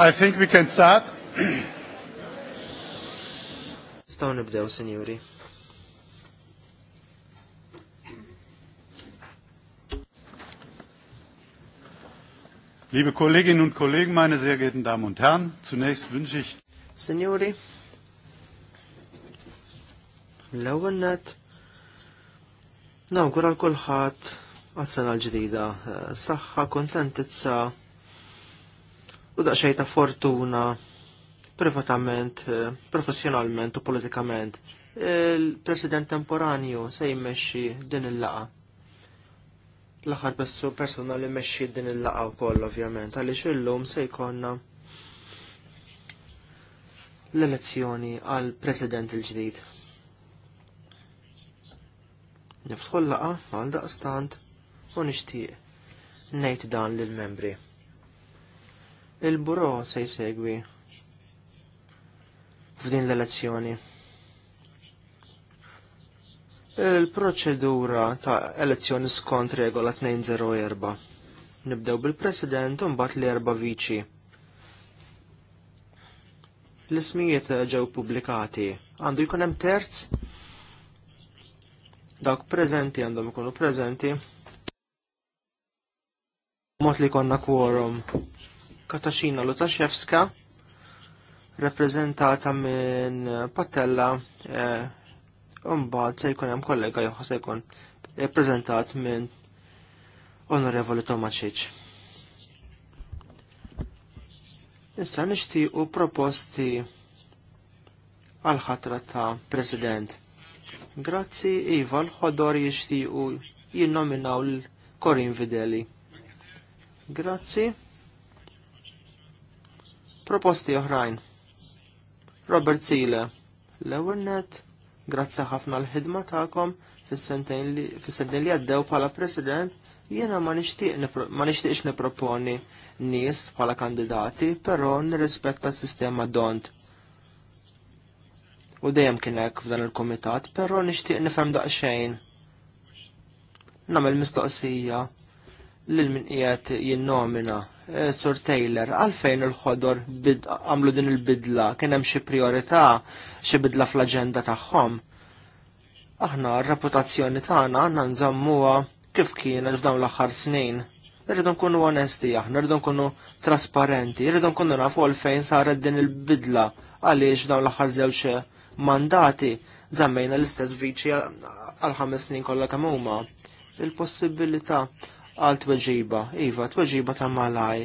I think we can start. Staw nibdew, signori. Liebe Kolleginnen und Kollegen, meine sehr geehrten Damen und Herren, zunächst wünsche ich... Signori, l-ewwel net nawgura l-kulħadd għas-sena l-ġdida. Eh, Saħħa, kontentizza, u daqxaj ta' fortuna privatament, eh, professjonalment u politikament. Il-president temporanju se jimmexxi din il-laqa. L-aħħar bessu persona li mmexxi din il-laqa wkoll ovvjament għaliex illum se jkollna l-elezzjoni għal president il-ġdid. l laqa għal daqstant u nixtieq ngħid dan lill-membri il-buro se jsegwi f'din l-elezzjoni. Il-proċedura ta' elezzjoni skont regola 204. Nibdew bil-President u mbagħad li erba' viċi. L-ismijiet ġew publikati. Għandu jkun hemm terz? Dawk preżenti għandhom ikunu preżenti. Mod li konna quorum. Katasina Lutaszewska, reprezentata minn Patella, eh, umbaħt se jkun hemm kollega joħa se jkun reprezentat eh, minn Onorevoli Tomaċiċ. Issa nixtiequ proposti għal ħatra ta' President. Grazzi Iva l-ħodor jixtiequ jinnominaw l-Korin Videli. Grazzi proposti oħrajn. Robert Zile, l-Ewernet, grazzi ħafna l-ħidma ta'kom fis sentin li għaddew bħala president jiena ma nixtieqx niproponi nies bħala kandidati, però nirrispetta s-sistema dont. U dejjem kien hekk f'dan il-kumitat, però nixtieq nifhem daqsxejn. Nagħmel mistoqsija lil min qiegħed jinnomina Eh, Sur Taylor, għalfejn il-ħodor għamlu din il-bidla, kien hemm xi priorità, xi bidla fl-aġenda tagħhom. Aħna r-reputazzjoni tagħna għandna nżammuha kif kienet f'dawn l-aħħar snin. Irridu nkunu onesti aħna, irridu nkunu trasparenti, irridu nkunu nafu għalfejn saret din il-bidla għaliex f'dawn l-aħħar żewġ mandati żammejna l-istess viċi għal ħames snin kollha kemm huma. Il-possibilità għal tweġiba, iva, tweġiba ta' malaj.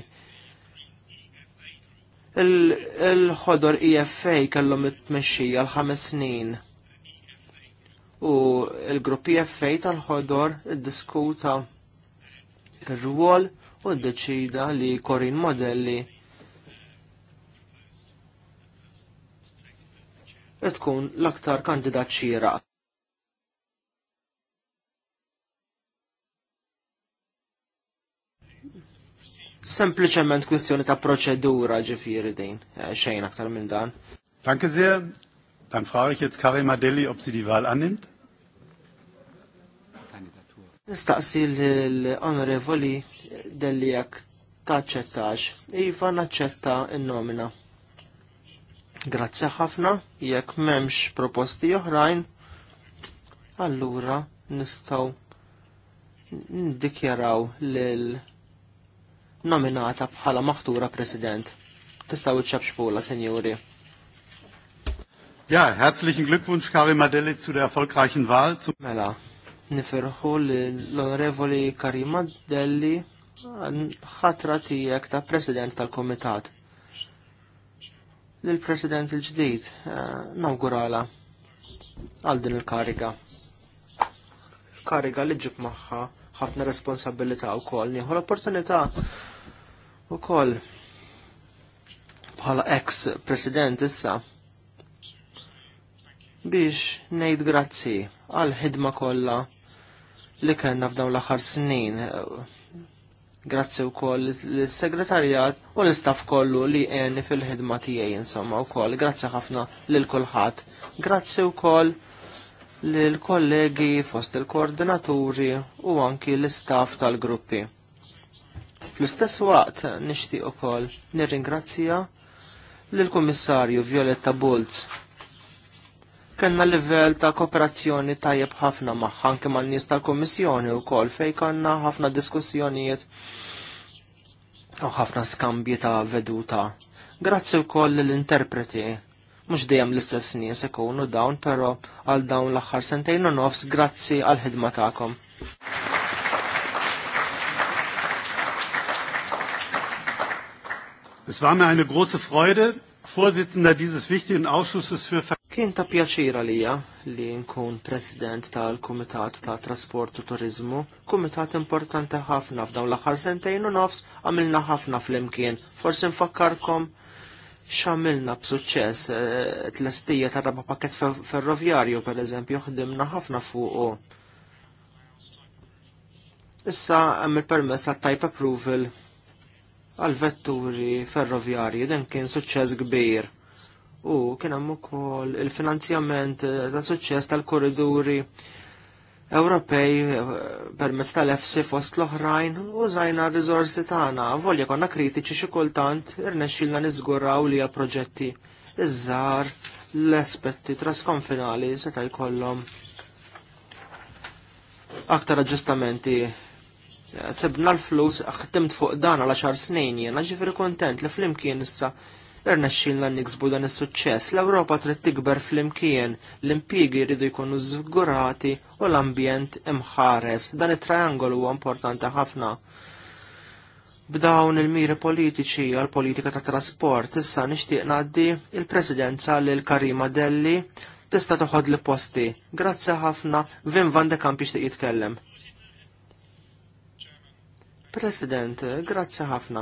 Il-ħodor IFA e kellhom it-tmexxija għal ħames snin. U il-grupp IFA e tal-ħodor iddiskuta ir-rwol u ddeċida li korin modelli tkun l-aktar kandidat xieraq. Sempliċement kwestjoni ta' proċedura ġifiri din, eh, xejn aktar minn dan. Danke sehr. Dann frage ich jetzt Karim Adeli, ob sie die Wahl annimmt. Nistaqsi l-onorevoli Delli jak taċċettax. Iva naċċetta n-nomina. Grazzi ħafna, jekk memx proposti oħrajn, allura nistaw ndikjaraw lil nominata bħala maħtura president. Tistaw iċċab xpola, senjuri. Ja, herzlichen Glückwunsch, Karim Adeli, zu der erfolgreichen Wahl. Mela, nifirħu l-onorevoli Karim Adeli ħatra tijek ta' president tal-komitat. L-president il-ġdijt, eh, nawgurala għal din il-kariga. Kariga li ġib maħħa ħafna responsabilità u koll, nieħu l-opportunità u koll bħala ex-president issa biex nejt grazzi għal-ħidma kollha li kellna f'dawn l-aħħar snin. Grazzi wkoll l-segretarjat u l-istaff kollu li għeni fil-ħidma tiegħi insomma wkoll. Grazzi ħafna lil kulħadd. Grazzi wkoll l-kollegi fost il-koordinaturi u anki l-istaff tal-gruppi. Fl-istess waqt nixtieq ukoll nirringrazzja lill-Kummissarju Violetta Bulz. Kenna livell ta' kooperazzjoni tajjeb ħafna magħha anke man-nies tal-Kummissjoni wkoll fej kanna ħafna diskussjonijiet u ħafna skambji ta' veduta. Grazzi wkoll lill-interpreti mux dejjem l-istess nies ikunu dawn, però għal dawn l-aħħar sentejn u nofs grazzi għal ħidma tagħkom. Es war mir eine große Freude, Vorsitzender dieses wichtigen Ausschusses für Kien ta' pjaċira lija li nkun president tal-Kumitat ta' Trasport u Turizmu, kumitat importanti ħafna f'dawn l-aħħar sentejn u nofs għamilna ħafna fl-imkien. Forsi nfakkarkom x'għamilna b'suċċess eh, tlestija ta' raba pakket ferroviarju pereżempju ħdimna ħafna fuq. Issa hemm il-permess għat type approval għal vetturi ferroviarji dan kien suċċess kbir. U kien hemm ukoll il-finanzjament eh, ta' suċċess tal-korriduri Ewropej eh, permezz tal-EFSI fost l-oħrajn u żajna r-riżorsi tagħna volja konna kritiċi xi kultant irnexxilna niżguraw li proġetti iż-żar l-aspetti trasconfinali seta' jkollhom aktar aġġustamenti sebna l-flus ħtimt fuq dan għal xar snin jena, ġifir kontent li flimkien issa Erna xilna niksbu dan is-suċċess, l-Ewropa trid tikber flimkien, l-impjiegi jridu jkunu żgurati u l-ambjent imħares. Dan it-triangolu huwa importanti ħafna. B'dawn il-miri politiċi għal politika ta' trasport, issa nixtieq ngħaddi il-Presidenza lil Karima Delli tista' toħod li posti. Grazzi ħafna, Vin van de Kamp jixtieq jitkellem. President, grazzi ħafna.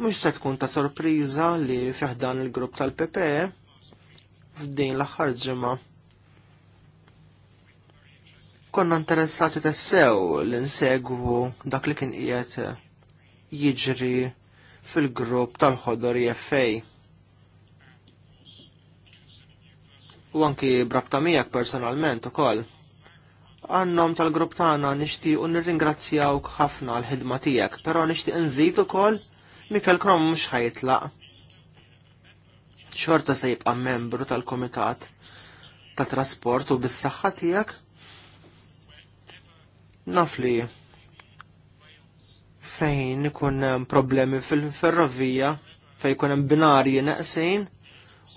Mux se tkun ta' sorpriża li fiħdan il-grupp tal pp e f'din l-aħħar ġimgħa konna interessati tassew li insegwu dak li kien qiegħed jiġri fil-grupp tal-ħodor EFA. U anki brabta miegħek personalment ukoll għannom tal-grupp tagħna nixtieq u nirringrazzjawk ħafna l ħidma tiegħek, però nixtieq nżid ukoll Mikel Krom mhux ħajtlaq. Xorta se jibqa' membru tal-Kumitat ta' Trasport u bis-saħħa tiegħek. Naf li fejn ikun hemm problemi fil-ferrovija, fejn ikun hemm binarji neqsin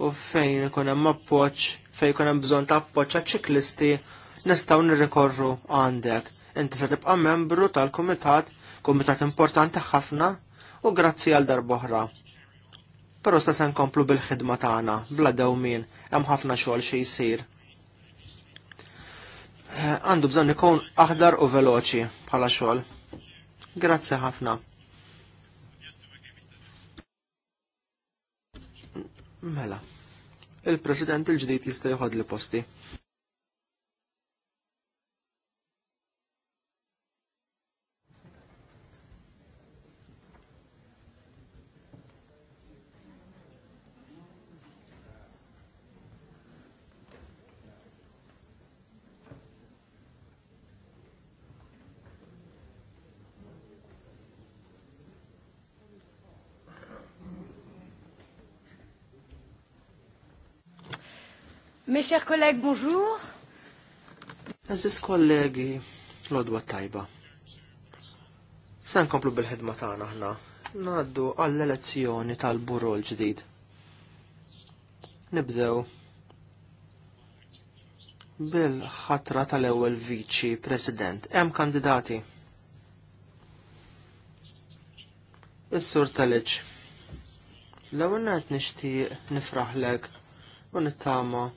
u fejn ikun hemm appoġġ, fejn ikun hemm bżonn ta' appoġġ ċiklisti nistaw nirrikorru għandek. Inti se tibqa' membru tal-kumitat, kumitat importanti ħafna u grazzi għal darboħra. Però sta se nkomplu bil-ħidma tagħna bla dewmien hemm ħafna xogħol xi jsir. Għandu bżonn ikun aħdar u veloċi bħala xogħol. Grazzi ħafna. Mela, il-President il-ġdid jista' jħodli posti. Mes chers collègues, bonjour. Aziz kollegi, l-odwa tajba. Sen komplu bil-ħidma tagħna aħna. Ngħaddu għall-elezzjoni tal-buru l-ġdid. Nibdew bil-ħatra tal-ewwel viċi president. Hemm kandidati. Is-sur tal-eġ. L-ewwel qed nixtieq nifraħlek u nittama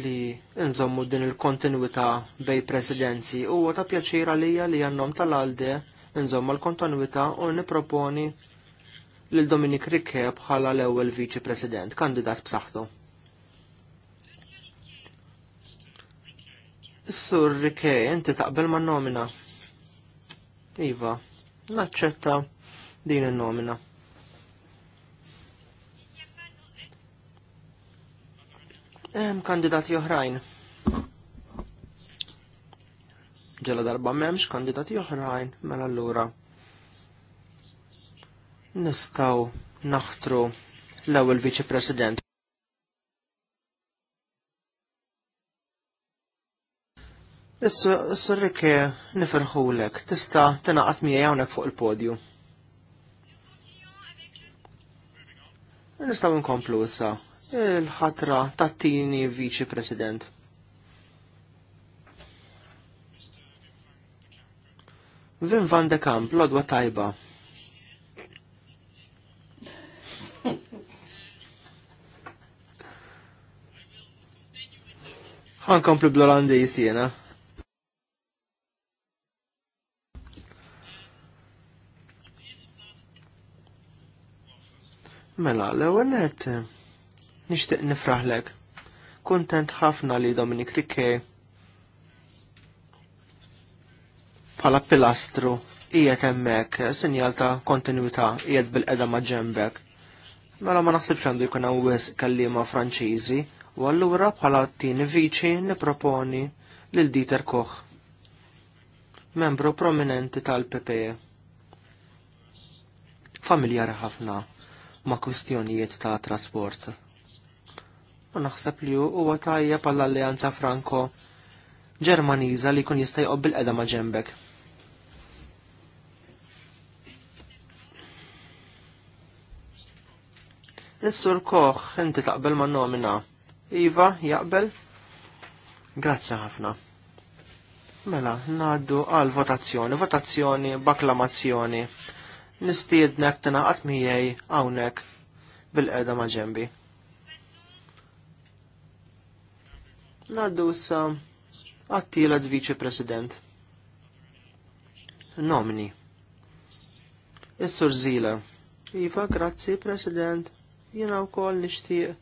li nżommu din il-kontinuità bej presidenzi u ta' pjaċira għalija li għannom tal-għalde nżommu l-kontinuità u niproponi lil Dominik Rikke bħala l-ewwel viċi president, kandidat b'saħħtu. Is-sur Rikke, inti taqbel ma' nomina? Iva, naċċetta din il nomina Hemm kandidati oħrajn. Ġela darba m'hemmx kandidati oħrajn, mela allura nistgħu naħtru l-ewwel viċi president. Issa, Rikke nifirħulek, tista tinaqat mija hawnhekk fuq il-podju. Nistgħu nkomplu issa il-ħatra tat-tieni viċi president. Vin van de Kamp, lodwa tajba. komplu bl-Olandis jena. Mela, l-ewwel Nixtieq nifraħlek. Kuntent ħafna li Dominik Rike pala pilastru qiegħed hemmhekk sinjal ta' kontinuità qiegħed bil-qeda ma' ġembek. Mela ma naħsibx għandu jkun hawn wisq kallima Franċiżi u allura bħala tieni viċi niproponi lil Dieter Koch membru prominenti tal-PPE. Familjari ħafna ma' kwistjonijiet ta' trasport u naħseb li huwa tajja pal alleanza Franko Ġermaniża li jkun jista' bil qeda ma' ġembek. Is-sur Koch, inti taqbel ma' nomina. Iva, jaqbel? Grazzi ħafna. Mela, naddu għal votazzjoni, votazzjoni, baklamazzjoni. Nistiednek tina għatmijaj għawnek bil-qeda ma ġembi. Naddu issa għattila d President. Nomini. Is-Sur Zila. Iva, grazzi President. Jina u kol nishtiq.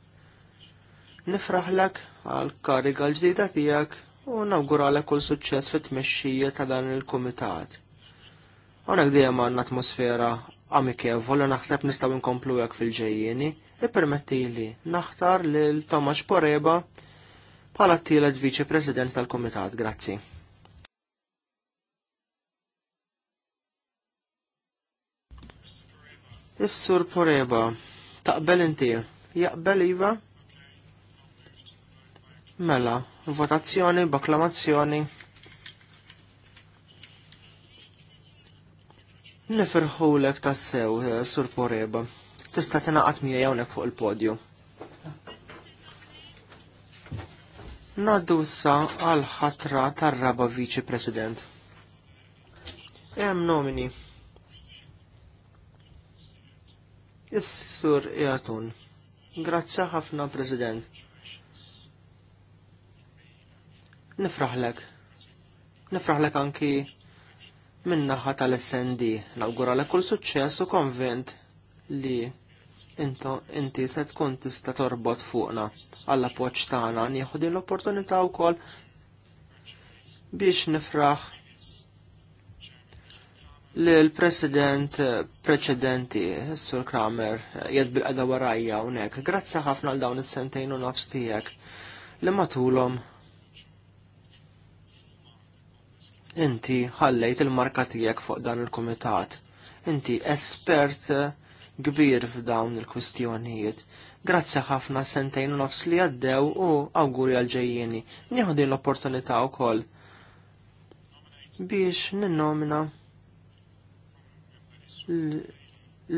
Nifraħlek għal kariga l-ġdida tijak u nawguralek kull suċċess fit tmexxija ta' dan il-Kumitat. Għonek dejjem għandna atmosfera amikevol u naħseb nistgħu nkomplu hekk fil permetti ippermettili naħtar lil Tomax Poreba bħala t-tielet viċi president tal-Komitat. Grazzi. Is-sur Poreba, taqbel inti, jaqbel iva? Mela, votazzjoni, baklamazzjoni. Nifirħulek tassew, eh, sur Poreba. Tista' tingħaqad miegħi hawnhekk fuq il-podju. Nadusa għal ħatra tar-raba viċi president. Hemm nomini. Is-sur Eatun. Grazzi ħafna President. Nifraħlek. Nifraħlek anki minnaħa tal-SND. Nawguralek kull suċċess u konvent li Inta inti se tkun tista' torbot fuqna għall appoġġ tagħna nieħu din l-opportunità wkoll biex nifraħ li l-president preċedenti, s-sur Kramer, jed bil-qada warajja unek, grazzi ħafna għal dawn is-sentejn u nofs tijek li matulom inti ħallejt il-marka tijek fuq dan il-komitat. Inti espert kbir f'dawn il-kwistjonijiet. Grazzi ħafna sentejn nofs li għaddew u awguri għal-ġejjeni. Nieħu din l-opportunità wkoll biex ninnomina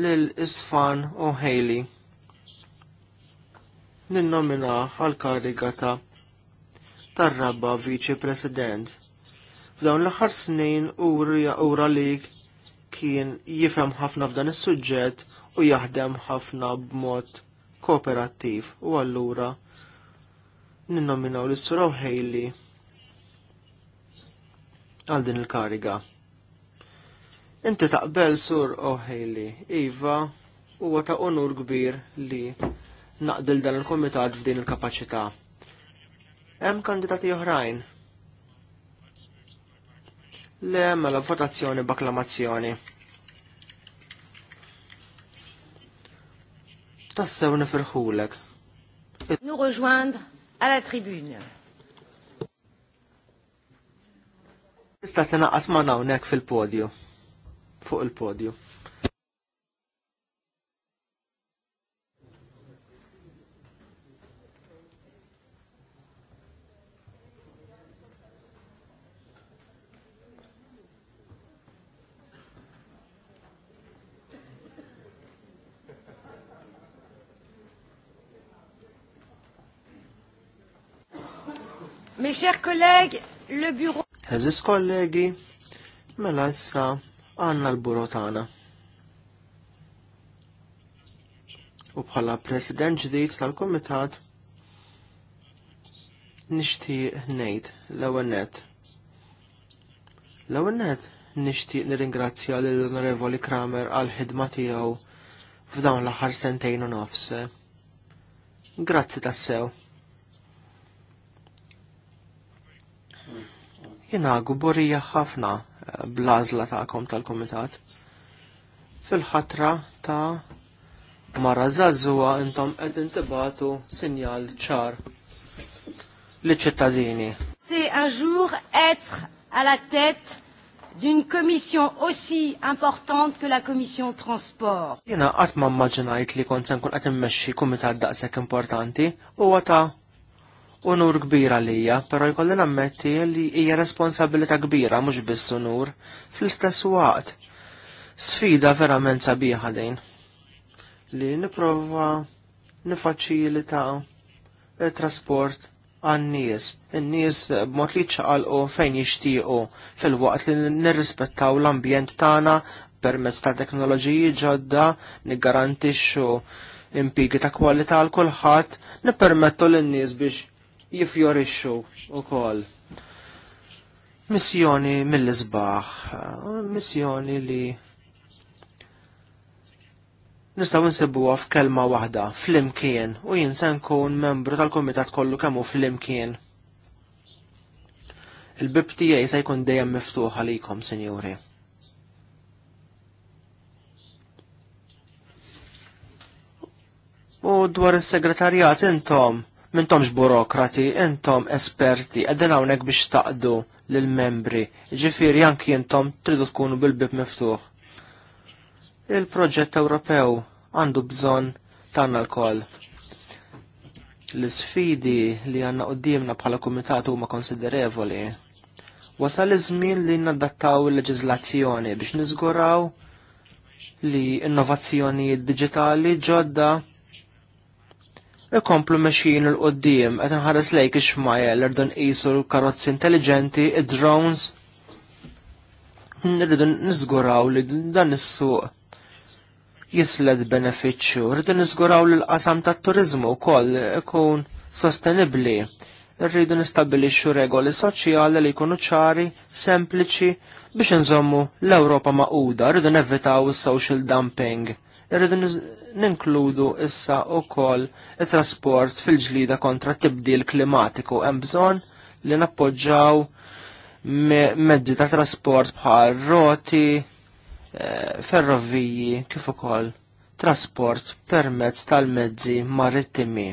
lil Istfan O'Haley. Ninnomina għal-kariga ta' tar-rabba viċi president. F'dawn l-aħħar snin ura li kien jifhem ħafna f'dan is-suġġett u jaħdem ħafna b'mod kooperattiv u allura ninnominaw l-suraw Haley għal din il-kariga. Inti taqbel sur O'Haley, Iva, huwa ta' onur kbir li naqdil dan il-komitat f'din il-kapacità. Hemm kandidati oħrajn Le mela votazzjoni b'akklamazzjoni. Tassew nifirħulek. Nous rejoindre à la tribune. Tista' tingħaqad ma' hawnhekk fil-podju. Fuq il-podju. Mes chers collègues, le bureau. Eżis kollegi, mela issa għanna l-buro tagħna. U bħala president ġdid tal-Kumitat nixtieq ngħid l-ewwel net. L-ewwel net nixtieq nirringrazzja lill-Onorevoli Kramer għal ħidma tiegħu f'dawn l-aħħar sentejn u nofs. Grazzi tassew. Jena guborija ħafna eh, ta' kom tal-komitat. Fil-ħatra ta' mara zazzuwa intom qed intibatu sinjal ċar li ċittadini. Se un etr għala à la tête d'une commission aussi importante que la commission transport. Jina qatt ma mmaġinajt li kont se nkun qed immexxi kumitat daqshekk importanti huwa ta' unur kbira lija, pero jkolli nammetti li hija responsabilità kbira mhux biss unur fl-istess waqt. Sfida verament sabiħa din. Li nipprova nifaċilita trasport għan-nies, in-nies b'mod li ċaqalqu fejn jixtiequ fil-waqt li nirrispettaw l-ambjent tagħna permezz ta' teknoloġiji ġodda niggarantixxu impigi ta' kwalità għal kulħadd, nippermettu lin-nies biex jifjorixxu wkoll. Missjoni mill-isbaħ, missjoni li nistaw nsibuha f'kelma waħda flimkien u jien se nkun membru tal-kumitat kollu kemm hu flimkien. Il-bib tiegħi se jkun dejjem miftuħ għalikom, sinjuri. U dwar is-segretarjat intom mintomx burokrati, intom esperti, għedden hawnhekk biex taqdu lill-membri, ġifieri anki intom tridu tkunu bil-bib miftuħ. Il-proġett Ewropew għandu bżonn tagħna lkoll. L-sfidi li għanna qoddimna bħala kumitat huma konsiderevoli. Wasal iż-żmien li nadattaw il-leġiżlazzjoni biex niżguraw li innovazzjoni digitali ġodda ikomplu meċin l-qoddim, għet nħares lejk iċmaja l rridun qisu l-karozzi intelligenti, id-drones. Nridu nizguraw li dan is-suq jisled beneficju, rridu nizguraw li l-qasam tat turizmu wkoll ikun sostenibbli. Rridu nistabilixxu regoli soċjali li jkunu ċari, sempliċi biex nżommu l-Ewropa uda, rridu nevitaw is-social dumping. Rridu ninkludu issa wkoll it-trasport fil-ġlida kontra tibdil klimatiku hemm bżonn li nappoġġaw mezzi ta' trasport bħal roti, eh, ferroviji, kif ukoll trasport permezz tal-mezzi marittimi.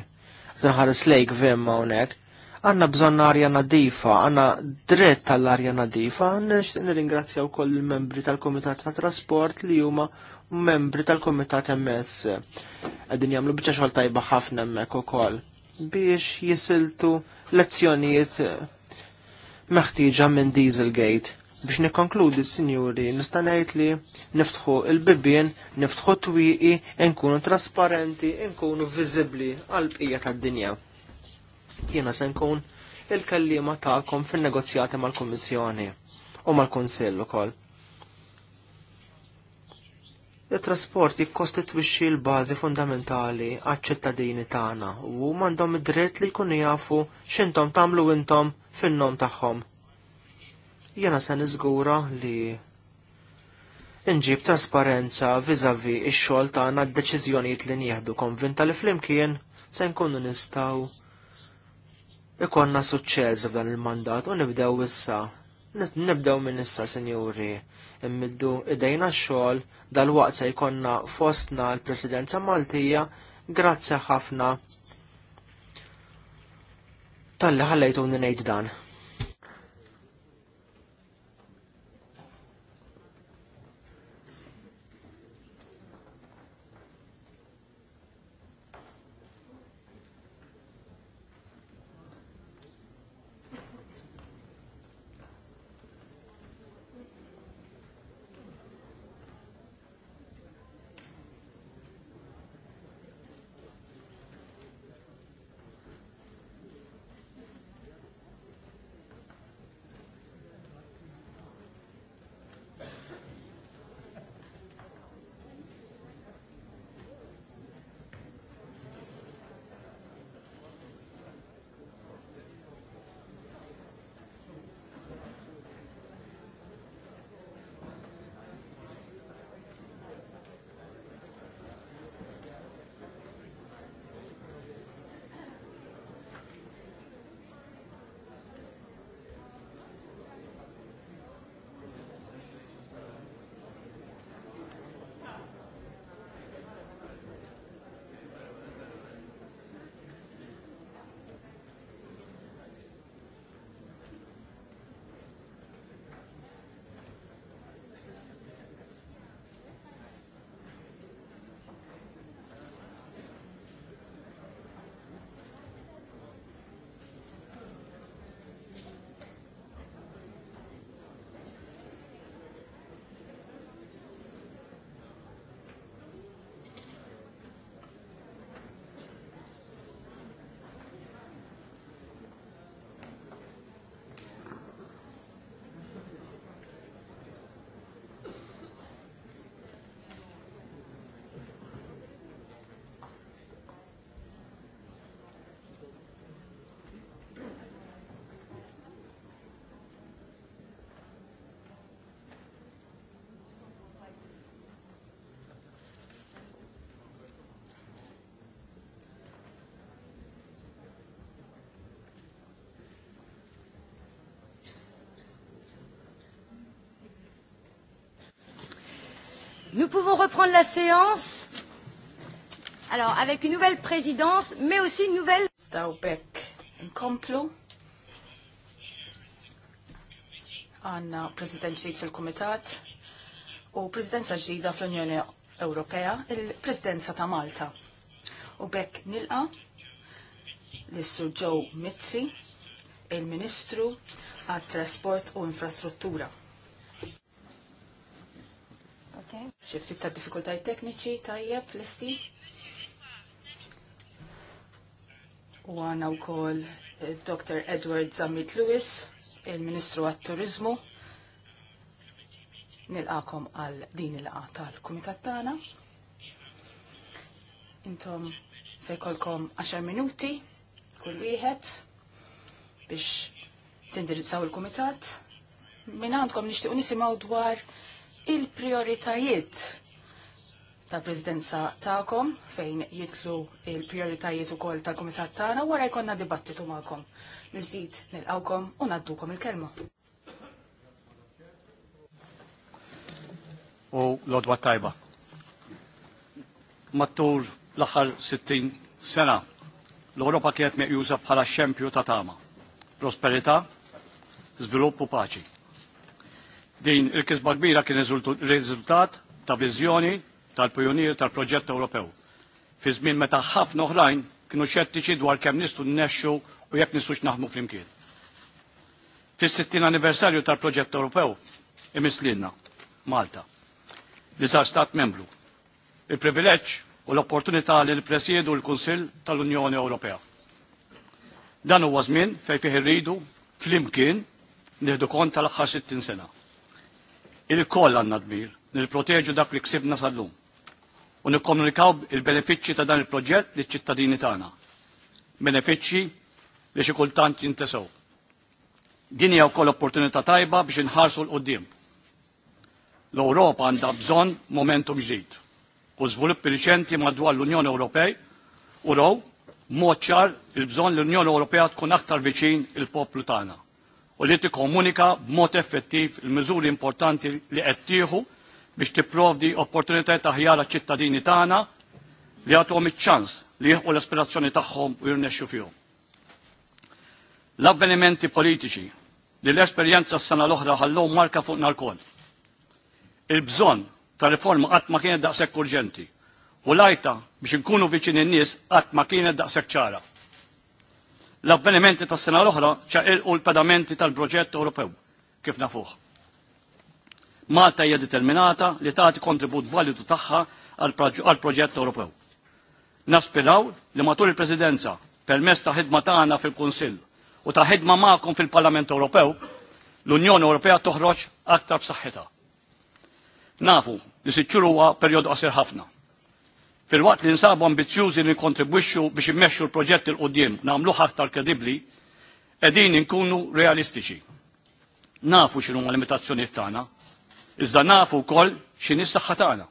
Tinħares lejk vim hawnhekk. Għanna bżonn arja nadifa, għanna dritt tal-arja nadifa, nirringrazzjaw koll il-membri tal-Komitat ta' Trasport li huma membri tal-Kumitat MS għedin jagħmlu bieċa xogħol tajba ħafna hemmhekk ukoll biex jisiltu lezzjonijiet meħtieġa minn Dieselgate. Biex nikkonkludi, sinjuri, nista' ngħid li niftħu il-bibien, niftħu twieqi, nkunu trasparenti, nkunu viżibbli għal bqija tad-dinja. Jiena se nkun il-kellima tagħkom fin-negozjati mal-Kummissjoni u mal-Kunsill ukoll. Il-trasport jikkostitwixxi l-bażi fundamentali għaċ-ċittadini tagħna u m'għandhom id-dritt li jkunu jafu x'intom tagħmlu intom fin-nom tagħhom. Jena se niżgura li inġib trasparenza viżavi x-xogħol tagħna d-deċiżjonijiet li nieħdu konvinta li flimkien se nkunu nistgħu ikonna suċċess f'dan il-mandat u nibdew issa Nibdew minn issa, sinjuri, immiddu idejna xogħol dal-waqt se jkollna fostna l-Presidenza Maltija, grazzi ħafna tal-li n ngħid dan. Nous pouvons reprendre la séance. Alors, avec une nouvelle présidence, mais aussi une nouvelle... Stawbek, nkomplu. Għanna president ġdid fil-Komitat u presidenza ġdida fl-Unjoni Ewropea, il-presidenza ta' Malta. U bekk nilqa l-Sur Joe Mizzi, il-Ministru għat-Trasport u Infrastruttura. Xifti ta' diffikultajiet tekniċi tajjeb lesti. U għana wkoll eh, Dr. Edward Zamit Lewis, il-Ministru għat-Turizmu. Nilqakom għal din il-qaqa tal-Kumitat tagħna. Intom se jkollkom 10 minuti kull wieħed biex tindirizzaw il-Kumitat. Min għandkom nixtiequ nisimgħu dwar il-prioritajiet ta' prezidenza ta'kom fejn jitlu il-prioritajiet u kol ta' komitat ta'na wara jkonna dibattitu ma'kom. Nżid nil-għawkom u naddukom il-kelma. u l-odwa tajba. Mattur l-axar 60 sena, l-Europa kienet meqjusa bħala xempju ta' tama, prosperita, sviluppu paċi. Din il-kisba kbira kien riżultat ta' viżjoni tal pionir tal-proġett Ewropew. Fi żmien meta ħafna oħrajn kienu xettiċi dwar kemm nistgħu nnexxu u jekk nistgħux naħmu flimkien. Fis-60 anniversarju tal-proġett Ewropew imislilna Malta li sar stat membru. Il-privileġġ u l-opportunità li l l-Kunsill tal-Unjoni Ewropea. Dan huwa żmien fejn fih irridu flimkien nieħdu kont tal-aħħar 60 sena. Il-koll għanna dbir, nil-proteġu dak li ksibna sal-lum u nikkomunikaw il-benefiċċji ta' dan il-proġett li ċittadini tagħna. Benefiċċji li xi kultant jintesew. Din hija wkoll opportunità tajba biex inħarsu l-qudiem. L-Ewropa għandha bżonn momentum ġdid u żviluppi riċenti madwar l-Unjoni Ewropej u row mod ċar il-bżonn l-Unjoni Ewropea tkun aktar viċin il-poplu tagħna u li tikkomunika b'mod effettiv il-miżuri importanti li qed tieħu biex tipprovdi opportunitajiet aħjar ċittadini tagħna li għatuhom iċ-ċans li jieħu l-aspirazzjoni tagħhom u jirnexxu fihom. L-avvenimenti politiċi li l-esperjenza s-sena l-oħra ħallu marka fuq narkol. Il-bżonn ta' riforma qatt ma kienet daqshekk urġenti u lajta biex inkunu viċin in-nies qatt ma kienet daqshekk ċara. L-avvenimenti tas sena l-oħra ċaqilqu l-pedamenti tal-proġett Ewropew kif nafuh. Malta hija determinata li tagħti kontribut validu tagħha għal proġett Ewropew. Naspiraw li matul il-Presidenza permess ta' ħidma tagħna fil-Kunsill u ta' ħidma magħkom fil-Parlament Ewropew l-Unjoni Ewropea toħroġ aktar b'saħħitha. Nafu li siċċur huwa perjodu qasir ħafna Fil-waqt li nsabu ambizjużi li kontribwixxu biex immexxu l-proġett il qudiem nagħmluh aktar kredibbli, qegħdin inkunu realistiċi. Nafu x'in huma limitazzjonijiet tagħna, iżda nafu wkoll x'inhi s-saħħa tagħna.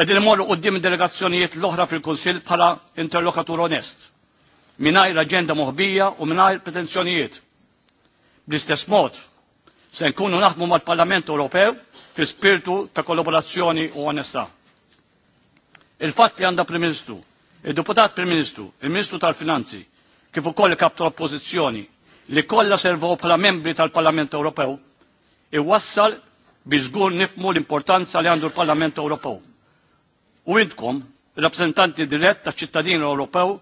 Qegħdin imorru qudiem delegazzjonijiet l-oħra fil-Kunsill bħala interlokatur onest, mingħajr aġenda moħbija u mingħajr pretenzjonijiet. Bl-istess mod, se nkunu naħdmu mal-Parlament Ewropew fi spirtu ta' kollaborazzjoni u onestà. Il-fatt li għandha Prim-Ministru, il-Deputat Prim-Ministru, il-Ministru tal-Finanzi, kif ukoll il-Kap tal-Oppożizzjoni li kollha servaw bħala membri tal-Parlament Ewropew, iwassal bi żgur nifmu l-importanza li għandu l-Parlament Ewropew. U intkom, rappresentanti dirett ta' ċittadin Ewropew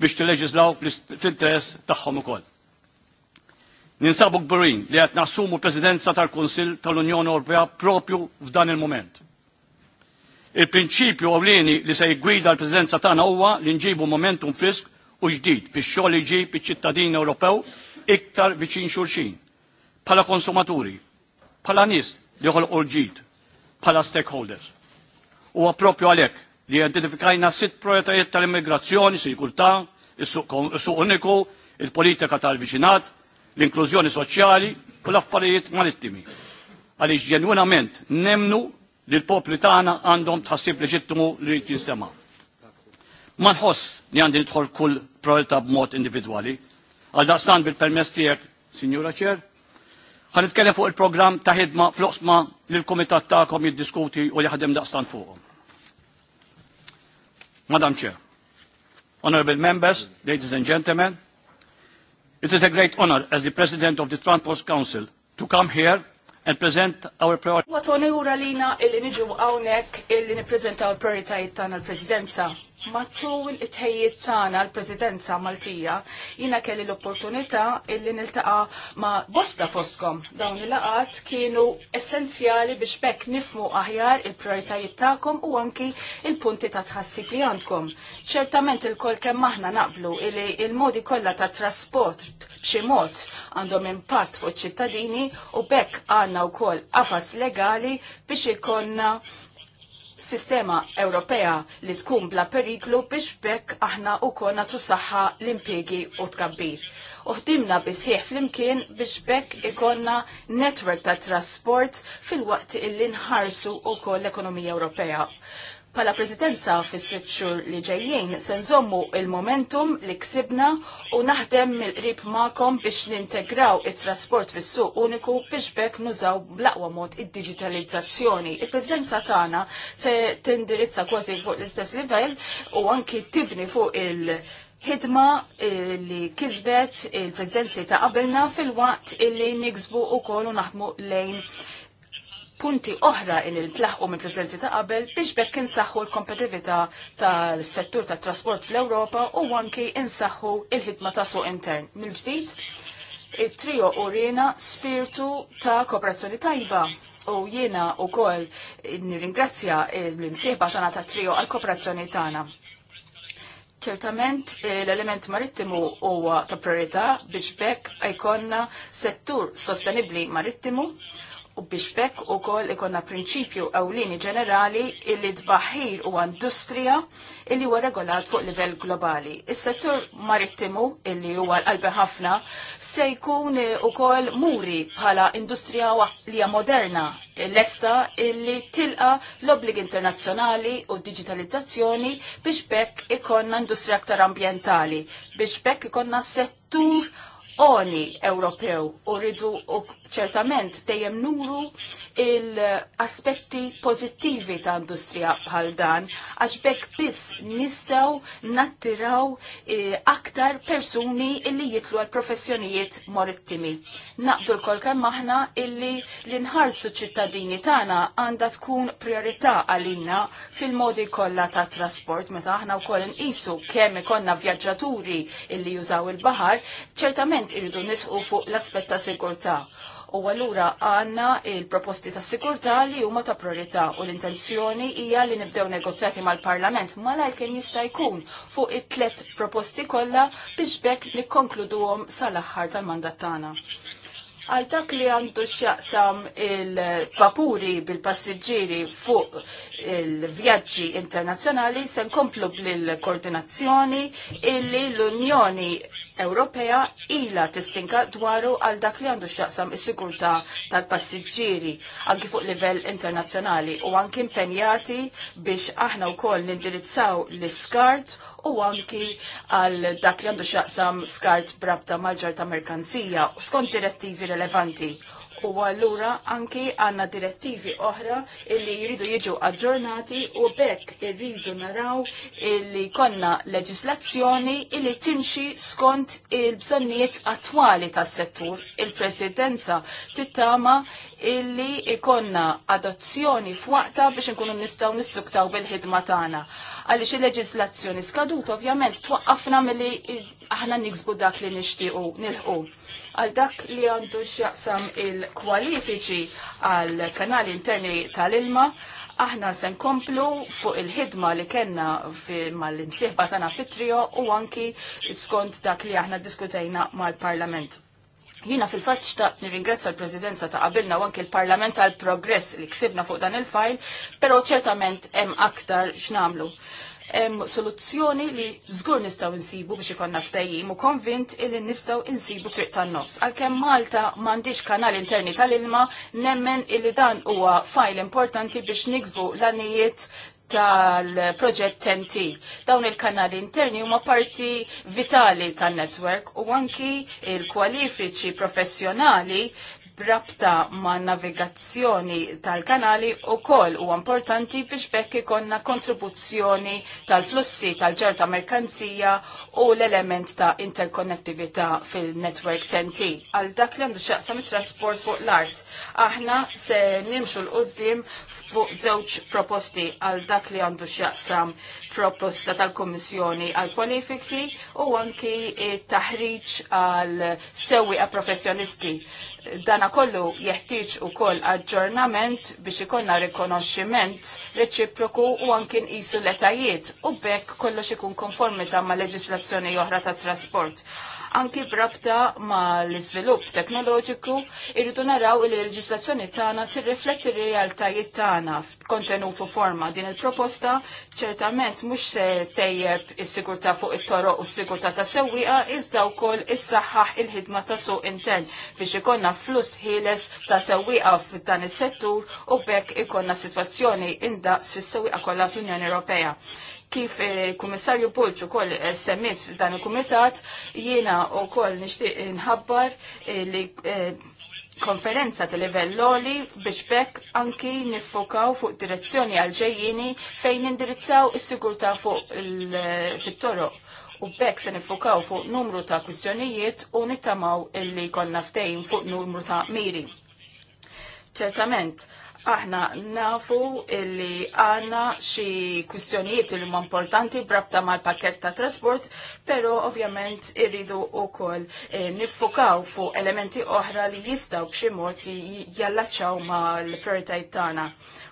biex tilleġislaw fl-interess tagħhom ukoll. Ninsabu gburin li qed nassumu presidenza tal-Kunsill tal-Unjoni Ewropea propju f'dan il-moment. Il-prinċipju għawlini li se jgwida l-prezidenza tagħna huwa li nġibu momentum frisk u ġdid fix-xogħol li ġib iċ-ċittadini Ewropew iktar viċin xulxin. Bħala konsumaturi, bħala nies li joħolqu l-ġid, bħala stakeholders. Huwa għapropju għalhekk li identifikajna sitt projetajiet tal-immigrazzjoni, sikurtà, il suq uniku, il-politika tal-viċinat, l-inklużjoni soċjali u l-affarijiet marittimi. Għaliex ġenwinament nemnu li l popli tagħna għandhom tħassib li jrid jinsema. Ma nħoss li għandi nidħol kull priorità b'mod individwali. Għal daqsan bil-permess tiegħek, Sinjura Ċer, ħan nitkellem fuq il-programm ta' ħidma fl-oqsma li l-kumitat tagħkom jiddiskuti u li ħadem daqstan fuqhom. Madam Chair, Honorable Members, ladies and gentlemen, it is a great honor as the President of the Transport Council to come here and present our priorities. Wat onura lina illi niġu għawnek illi niprezentaw il-prioritajiet tagħna l-Presidenza. Matul it tħejjiet tagħna l-Presidenza Maltija, jiena kelli l-opportunità illi niltaqa' ma' bosta foskom. Dawn il-laqat kienu essenzjali biex bekk nifmu aħjar il-prioritajiet tagħkom u anki il-punti ta' tħassib li għandkom. Ċertament il-kol kemm aħna naqblu illi il-modi kollha ta' trasport b'xi mod għandhom impatt fuq iċ-ċittadini u bekk għandna wkoll qafas legali biex ikollna sistema Ewropea li tkun bla periklu biex bekk aħna u kol natru saħħa l-impiegi u tkabbir. Uħdimna bisħieħ fl-imkien biex bekk ikonna netwerk ta' trasport fil-waqt illi nħarsu u kol l-ekonomija Ewropea. Pala prezidenza fis sitxur li ġejjien se nżommu il-momentum li ksibna u naħdem mill-qrib maqom biex nintegraw it-trasport fis-suq uniku biex bekk nużaw blaqwa mod id-digitalizzazzjoni. Il-prezidenza tagħna se tindirizza kważi fuq l-istess livell u anki tibni fuq il- ħidma eh, li kisbet il-prezidenzi ta' qabelna fil-waqt illi niksbu u kolu naħdmu lejn punti oħra il tlaħqu minn prezenzi ta' qabel biex bekk insaħħu l-kompetitività tal-settur tat trasport fl-Ewropa u anki insaħħu il-ħidma ta' suq intern. Mill-ġdid, it-trio urina spiritu ta' kooperazzjoni tajba u jiena u kol nirringrazzja l-imsieba tana ta' trio għal-kooperazzjoni tana. Ċertament l-element marittimu huwa ta' priorità biex bekk jkollna settur sostenibbli marittimu u biex bekk u kol ikonna prinċipju ewlieni ġenerali illi dbaħir u industrija illi huwa regolat fuq livell globali. Is-settur marittimu illi huwa l-qalbi ħafna se jkun u muri bħala industrija li hija moderna l-esta illi tilqa l-obbligi internazzjonali u digitalizzazzjoni biex bekk ikonna industrija aktar ambientali, biex bekk ikonna settur oni Ewropew u ridu u ċertament dejjem nuru il-aspetti pozittivi ta' industrija bħal dan, għax bekk biss nistaw nattiraw eh, aktar persuni illi jitlu għal professjonijiet morittimi. Naqdu l kolkan maħna aħna illi l-inħarsu ċittadini tagħna għandha tkun priorità għalina fil-modi kollha ta' trasport meta aħna wkoll nqisu kemm ikonna vjaġġaturi illi jużaw il-baħar, ċertament irridu nisqu fuq l-aspett ta' sigurtà u għallura għanna il-proposti ta' sikurta li huma ta' priorità u l-intenzjoni hija li nibdew negozjati mal-Parlament malajr kien jista' jkun fuq it-tlet proposti kollha biex bekk nikkonkluduhom sal-aħħar tal-mandat tagħna. Għal dak li għandu x'jaqsam il-vapuri bil-passiġġieri fuq il-vjaġġi internazzjonali se nkomplu bil-koordinazzjoni illi l-Unjoni Ewropea ila testinka dwaru għal dak li għandu x'jaqsam is-sigurtà tal-passiġġieri anki fuq livell internazzjonali u anki impenjati biex aħna wkoll nindirizzaw l skart u anki għal dak li għandu x'jaqsam skart brabta maġġar ta' merkanzija u skont direttivi rilevanti U allura anki għanna direttivi oħra illi jridu jiġu aġġornati u bekk irridu naraw illi konna leġislazzjoni illi timxi skont il-bżonniet attwali tas-settur. Il-presidenza tittama illi ikonna adozzjoni f'waqta biex nkunu nistgħu nissuktaw bil-ħidma tagħna. Għaliex il-leġislazzjoni skadut ovvjament twaqqafna milli aħna niksbu dak li nixtiequ nilħu. Għal dak li għandu x'jaqsam il-kwalifiċi għal kanal interni tal-ilma, aħna se nkomplu fuq il-ħidma li kellna mal-insieħba tagħna fitrio u anki skont dak li aħna diskutejna mal-Parlament. Jina fil-fatt xtaqt nirringrazzja l-Presidenza ta' qabilna u anki l-Parlament għal progress li ksibna fuq dan il-fajl, pero ċertament hemm aktar x'namlu hemm soluzzjoni li żgur nistgħu insibu biex ikonna ftehim u konvint illi nistgħu insibu triq tan-nofs. Għalkemm Malta m'għandix kanal interni tal-ilma nemmen illi dan huwa fajl importanti biex niksbu l-anijiet tal-proġett TNT. Dawn il-kanali interni huma parti vitali tan netwerk u anki il-kwalifiċi professjonali brabta ma' navigazzjoni tal-kanali u kol u importanti biex bekk ikonna kontribuzzjoni tal-flussi tal-ġerta merkanzija u l-element ta' interkonnettività fil-network TNT. Għal dak li għandu xaqsam it-trasport fuq l-art. Aħna se nimxu l-qoddim fuq żewġ proposti għal dak li għandu x'jaqsam proposta tal-Kummissjoni għal kwalifiki u anki taħriġ għal sewwieqa professjonisti. Dana kollu jeħtieġ ukoll aġġornament biex ikollna rikonoxximent reċiproku u anki nqisu l-etajiet u bekk kollox ikun ta ma' leġislazzjoni oħra ta' trasport anki brabta ma l izvilup teknoloġiku irridu naraw il leġislazzjoni tagħna tirrifletti r-realtajiet tagħna f'kontenut u forma din il-proposta ċertament mhux se tejjeb is sigurta fuq it-toroq u s sigurta ta' sewwieqa iżda wkoll is-saħħaħ il-ħidma ta' suq intern biex ikonna fluss ħieles ta' sewwieqa f'dan is-settur u bekk ikonna sitwazzjoni indaqs fis-sewwieqa kollha fl-Unjoni Ewropea kif il-Kummissarju eh, Pulċu kol eh, semmit f'dan il-Kumitat, jiena u kol nishtiq nħabbar eh, li konferenza ta' livell loli biex bekk anki nifokaw fuq direzzjoni għal-ġejjini fejn indirizzaw is-sigurta fuq fit-toroq. U bekk se nifokaw fuq numru ta' kwistjonijiet u nittamaw illi konna ftejn fuq numru ta' miri. Ċertament, Aħna nafu illi għanna xi kwistjonijiet li huma importanti brabta mal-pakket ta' trasport, pero ovvjament irridu wkoll e, eh, nifukaw fuq elementi oħra li jistgħu b'xi mod jallaċċaw mal prioritajt tagħna.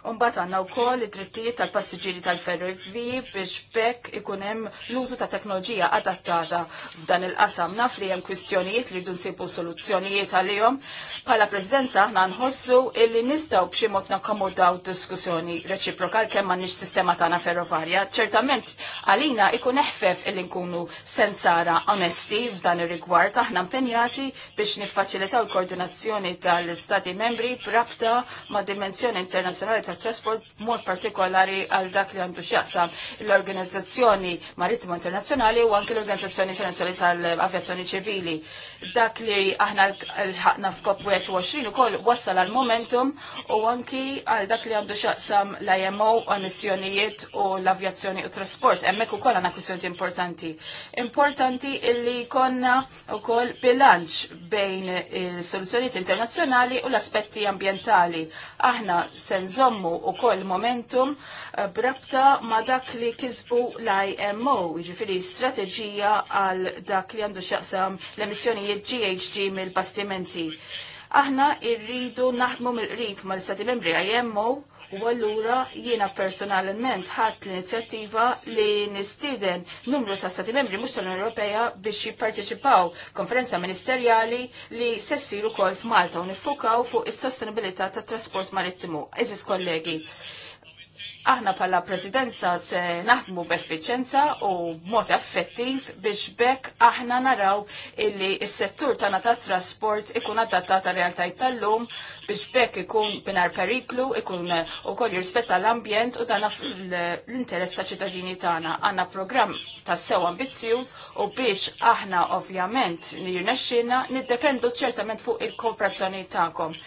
Umbat għanna u koll id-drittijiet tal-passiġiri tal-ferrovji biex bekk ikunem l-użu ta' teknoloġija adattata f'dan il-qasam. Naf li hemm kwistjonijiet li jridu nsibu soluzzjonijiet għalihom. Pala Presidenza aħna nħossu illi nistaw b'xi mod nakkomodaw diskussjoni reċiproka kemm m'għandniex sistema tagħna ferrovarja. Ċertament għalina ikun eħfef illi nkunu sensara onesti f'dan ir-rigward aħna impenjati biex niffaċilitaw l koordinazzjoni tal-Stati membri b'rabta ma' dimensjoni internazzjonali ta' tat trasport mod partikolari għal dak li għandu x'jaqsam l-Organizzazzjoni Marittima Internazzjonali u anke l-Organizzazzjoni Internazzjonali tal-Avjazzjoni Ċivili. Dak li aħna l-ħakna f'COP 21 ukoll wassal għal momentum u anki għal dak li għandu x'jaqsam l-IMO u missjonijiet u l-avjazzjoni u trasport. Hemmhekk ukoll għandna kwestjoni importanti. Importanti illi konna koll bilanċ bejn il-soluzzjonijiet internazzjonali u l-aspetti ambientali. Aħna senżom iżommu u koll momentum eh, brabta ma dak li kisbu l-IMO, ġifiri strategija għal dak li għandu xaqsam l-emissjonijiet GHG mill-bastimenti. Aħna irridu naħdmu mill-qrib mal-Stati Membri IMO U allura jiena personalment ħadd l-inizjattiva li nistieden numru ta' stati membri mhux tal-Unjoni Ewropea biex jipparteċipaw konferenza ministerjali li se ssir ukoll f'Malta u nifukaw fuq is-sostenibilità tat-trasport marittimu. Eżis kollegi, Aħna pala presidenza se naħdmu b'effiċenza u b'mod effettiv biex bekk aħna naraw illi s-settur il tagħna tat trasport ikun adattat ta' realtajt tal-lum biex bekk ikun binar periklu, ikun ukoll jirrispetta l-ambjent u dan l-interess ta' ċittadini tagħna. Għanna programm ta' sew ambizzjuż u biex aħna ovvjament nirnexxina niddependu ċertament fuq il-kooperazzjoni tagħkom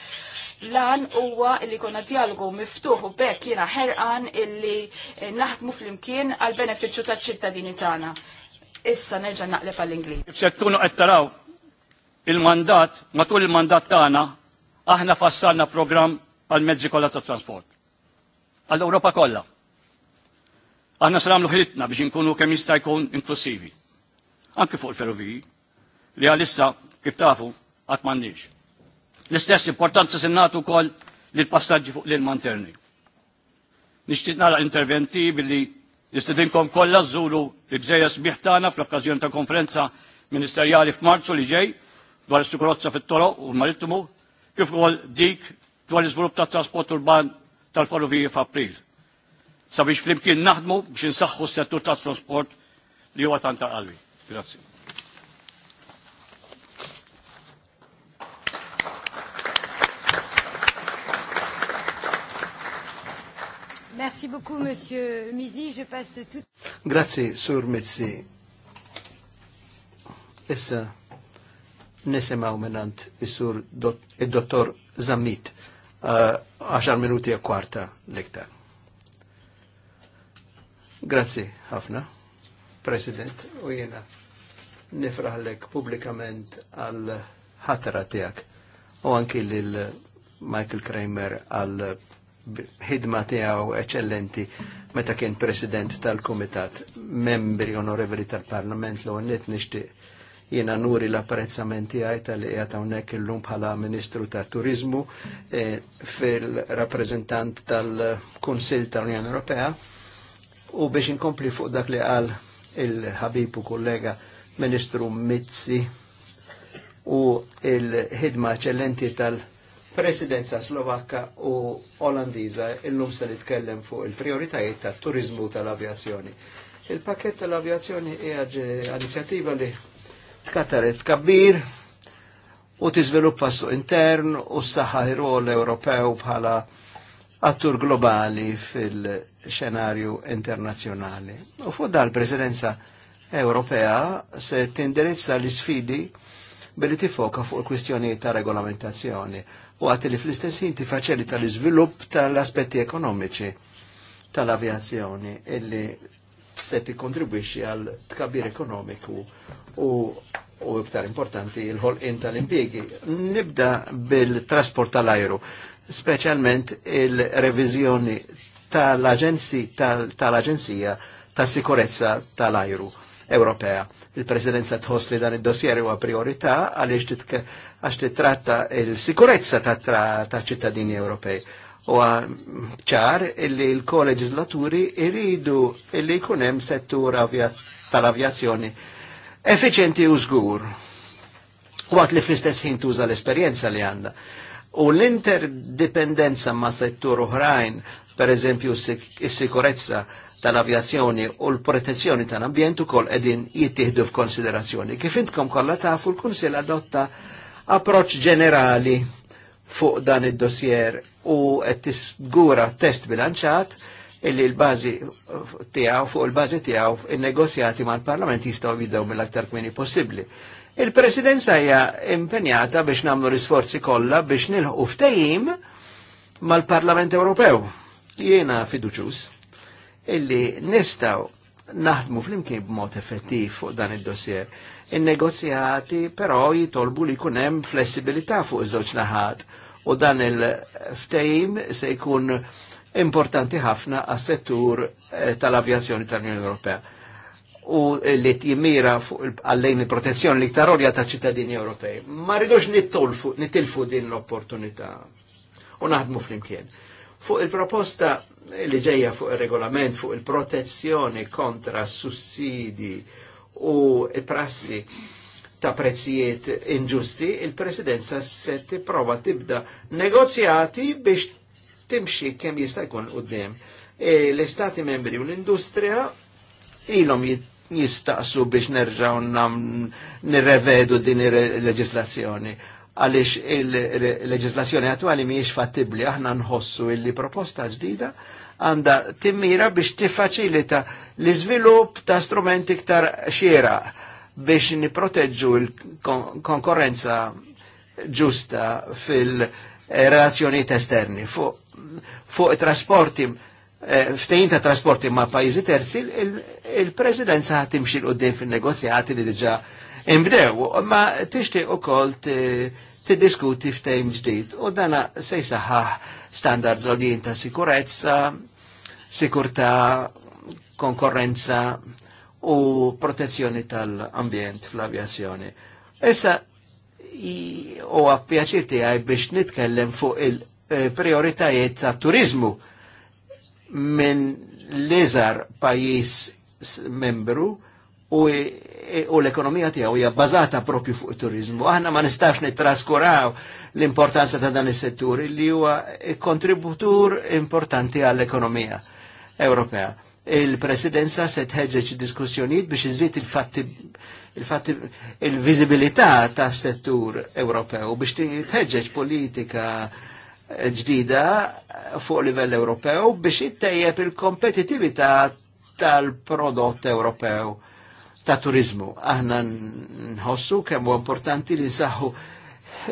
lan huwa li konna dialogu miftuħ u bekk jiena ħerqan illi naħdmu fl-imkien għal beneficju ta' ċittadini tagħna. Issa nerġa' naqleb għall ingliż Se tkunu qed taraw il-mandat, matul il-mandat tagħna, aħna fassalna programm għal mezzi kollha tat trasport. Għal Ewropa kollha. Aħna saramlu ħritna biex inkunu kemm jista' jkun inklusivi. Anki fuq il-ferroviji li għalissa kif tafu qatt m'għandniex L-istess importanza sinnatu kol l-passagġi fuq l-manterni. Nishtit nara interventi billi nistedinkom kollha żuru l-gżejja sbieħ tagħna fl okkazjon ta' konferenza ministerjali f'Marzu li ġej dwar is sukrozza fit-toroq u l-marittimu kif ukoll dik dwar iżvilupp tat trasport urban tal-ferroviji f'April. Sabiex flimkien naħdmu biex insaħħu s-settur tat trasport li huwa tant qalbi. Grazie. Merci beaucoup, Monsieur Mizi. Je passe tout... Grazie, Sur Mizi. Issa nisimaw minnant Sur il-Dottor Zammit eh, għaxar uh, minuti e kwarta l-iktar. Grazie, ħafna, President, u jena nifraħlek publikament għal ħatara tijak u anki l-Michael Kramer għal ħidma tiegħu eċellenti meta kien president tal-Kumitat, membri onorevoli tal-Parlament l għonnet nixtieq jiena nuri l-apprezzament tiegħi tal-li qiegħed hawnhekk illum bħala Ministru ta' Turizmu eh, fil-rappreżentant tal-Kunsill tal-Unjoni Ewropea u biex inkompli fuq dak li qal il-ħabib u kollega Ministru Mizzi u il-ħidma eċellenti tal-Kumitat presidenza Slovakka u Olandiza illum se nitkellem fuq il-prioritajiet ta' turizmu tal-avjazzjoni. Il-pakket tal-avjazzjoni hija inizjattiva li tkataret kabbir u tiżviluppa su intern u saħħa rol Ewropew bħala attur globali fil-xenarju internazzjonali. U fuq dal-presidenza Ewropea se tindirizza l sfidi billi tifoka fuq il-kwistjoni ta' regolamentazzjoni u għati li fl-istessin ti tifaċilita l-izvilupp tal-aspetti ekonomiċi tal-avjazzjoni illi se tikkontribwixxi għal tkabbir ekonomiku u u iktar importanti il-ħolqin tal impiegi Nibda bil-trasport tal-ajru, specialment il-revizjoni tal-Aġenzija tal-Sikurezza tal-Ajru. Ewropea. Il-Presidenza tħoss li dan id-dossier huwa priorità għaliex għax titratta il-sikurezza ta' ċittadini Ewropej. U ċar illi l-koleġislaturi iridu illi jkun hemm settur tal-avjazzjoni effiċenti u żgur. Waqt li fl-istess ħin tuża l-esperjenza li għandha. U l-interdipendenza ma' settur oħrajn, per eżempju is sikurezza tal-avjazzjoni u l-protezzjoni tal-ambjent ukoll qegħdin jittieħdu f'konsiderazzjoni. Kif intkom kollha tafu l kunsil adotta approċċ ġenerali fuq dan id-dossier u qed tisgura test bilanċat illi l-bażi tiegħu fuq il-bażi tiegħu in-negozjati mal-Parlament jistgħu jibdew mill-aktar kmini possibbli. Il-Presidenza hija impenjata biex nagħmlu l-isforzi kollha biex nilħu ftehim mal-Parlament Ewropew. Jiena fiduċus illi nistaw naħdmu flimkien b'mod effettiv fuq dan id-dossier. Il-negozjati però jitolbu li jkun hemm flessibilità fuq iż-żewġ naħat u dan il ftejm se jkun importanti ħafna għas-settur eh, tal-avjazzjoni tal-Unjoni Ewropea u li jimmira għallejn il-protezzjoni li tarolja ta' ċittadini Ewropej. Ma rridux nittilfu din l-opportunità u naħdmu flimkien. Fuq il-proposta li ġeja fuq il-regolament fuq il-protezzjoni kontra sussidi u prassi ta' prezzijiet inġusti, il-presidenza se tipprova tibda negozjati biex timxi kemm jista' jkun dem. E L-Istati membri u l-industrija ilhom jistaqsu biex nerġaw nirrevedu din il-leġislazzjoni għalix il-leġislazzjoni attuali miex fattibli, aħna nħossu illi proposta ġdida għanda timmira biex tiffaċilita l-iżvilupp ta' strumenti ktar xiera biex niproteġġu il konkurrenza ġusta fil-relazzjonijiet esterni fuq fu trasporti eh, ftejn ta' trasporti ma' pajjiżi terzi il prezidenza il ħatimxi l-qoddim fin-negozjati li diġa imbdew, ma tixtieq ukoll tiddiskuti f'tejm ġdid u dana se jsaħħaħ standards għoljien ta' sikurezza, sikurta, konkurrenza u protezzjoni tal-ambjent fl-avjazzjoni. Issa u għappjaċir tijaj biex nitkellem fuq il-prioritajiet ta' turizmu minn l-izar pajis membru E, u, l-ekonomija tiegħu hija bbażata propju fuq it-turizmu. Aħna ma nistax nittraskuraw l-importanza ta' dan is-settur li huwa kontributur importanti għall-ekonomija Ewropea. Il-presidenza se tħeġġeġ diskussjonijiet biex iżid il-fatti il-fatti il-viżibilità ta' settur Ewropew biex tħeġġeġ politika ġdida fuq livell Ewropew biex ittejjeb il-kompetitività tal-prodott Ewropew ta' turizmu. Aħna nħossu kemm huwa importanti li nsaħħu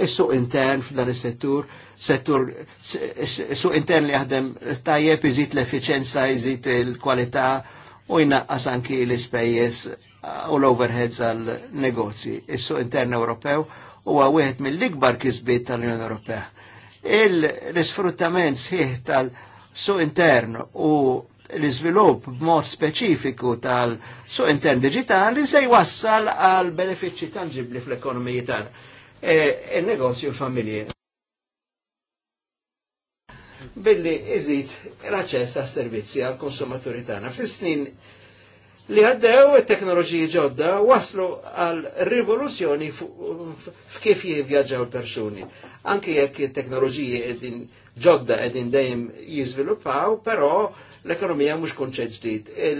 is-suq intern f'dan is-settur, settur suq intern li jaħdem tajjeb iżid l-effiċenza, iżid il-kwalità u jnaqqas anki l-ispejjeż u l-overheads għal negozji. Is-suq intern Ewropew huwa wieħed mill-ikbar kisbiet tal-Unjoni Ewropea. il risfruttament sħiħ tal-suq intern u l-izvilup b'mod speċifiku tal-su intern digitali se jwassal għal benefiċċji tangibli fl-ekonomiji tal e, Il-negozju familji Billi iżid l-aċċess għas servizzi għal konsumaturi tagħna. Fis-snin li għaddew it-teknoloġiji ġodda waslu għal rivoluzzjoni f'kif jivvjaġġaw persuni. Anki jekk it-teknoloġiji ġodda edin dejjem jiżviluppaw, però L-ekonomija mhux konċett ġdid. Eh,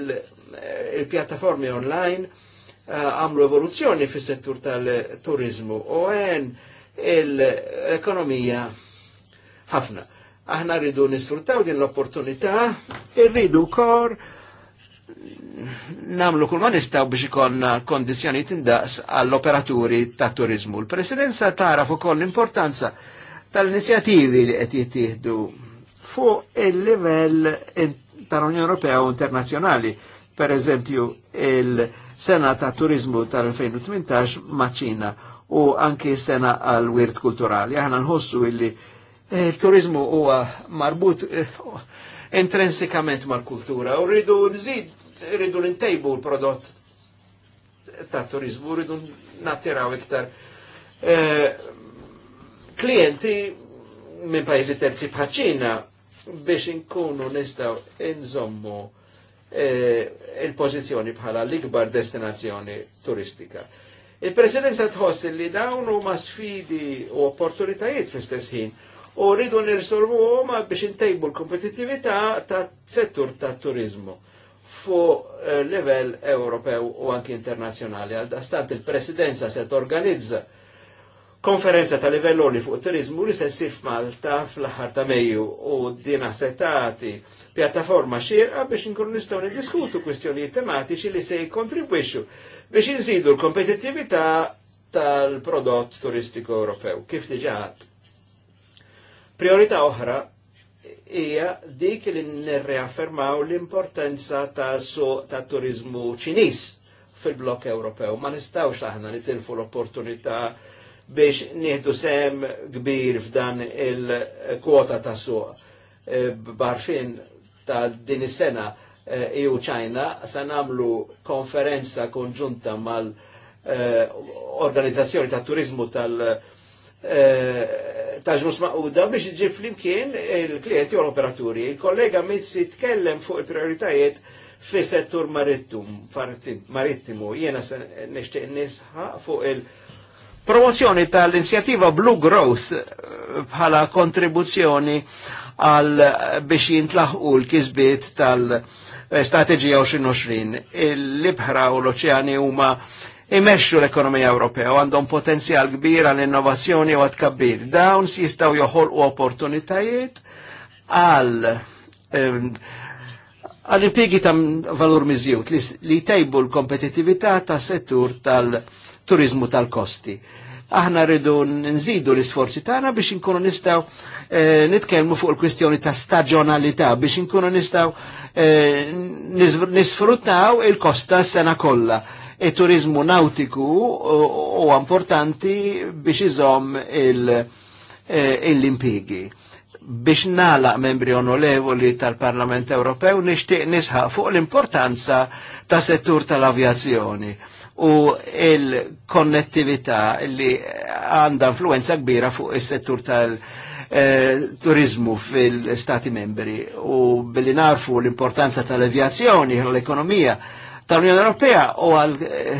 il-pjattaformi online eh, għamlu evoluzzjoni fis settur tal-turizmu u għen l-ekonomija ħafna. Aħna rridu nisfruttaw din l-opportunità, irridu kor namlu kull ma nistaw biex ikonna kondizjoni tindaqs għall-operaturi ta' turizmu. L-presidenza tara fuq koll l-importanza tal-inizjativi li qed jittieħdu fuq il-livell tal-Unjoni Ewropea u internazzjonali. Per eżempju, il-sena ta' turizmu tal-2018 maċina u anki sena għal wirt kulturali. Aħna nħossu illi eh, il-turizmu huwa marbut eh, intrinsikament mal-kultura u rridu nżid, rridu ntejbu l-prodott ta' turizmu, rridu nattiraw iktar eh, klienti minn pajizi terzi bħaċina biex inkunu nistaw inżommu eh, il-pozizjoni bħala l-ikbar destinazzjoni turistika. Il-presidenza tħoss li dawn huma sfidi u opportunitajiet fl-istess ħin u rridu nirsolvu nirsolvuhom biex intejbu l-kompetittività ta' settur ta' turizmu fu eh, level Ewropew u anki internazjonali. Għal-dastant il-presidenza set torganizza organizza konferenza ta' livelloni fuq turizmu li sessif Malta fl-aħħar ta' meju u dina setati pjattaforma xirqa biex inkunu nistgħu niddiskutu kwistjonijiet tematiċi li se jikontribwixxu biex inżidu l-kompetittività tal-prodott turistiku Ewropew. Kif diġat? Priorità oħra hija dik li nirreaffermaw l-importanza ta' so tat turizmu ċinis fil-blok Ewropew. Ma nistawx aħna nitilfu l-opportunità biex nieħdu sem kbir f'dan il-kwota ta' suq. E, barfin ta' din is-sena e, EU China sa nagħmlu konferenza konġunta mal e, organizzazzjoni ta' turizmu tal- ta' ġnus maquda biex iġib flimkien il-klienti u l-operaturi. Il-kollega Mizzi tkellem fuq il-prioritajiet fi settur marittimu. Jena nishtiq nisħa fuq il- Promozzjoni tal inizjattiva Blue Growth eh, bħala kontribuzzjoni għal eh, biex jintlaħqu l-kisbiet tal-Strategija 2020. Il-libħra u l-oċeani huma imexxu l-ekonomija Ewropea u għandhom potenzjal kbir għal innovazzjoni u għad-kabbir. Dawn si jistaw joħolqu opportunitajiet għal ehm, għal impiegi ta' valur miżjut li, tejbu l-kompetitività ta' settur tal turizmu tal-kosti. Aħna rridu nżidu l-isforzi tagħna biex inkunu nistgħu eh, nitkellmu fuq il-kwistjoni ta' staġjonalità biex inkunu nistgħu eh, nisfruttaw il-kosta sena kollha il-turizmu nautiku u importanti biex iżom eh, l-impigi. Biex nalaq membri onorevoli tal-Parlament Ewropew nixtieq nisħaq fuq l-importanza ta' settur tal-avjazzjoni u il-konnettività li għanda influenza kbira fuq is-settur tal-turizmu eh, fil-Stati membri u billi narfu l-importanza tal-avjazzjoni l-ekonomija tal-Unjoni Ewropea u għal eh,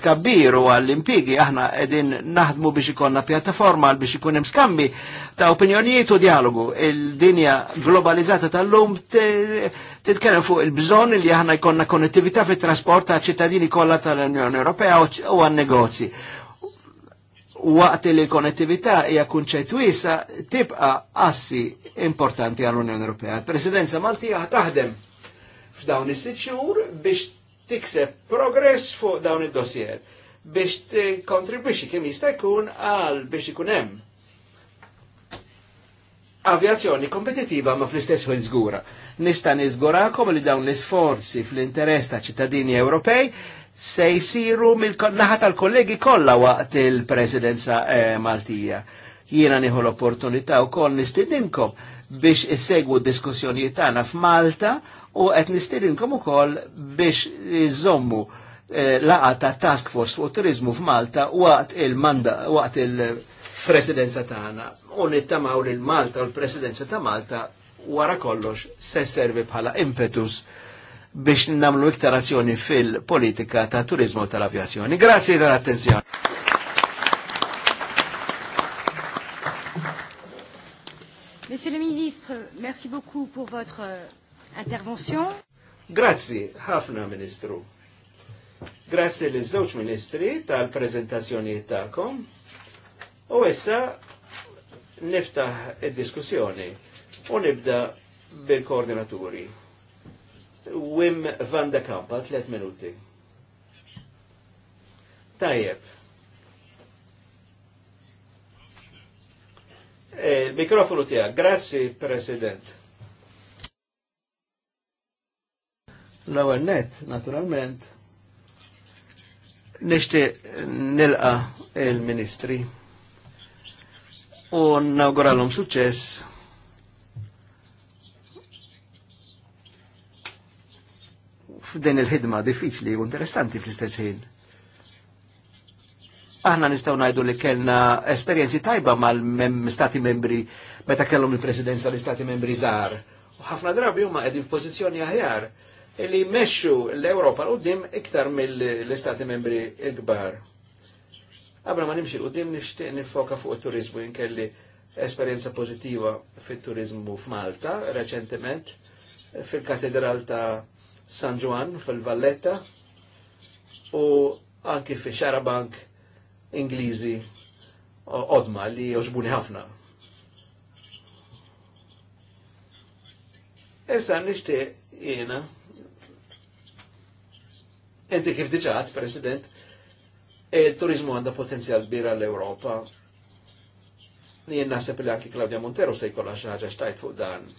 tkabbir u għal impigi aħna edin naħdmu biex ikonna pjattaforma biex ikun hemm skambi ta' opinjonijiet u dialogu. Il-dinja globalizzata tal-lum titkellem fuq il-bżonn li aħna jkollna konnettività fit-trasport ta' ċittadini kollha tal-Unjoni Ewropea u għan-negozji. Waqt li l-konnettività hija kunċett wiesa tibqa' assi importanti għall-Unjoni Ewropea. Il-Presidenza Maltija taħdem f'dawn is-sitt xhur biex tikseb progress fuq dawn id-dossier biex kontribwixi kemm jista' jkun għal biex ikun hemm avjazzjoni kompetitiva ma fl-istess ħin żgura nista' niżgurakom li dawn l-isforzi fl-interess ta' ċittadini Ewropej se jisiru mill-naħa tal-kollegi kollha waqt il-presidenza eh, Maltija. Jiena nieħu l-opportunità wkoll nistidinkom biex issegwu d-diskussjonijiet tagħna f'Malta u qed nistidinkom ukoll biex iżommu eh, laqa ta' Task Force fuq Turizmu f'Malta waqt il-manda waqt il-presidenza tagħna. U nittamaw lil Malta u l-presidenza ta' Malta wara kollox se servi bħala impetus biex namlu iktar azzjoni fil-politika ta' turizmu tal-avjazzjoni. Grazie tal-attenzjoni. Monsieur le Ministre, merci beaucoup pour votre euh, intervention. Grazie, ħafna Ministru. Grazie l żewġ Ministri tal-prezentazzjoni ta'kom. U issa niftaħ id-diskussjoni. U nibda bil-koordinaturi. Wim van de Kampa, tliet minuti. Tajjeb. Il-mikrofonu eh, tijak. Grazzi, President. L-ewwel net, naturalment, nishti nilqa il-Ministri u nawguralhom suċċess f'den il-ħidma diffiċli u interessanti fl-istess ħin. Aħna nistgħu ngħidu li kellna esperjenzi tajba mal-stati membri meta kellhom il-presidenza l-istati membri żgħar. U ħafna drabi huma qegħdin f'pożizzjoni aħjar li jmexxu l-Ewropa l-qudiem iktar mill-istati membri l-kbar. Abra ma nimxi l-qudiem nixtieq nifoka fuq it-turizmu jinkelli esperjenza pożittiva fit-turizmu f'Malta reċentement fil-katedral ta' San Juan fil-Valletta u anki fi xarabank Ingliżi odma li joġbuni ħafna. Issa nishti jena, enti kif diġat, President, il-turizmu għanda potenzjal bira l-Europa. Jien naħseb li anki Claudia Montero se jkollha xi ħaġa xtajt fuq dan.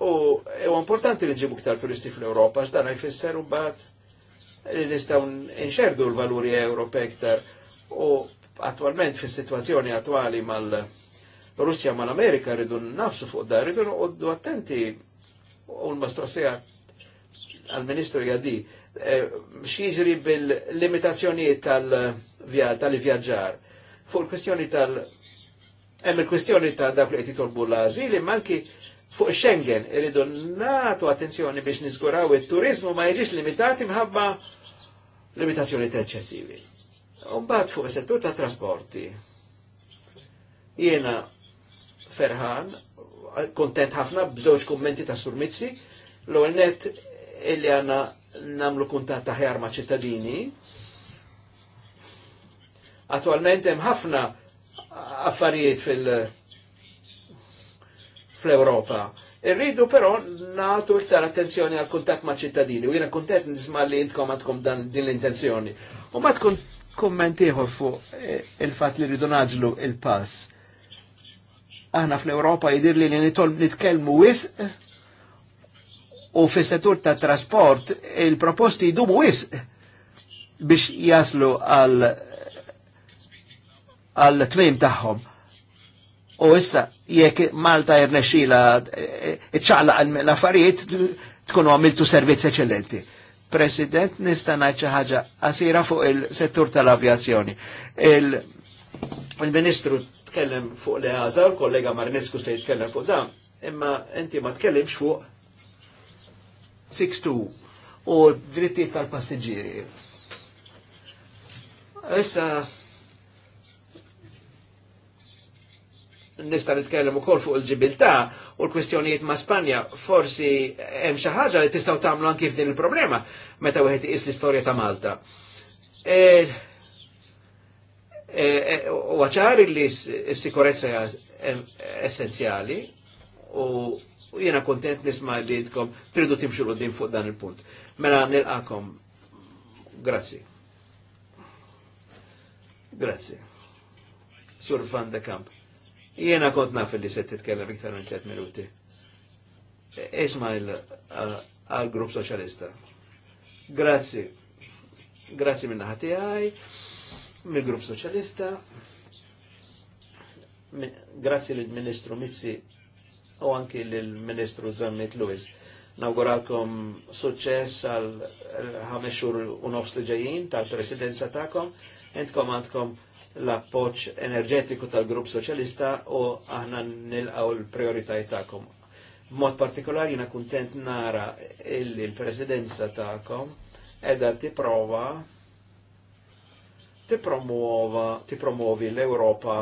U u importanti li ġibu ktar turisti fl-Europa, x'dan jfisser u bat li nistaw nxerdu l-valuri Ewropej ktar. U attualment fis situazzjoni attuali mal-Russja mal-Amerika rridu nafsu fuq da, rridu għoddu attenti u l-mastrosija għal-ministru jaddi, eh, xieġri bil-limitazzjonijiet tal-vjaġġar. Fuq il-kwestjoni tal- Hemm il-kwestjoni ta' dak li qed jitolbu l-azili, manki fuq Schengen irridu natu attenzjoni biex nizguraw it-turizmu ma jiġix limitati mħabba limitazzjoni eċċessivi. Umbat fuq is-settur ta' trasporti. Jiena ferħan, kontent ħafna bżewġ kummenti ta' Surmizzi, l-ewwel net illi għanna namlu kuntat ta' ħjar ma' ċittadini. Attualment hemm ħafna affarijiet fil- fl-Europa. Irridu però nagħtu iktar attenzjoni għal kuntat ma' ċittadini u jena kuntat nisma li jintkom għandkom dan din l-intenzjoni. U ma tkun kommentiħor fu eh, il-fatt li rridu naġlu il-pass. Aħna fl-Europa jidir li nitol nitkellmu wisq u fis-settur ta' trasport il-proposti jdumu wisq biex jaslu għal għal tmim tagħhom U issa jekk Malta jirnexila, iċċaqla e, e, l-affarijiet tkunu għamiltu servizz eċellenti. President, nista' ngħid xi ħaġa qasira fuq il-settur tal-avjazzjoni. Il-Ministru tkellem fuq li ħaża, kollega Marnescu se jitkellem fuq dan, imma inti ma tkellimx fuq 6-2 u drittijiet tal-passiġġieri. Issa nista' nitkellem ukoll fuq il-ġibilità u l-kwistjonijiet ma' Spanja forsi hemm xi ħaġa li tistgħu tagħmlu anke f'din il-problema meta wieħed iqis l-istorja ta' Malta. E, e, e, u ċari li s-sikurezza essenzjali u jiena kontent nisma' li jitkom tridu timxu l fuq dan il-punt. Mela nilqakom. Grazzi. Grazzi. Sur Van de Camp. Jena kont naf li se titkellem iktar minn 3 minuti. Isma għal-grupp soċjalista. Grazzi. Grazzi minn ħati għaj, mill grupp soċjalista. Grazzi l-Ministru Mizzi u anki l-Ministru Zammit Lewis nawguralkom suċċess għal ħames xhur u nofs li ġejjin tal-presidenza tagħkom, entkom għandkom l-appoċ enerġetiku tal-Grupp Soċjalista u aħna nilqaw l-prioritajiet tagħkom. Mod partikolari jiena kuntent nara il-presidenza tagħkom edha tipprova tipromuova tipromuovi l-Ewropa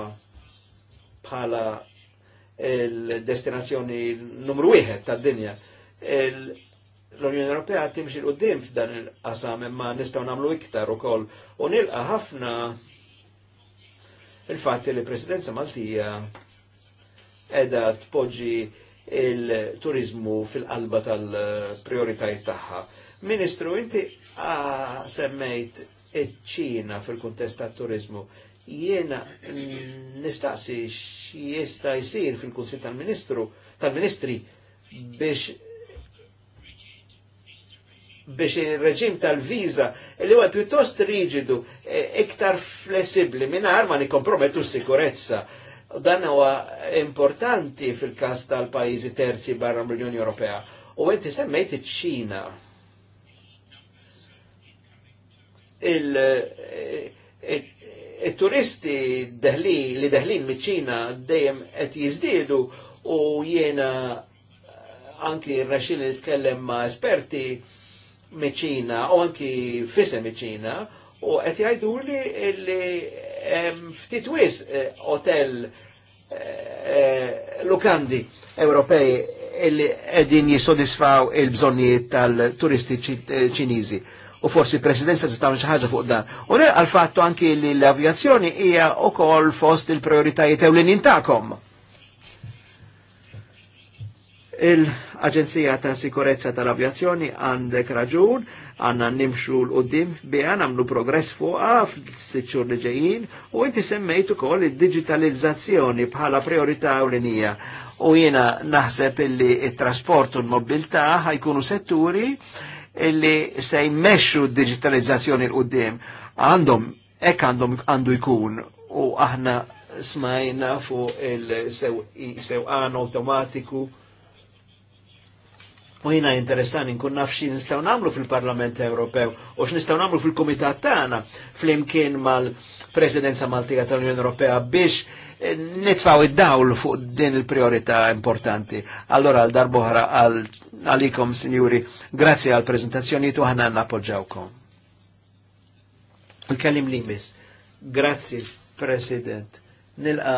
bħala il-destinazzjoni numru wieħed tad-dinja. L-Unjoni Ewropea timxi l-qudiem f'dan il-qasam imma nistgħu nagħmlu iktar ukoll u nilqa' ħafna il-fatt li presidenza Maltija edha tpoġġi il-turizmu fil-qalba tal-prioritajiet tagħha. Ministru, inti ah, semmejt iċ-Ċina fil-kuntest tat-turizmu. Jiena nistaqsi x'jista' jsir fil-Kunsill tal-Ministru tal-Ministri biex biex il-reġim tal-viza li huwa pjuttost riġidu, e, iktar flessibli mingħajr ma nikompromettu s-sikurezza. Dan huwa importanti fil kas tal-pajjiżi terzi barra mill-Unjoni Ewropea. U inti semmejt iċ-Ċina. Il-turisti e, e, li deħlin miċ-Ċina dejjem qed jiżdiedu u jiena anki r-raxil nitkellem ma' esperti meċina u anki fisse meċina u għet jgħidu li li ftit wis eh, hotel eh, eh, lukandi Ewropej illi qegħdin jisodisfaw il-bżonnijiet tal-turisti ċinizi. u forsi presidenza tistaw xi ħaġa fuq dan. U għal fattu anki li l-avjazzjoni hija kol fost il-prioritajiet ewlenin tagħkom. Il-Aġenzija ta' Sikurezza tal-Avjazzjoni għandek raġun, għanna nimxu l-qoddim bieħan, għamlu progress fuqa fl-sitxur li ġejjin u inti semmejt ukoll id-digitalizzazzjoni bħala priorità ewlenija. U jiena naħseb illi it-trasport u l-mobilità ħajkunu setturi illi se jmexxu d-digitalizzazzjoni l-qoddim. Għandhom ek għandhom għandu jkun u aħna smajna fuq il-sewqan automatiku U jina interessani nkun naf xi nistgħu nagħmlu fil-Parlament Ewropew u x'nistgħu nagħmlu fil-Kumitat tagħna flimkien mal-Presidenza Maltija tal-Unjoni Ewropea biex eh, nitfaw id-dawl fuq din il-priorità importanti. Allora għal darbohra għalikom, signori, grazie għal prezentazzjoni tu ħana nappoġġawkom. Nkellim li miss. Grazzi, President. Nilqa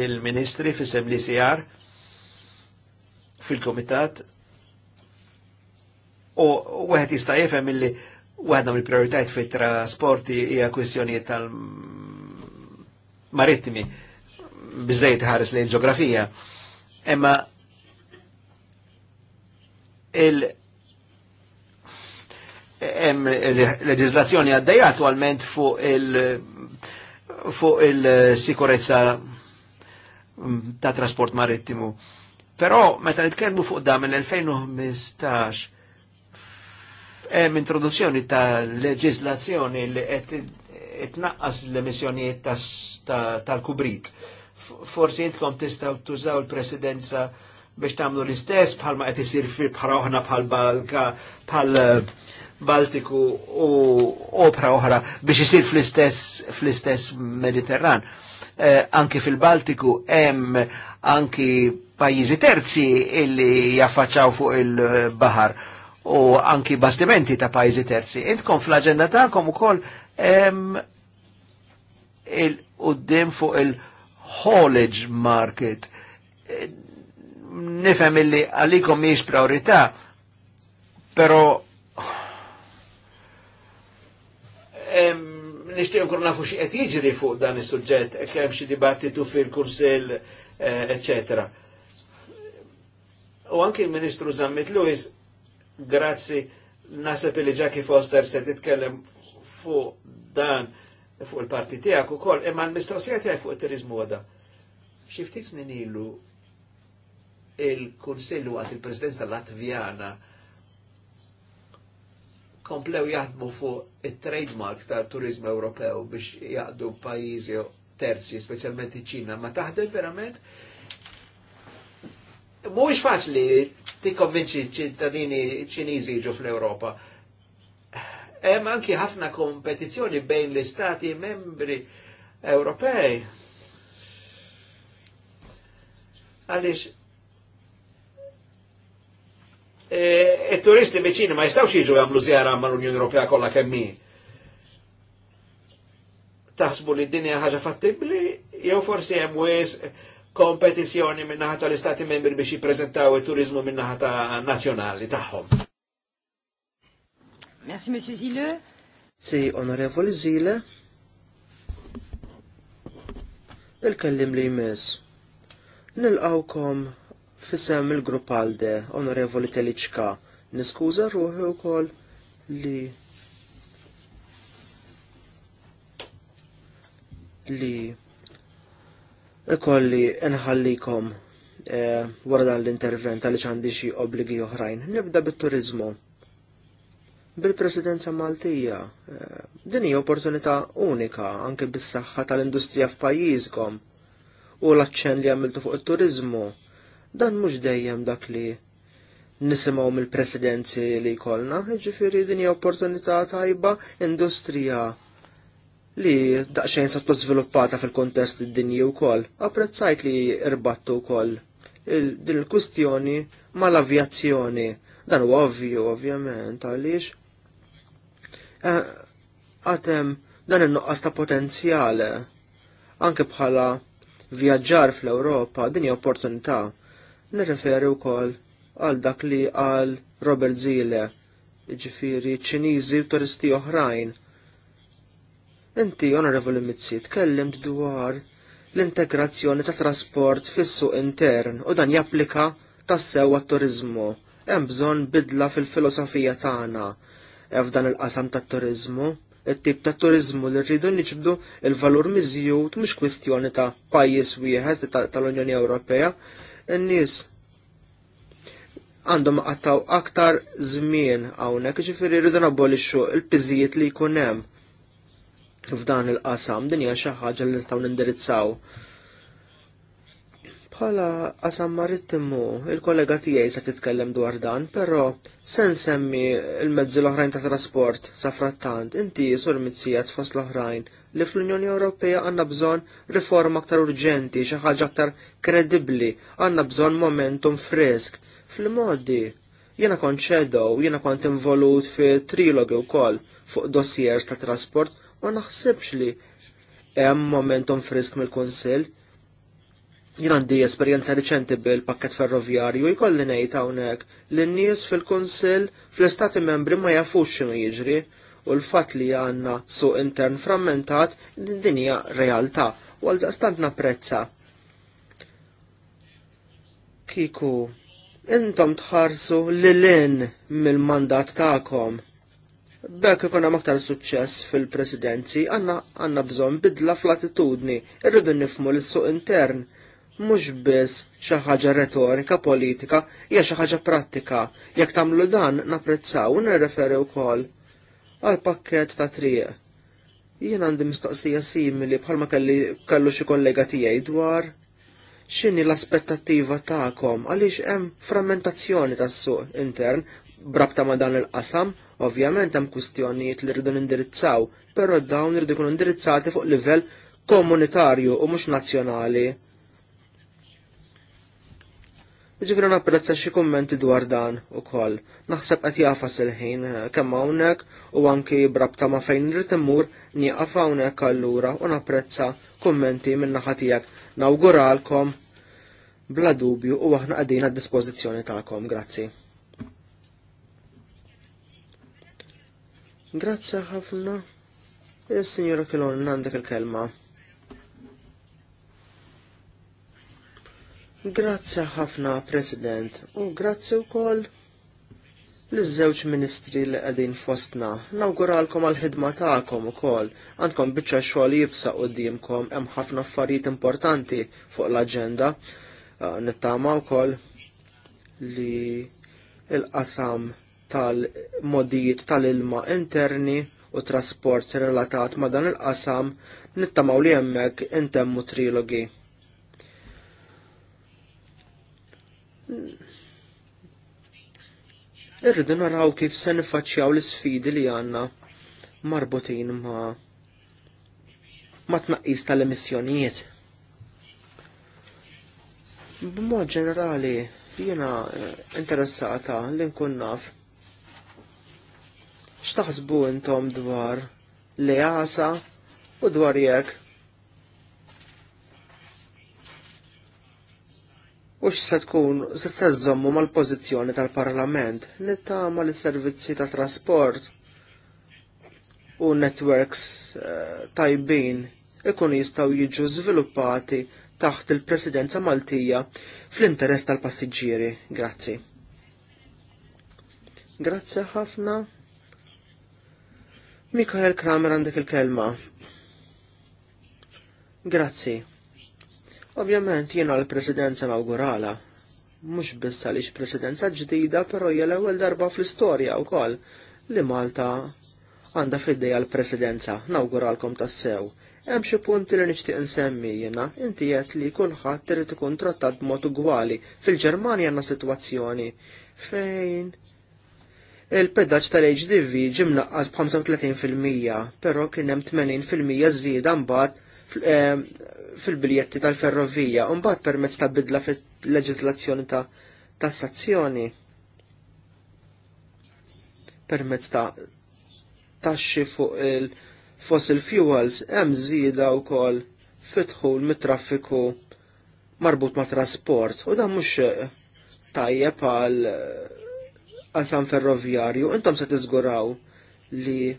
il-Ministri fis-Semli Sijar fil-Komitat U wieħed jista' jefhem illi waħda mill prioritajt fit-trasporti hija kwistjonijiet tal-marittimi biżejt ħares lejn ġografija Imma il- Em leġislazzjoni għaddejja attualment fuq il- fuq il-sikurezza ta' trasport marittimu. Però meta nitkellmu fuq da mill-2015 hemm introduzzjoni ta' leġislazzjoni li qed itnaqqas l-emissjonijiet tal-kubrit. Forsi jintkom tista' tużaw l presidenza biex tagħmlu l-istess bħalma qed isir fi bħala oħra bħal Balka bħal eh, Baltiku u opra oħra biex isir fl-istess fl-istess Mediterran. Anke eh, anki fil-Baltiku hemm anki pajjiżi terzi illi jaffaċċaw fuq il-baħar u anki bastimenti ta' pajzi terzi. Intkom fl-agenda ta'kom u koll il-qoddim fuq il-haulage market. Nifem illi għalikom miex priorita, pero nishtiq nkun nafu xie qed jiġri fuq dan il-sujġet, e kem xie dibattitu fil kursil eccetera. Eh, u anki il-Ministru Zammit Luis Grazzi, nasab li Jackie Foster se titkellem fuq dan fuq il-parti tijak u koll, imma l-mistoqsija tijak fuq il-turizmu għada. Xiftit il-Kunsillu għat il-Presidenza Latvjana komplew jaħdmu fuq il-trademark ta' turizm Ewropew biex jaħdu pajizi terzi, specialment ċina, ma taħdem verament mhuwiex faċli tikkonvinċi ċittadini ċiniżi ġu fl europa Hemm anki ħafna kompetizzjoni bejn l-istati membri Ewropej. Għaliex il-turisti e, ma jistawx jiġu jagħmlu żjara l unjoni Ewropea kollha kemm hi. Taħsbu li d-dinja ħaġa fattibbli jew forsi hemm wis kompetizjoni minnaħat tal-Istati membri biex jippreżentaw il-turizmu minnaħat nazjonali tagħhom. Merci, Monsieur Zille. Si, onorevoli Zille. Il-kellim li jmiss. Nilqawkom fissem il-grupp għalde, onorevoli Teliċka. Niskuża ruħi wkoll li li ikolli nħallikom eh, wara dan l-intervent għaliex għandi xi obbligi oħrajn. Nibda bit-turizmu. Bil-Presidenza Maltija, eh, din hija opportunità unika anke bis-saħħa tal-industrija f'pajjiżkom u l-aċċen li għamiltu fuq it-turizmu. Dan mhux dejjem dak li nisimgħu mill-presidenzi li jkollna, ġifieri din hija opportunità tajba industrija li daqxejn sattu sviluppata fil-kontest id-dinji u kol, Apprezzajt li irbattu u kol din il-kustjoni ma l-avjazzjoni. Dan u ovvju, ovvjament, għalix. Eh, għatem, dan il-nuqqas ta' potenzjale. Anke bħala vjaġġar fl-Europa, din opportunità. Nirreferi u kol għal dak li għal Robert Zile, ġifiri ċinizi u turisti oħrajn Inti, onorevoli Mizzi, tkellimt dwar l-integrazzjoni ta' trasport fis-suq intern u dan japplika tassew t turizmu Hemm bżonn bidla fil-filosofija tagħna f'dan il-qasam tat-turizmu. It-tip ta' turizmu li rridu niġbdu il-valur miżjud mhux kwistjoni ta' pajjiż wieħed tal-Unjoni Ewropea. In-nies għandhom qattaw aktar żmien hawnhekk, ġifieri rridu nabolixxu l-piżijiet li jkun hemm f'dan il-qasam din hija xi ħaġa li nistgħu nindirizzaw. Bħala qasam marittimu, il-kollega tiegħi se titkellem dwar dan, però se nsemmi l-mezzi l-oħrajn ta' trasport sa frattant inti sur mizzija tfos l-oħrajn li fl-Unjoni Ewropea għandna bżonn riforma aktar urġenti, xi ħaġa aktar kredibbli, għandna bżonn momentum frisk. Fil-modi, jiena kont shadow, jiena kont involut fi trilogi wkoll fuq dossiers ta' trasport ma naħsibx li hemm momentum frisk mill-Kunsill. Jien għandi esperjenza riċenti bil-pakket ferroviarju jkolli ngħid hawnhekk li n-nies fil-Kunsill fl-Istati Membri ma jafux x'inhu jiġri u l-fatt li għandna suq intern frammentat din hija realtà u għal stant napprezza. Kiku, intom tħarsu lilin mill-mandat tagħkom Bekk ikonna aktar suċċess fil-presidenzi, għanna għanna bżon bidla fl-attitudni, irridu nifmu l-suq intern, mhux biss xi ħaġa retorika politika, hija xi ħaġa prattika. Jekk tagħmlu dan napprezzaw u nirreferi wkoll għal pakkett ta' triq. Jien għandi mistoqsija simili bħalma kelli kellu xi kollega tiegħi dwar x'inhi l-aspettattiva tagħkom għaliex hemm frammentazzjoni tas-suq intern Brabta ma dan il-qasam, ovvjament hemm kwistjonijiet li rridu nindirizzaw, però dawn irridu jkunu indirizzati fuq livell komunitarju u mhux nazzjonali. Ġifri napprezza xi kummenti dwar dan ukoll. Naħseb qed jafas il-ħin kemm hawnhekk u anki brabta ma fejn irid immur nieqaf hawnhekk allura u napprezza kummenti minn naħa tiegħek. Nawguralkom bla dubju u aħna qegħdin għad-dispożizzjoni tagħkom. Grazzi. Grazzi ħafna. Il-Signora e, Kilon, nandek il-kelma. Grazzi ħafna, President, u grazzi u koll l-żewġ ministri li għedin fostna, nawguralkom għal-ħidma ta'kom u kol, għandkom bieċa xogħol jibsa u dimkom hemm ħafna affarijiet importanti fuq l-agenda, ah, nittama u kol li il-qasam tal-modijiet tal-ilma interni u trasport relatat ma dan il-qasam nittamaw li jemmek intemmu trilogi. Irridu naraw kif se nifaċċjaw l-sfidi li għanna marbutin ma ma tnaqqis tal-emissjonijiet. B'mod ġenerali, jiena eh, interessata li nkun naf xtaħsbu intom dwar li għasa u dwar jekk. U x'se tkun se mal-pożizzjoni tal-Parlament nittama mal servizzi ta' trasport u networks eh, tajbin ikun jistaw jiġu żviluppati taħt il-Presidenza Maltija fl-interess tal-passiġġieri. Grazzi. Grazzi ħafna. Mikael Kramer għandek il-kelma. Grazzi. Ovvjament jiena l-presidenza inaugurala. Mhux biss għaliex presidenza ġdida, però hija l-ewwel darba fl-istorja wkoll li Malta għandha fid l-presidenza. Nawguralkom tassew. Hemm xi punti li nixtieq insemmi jiena, inti qed li kulħadd irid ikun trattat b'mod ugwali. Fil-Ġermanja għandna sitwazzjoni fejn il-pedaċ tal-HDV ġimna għaz però kien hemm 80% żieda mbagħad ehm, fil-biljetti tal-ferrovija u mbagħad permezz ta' bidla fil-leġiżlazzjoni ta' tassazzjoni permezz ta' taxxi fuq il-fossil fuels hemm żieda wkoll fitħul mit-traffiku marbut ma' trasport u dan mhux tajjeb għal qasam ferroviarju, intom se tiżguraw li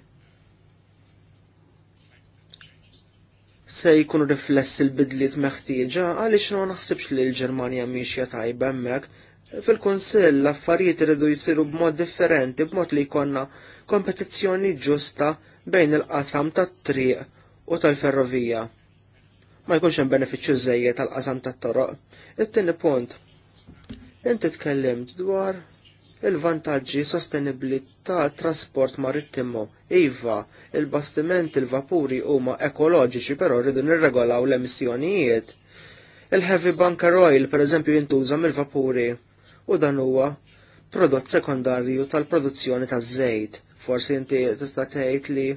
se jkunu riflessi l-bidliet meħtieġa għaliex ma naħsibx li l-Ġermanja miexja tajba hemmhekk fil-Kunsill l-affarijiet iridu jsiru b'mod differenti b'mod li jkollna kompetizzjoni ġusta bejn il-qasam tat-triq u tal-ferrovija. Ma jkunx hemm benefiċċju żejjed tal-qasam tat-toroq. It-tieni punt. Inti tkellimt dwar il-vantaġġi sostenibbli ta' trasport marittimu. Iva, il-bastiment il-vapuri huma ekoloġiċi però rridu nirregolaw l-emissjonijiet. Il-heavy bunker oil per eżempju jintuża mill-vapuri u dan huwa prodott sekondarju tal-produzzjoni taż-żejt. Forsi inti tista' tgħid li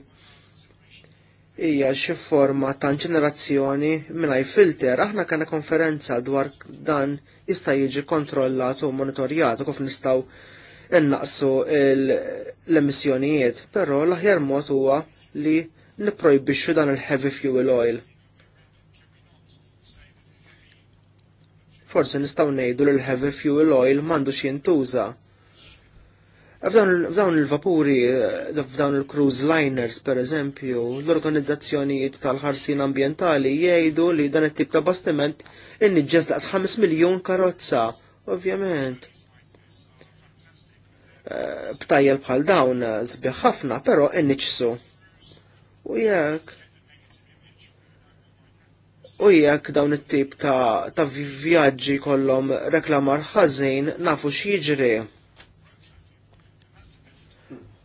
hija xi forma ta' ġenerazzjoni mingħajr filter. Aħna kellna konferenza dwar dan jista' jiġi kontrollat u monitorjat u kif nistgħu innaqsu l-emissjonijiet, però l-aħjar mod huwa li nipprojbixxu dan il-heavy fuel oil. Forsi nistgħu ngħidu li l-heavy fuel oil m'għandux jintuża F'dawn il-vapuri, eh, f'dawn il-cruise liners, per eżempju, l-organizzazzjonijiet tal-ħarsin ambientali jgħidu li dan it-tip ta' bastiment inniġġes daqs 5 miljon karozza, ovvjament. Eh, btajjel bħal dawn eh, sbieħ ħafna, però ċsu. U jekk. U jekk dawn it-tip ta', ta vjaġġi kollhom reklamar ħażin nafu x'jiġri.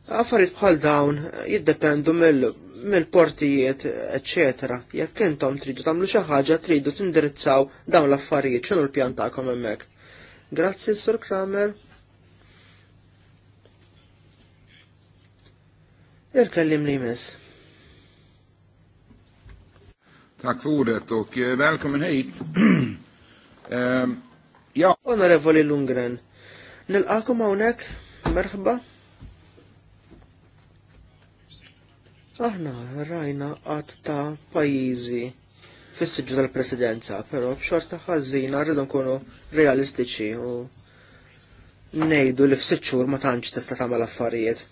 Affarijiet bħal dawn jiddependu mill-portijiet, eccetera. Jekk intom tridu tagħmlu xi ħaġa tridu tindirizzaw dawn l-affarijiet x'inhu l-pjan tagħkom hemmhekk. Grazzi Sur Kramer. Irkellim li miss. Tack för ordet och eh, välkommen hit. Ehm, Onorevoli Lundgren, nil-għakum għonek, merħba. Aħna rajna għad ta' pajjiżi fissiġu tal-presidenza, però b'xorta ħażina rridu nkunu realistiċi u ngħidu li f'sitt xhur ma tantx tista' tagħmel affarijiet.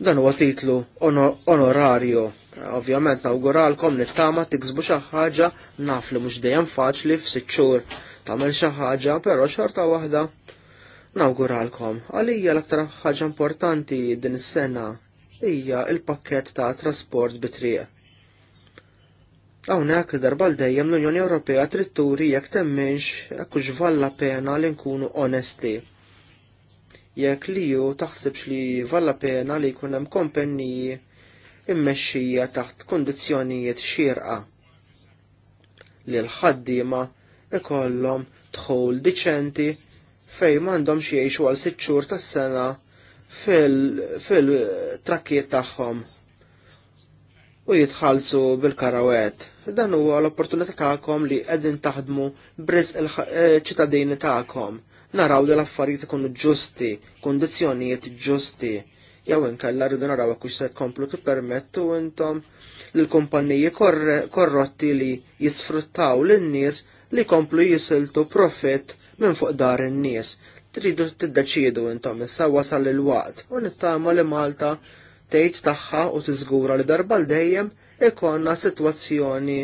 Dan huwa titlu onorarju. Ovvjament nawguralkom nittama tiksbu xi ħaġa naf li mhux dejjem faċli f'sitt xhur tagħmel xi ħaġa, però xorta waħda Nawguralkom, għalija l-aktar ħaġa importanti din is-sena hija il-pakket ta' trasport bitriq. Hawnhekk darba dejjem l-Unjoni Ewropea trid turi jekk temminx hekk valla pena li nkunu onesti. Jekk li ju taħsibx li valla pena li jkun hemm kompenniji immexxija taħt kondizzjonijiet xierqa li l-ħaddiema ikollhom dħul diċenti fej mandom xiexu għal sitt xhur tas-sena fil-trakkiet tagħhom u jitħalsu bil-karawet. Dan huwa l-opportunità tagħkom li qegħdin taħdmu bris il-ċittadini eh, tagħkom. Naraw li l-affarijiet ikunu ġusti, kondizzjonijiet ġusti. Jew inkella rridu naraw hekk se tkomplu tippermettu intom l-kumpanniji korrotti li jisfruttaw lin-nies li komplu jisiltu profitt minn fuq dar in-nies. Tridu tiddeċiedu intom issa wasal il-waqt u nittama li Malta tgħid tagħha u tiżgura li darba dejjem ikonna sitwazzjoni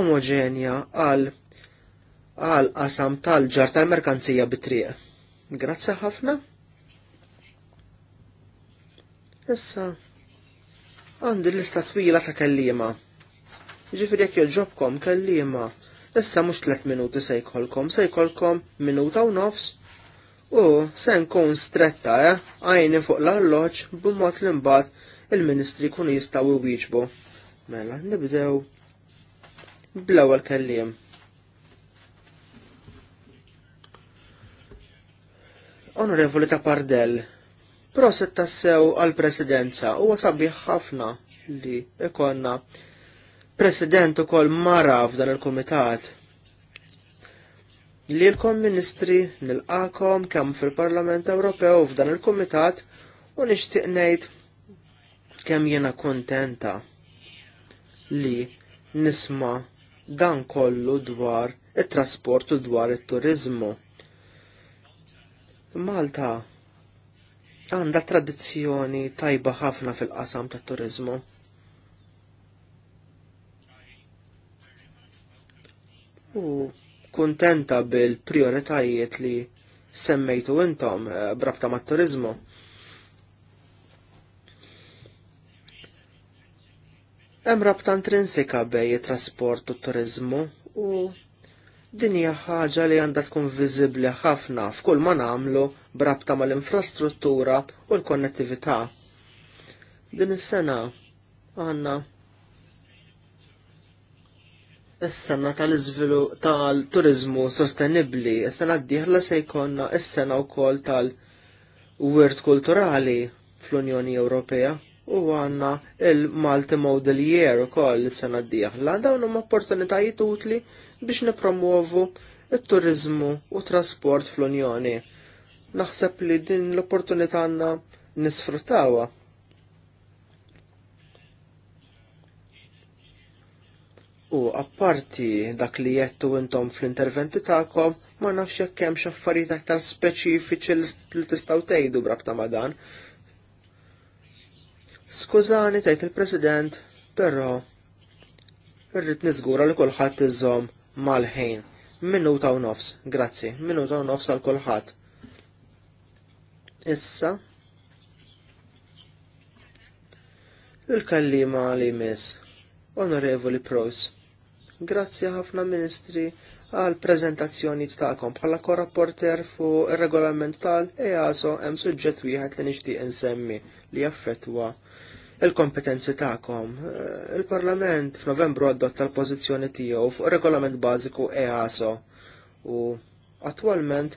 omogenja għal għal qasam tal-ġar tal-merkanzija bitrie. Grazzi ħafna. Issa, għandi l istatwila twila ta' kellima. Ġifri jekk joġobkom kellima Issa mhux tliet minuti se jkollkom, se jkollkom minuta u nofs. U se nkun stretta eh, għajni fuq l-alloġ b'mod li mbagħad il-Ministri kun jistgħu jwieġbu. Mela, nibdew bl-ewwel kelliem. Onorevoli Tapardell, proset tassew għal-presidenza u għasabi ħafna li ikonna president ukoll mara f'dan il-kumitat lilkom ministri nilqakom kemm fil-Parlament Ewropew f'dan il-kumitat u nixtieq ngħid kemm jiena kontenta li nisma dan kollu dwar it-trasport u dwar it-turizmu. Malta għandha tradizzjoni tajba ħafna fil-qasam tat-turizmu. u kontenta bil-prioritajiet li semmejtu intom eh, brabta mat turizmu Hemm rabta intrinsika bej it-trasport u t-turizmu u din hija ħaġa li għandha tkun viżibbli ħafna f'kull ma nagħmlu brabta mal-infrastruttura u l-konnettività. Din is-sena għandna Is-sena tal-iżvilu tal-turizmu sostenibbli, issa sena d-dieħla se jkollna is-sena wkoll tal-wirt kulturali fl-Unjoni Ewropea u għanna il-Malti Model Year ukoll is-sena d-dieħla dawn huma opportunitajiet utli biex nipromuovu it-turizmu u trasport fl-Unjoni. Naħseb li din l-opportunità għandna nisfruttawa U apparti dak li jettu intom fl-interventi ta'kom, ma nafx jekk hemm affarijiet aktar speċifiċi li tistgħu tgħidu brabta ma' Skużani tgħid il-President, però irrid niżgura li kulħadd iżżomm mal-ħin. Minuta u nofs, grazzi, minuta u nofs għal kulħadd. Issa, il-kallima li miss, Onorevoli Pros. Grazzi ħafna Ministri għal prezentazzjoni tagħkom bħala korrapporter fuq ir-regolament tal-EASO hemm suġġett wieħed li nixtieq insemmi li jaffettwa il-kompetenzi ta'kom. Eh, Il-Parlament f'Novembru adotta l-pożizzjoni tiegħu fuq regolament bażiku EASO u attwalment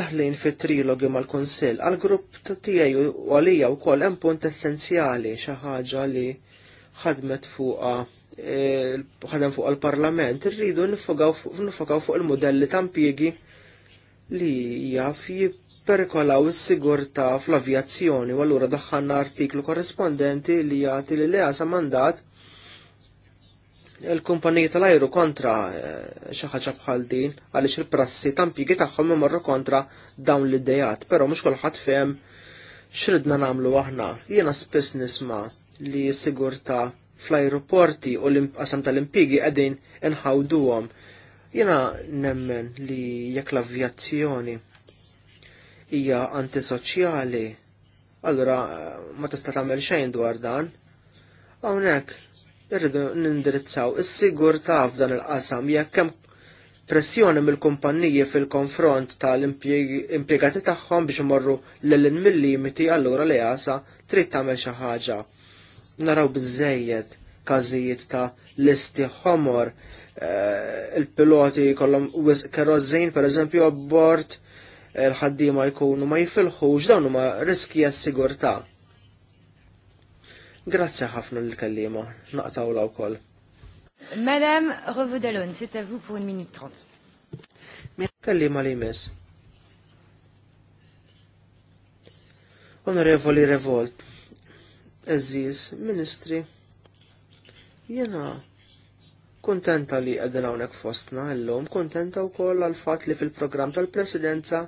daħlin fit trilogi mal-Konsil għal-grupp tiegħi u għalija wkoll hemm punt essenzjali xi ħaġa li ħadmet fuqa e, ħadem fuq il-parlament, irridu nifokaw fuq il-modelli tampiegi li jaf jiperikolaw is-sigurta fl-avjazzjoni u allura daħħanna artiklu korrespondenti li jagħti li għasa mandat il-kumpaniji tal-ajru kontra e, xi ħaġa bħal din għaliex il-prassi tampiegi tagħhom imorru kontra dawn l-idejat, però mhux kulħadd fehem xridna nagħmlu aħna. Jiena spiss nisma' li s-sigurta fl-aeroporti u l-qasam tal-impigi għedin għom. Jena nemmen li jekk l-avjazzjoni hija antisoċjali, allura eh, ma tista' tagħmel xejn dwar dan. Hawnhekk irridu nindirizzaw is sigurta f'dan il-qasam jekk hemm pressjoni mill-kumpanniji fil-konfront tal-impjegati tagħhom biex imorru l limiti allura li għasa trid tagħmel xi ħaġa naraw bizzejjed każijiet ta' listi ħomor. Eh, il-piloti kollom kerrożin per eżempju abbord il-ħaddima eh, jkunu ma jifilħux dawn huma riski għas-sigurtà. Grazzi ħafna l-kellima, naqtaw law kol. Madame Revaudalon, c'est à vous pour une minute trente. Kellima li mis. Onorevoli Revolt, Eżiz, Ministri, jena kontenta li għedin hawnhekk fostna illum, kontenta wkoll għal fatt li fil-programm tal-Presidenza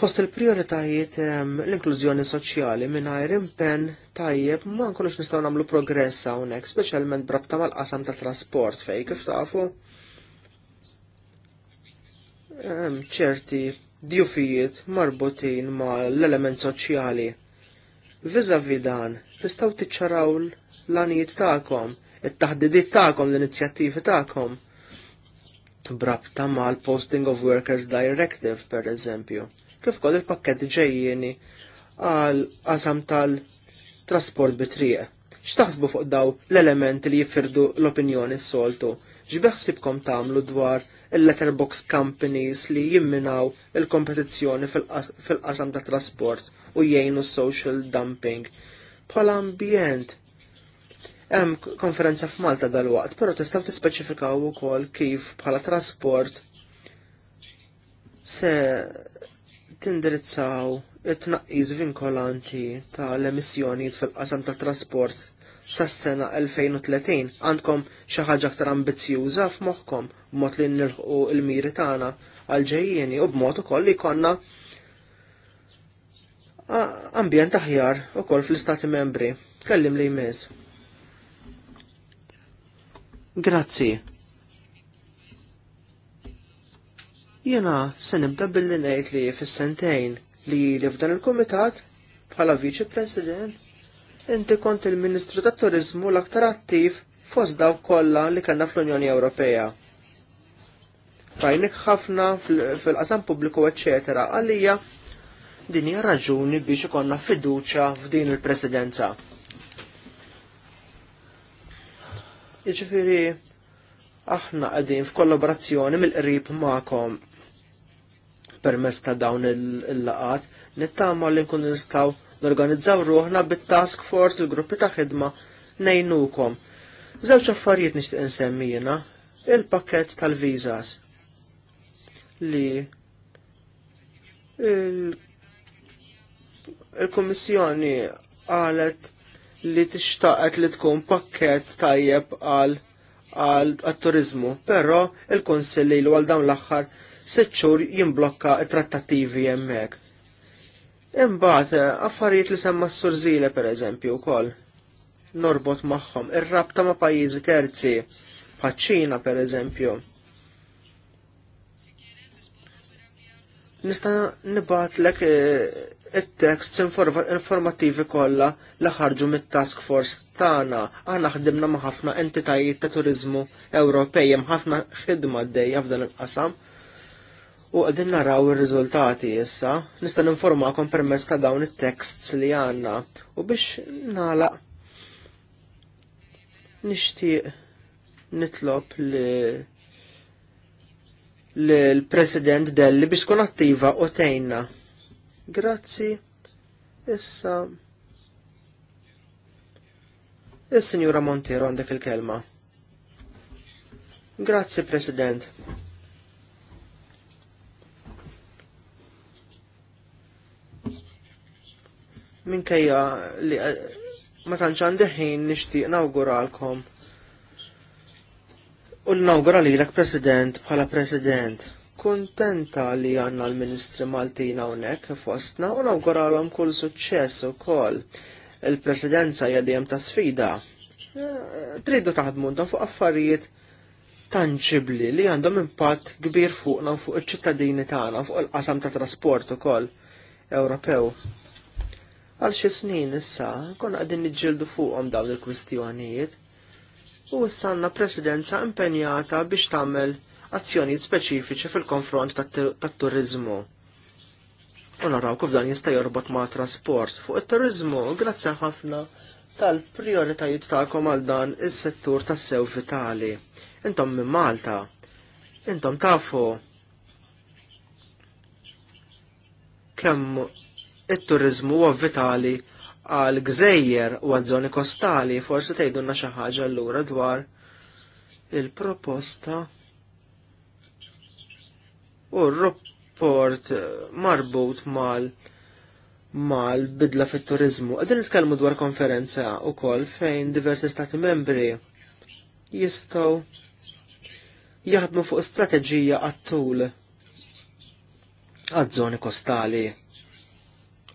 fost il-prioritajiet l-inklużjoni soċjali mingħajr impenn tajjeb ma nkunux nistgħu nagħmlu progress hawnhekk, speċjalment brabta mal-qasam tat-trasport fejn kif tafu. ċerti diufijiet marbutin ma l-element soċjali viza vidan, tistaw tiċċaraw l-anijiet ta'kom, it-taħdidiet ta'kom, l-inizjattivi ta'kom. Brabta ma' l-Posting of Workers Directive, per eżempju, kif kol il-pakket ġejjeni għal qasam tal-trasport bitrije. X'taħsbu fuq daw l-elementi li jifirdu l-opinjoni s-soltu? Ġbeħsibkom tamlu dwar il-letterbox companies li jimminaw il-kompetizzjoni fil-qasam tat trasport u jgħinu social dumping. Bħala ambjent, hemm konferenza f'Malta dal-waqt, però tistgħu tispeċifikaw ukoll kif bħala trasport se tindirizzaw it-tnaqqis vinkolanti tal-emissjonijiet fil-qasam tat-trasport sas-sena 2030 għandkom xi ħaġa aktar ambizzjuża f'moħħkom b'mod li nilħqu l-miri tagħna għal ġejjieni u b'mod ukoll li jkollna ambjent aħjar ukoll fl-Istati membri. Kellim li jmiss. Grazzi. Jena se nibda billi ngħid li fis-sentejn li li f'dan il-Kumitat bħala Viċi President inti kont il-Ministru tat Turizmu l-aktar attiv fost dawk kollha li kellna fl-Unjoni Ewropea Fajnik ħafna fil-qasam pubbliku, eccetera, għalija din hija raġuni biex ikonna fiduċja f'din il-presidenza. Jiġifieri aħna qegħdin f'kollaborazzjoni mill-qrib magħkom permezz ta' dawn il-laqat nittama li nkun nistgħu norganizzaw ruħna bit-task force il-gruppi ta' ħidma nejnukom. Żewġ affarijiet nixtieq insemmijina il-pakket tal-vizas li il il-Kummissjoni qalet li tixtaqet li tkun pakket tajjeb għal għal turizmu però il-Konsill li għal dawn l-aħħar sitt jimblokka t-trattattivi hemmhekk. Imbagħad eh, affarijiet li semma s per eżempju pereżempju wkoll norbot magħhom ir-rabta ma' pajjiżi terzi bħaċ-Ċina pereżempju. Nista' nibatlek eh, it-tekst informattivi kollha li ħarġu mit-task force tagħna. Aħna ħdimna ma' ħafna entitajiet ta' turizmu Ewropej hemm ħafna ħidma għaddejja f'dan il-qasam. U qegħdin naraw ir-riżultati issa, nista' ninformakom permezz ta' dawn it-texts li għandna. U biex nagħlaq nixtieq nitlob li l-President Delli biex tkun attiva u tejna Grazzi. Issa. Is-Sinjura Montero għandek il-kelma. Grazzi, President. Minkejja li ma tantx għandi ħin nixtieq nawguralkom. U l-nawgura lilek President bħala President kuntenta li għanna l-Ministri Maltina hawnhekk fostna u nawguralhom kull suċċess ukoll. Il-Presidenza hija dejjem ta' sfida. Eh, tridu taħdmu fuq affarijiet tanċibli li għandhom impatt kbir fuqna fuq iċ-ċittadini tagħna fuq il-qasam ta' trasport ukoll Ewropew. Għal xi snin issa konna qegħdin niġġieldu fuqhom dawn il-kwistjonijiet u issa għandna presidenza impenjata biex tagħmel azzjonijiet speċifiċi fil-konfront tat-turizmu. U naraw kif dan jista' jorbot ma' trasport fuq it-turizmu grazzi ħafna tal-prioritajiet tagħkom għal dan is-settur tas-sew vitali. Intom minn Malta, intom tafu kemm it-turizmu huwa vitali għal gżejjer u għal żoni kostali, forsi tgħidulna xi ħaġa allura dwar il-proposta u r-rapport marbut mal mal-bidla fit-turizmu. Għadin nitkellmu dwar konferenza u koll fejn diversi stati membri jistaw jaħdmu fuq strateġija għattul għadżoni żoni kostali.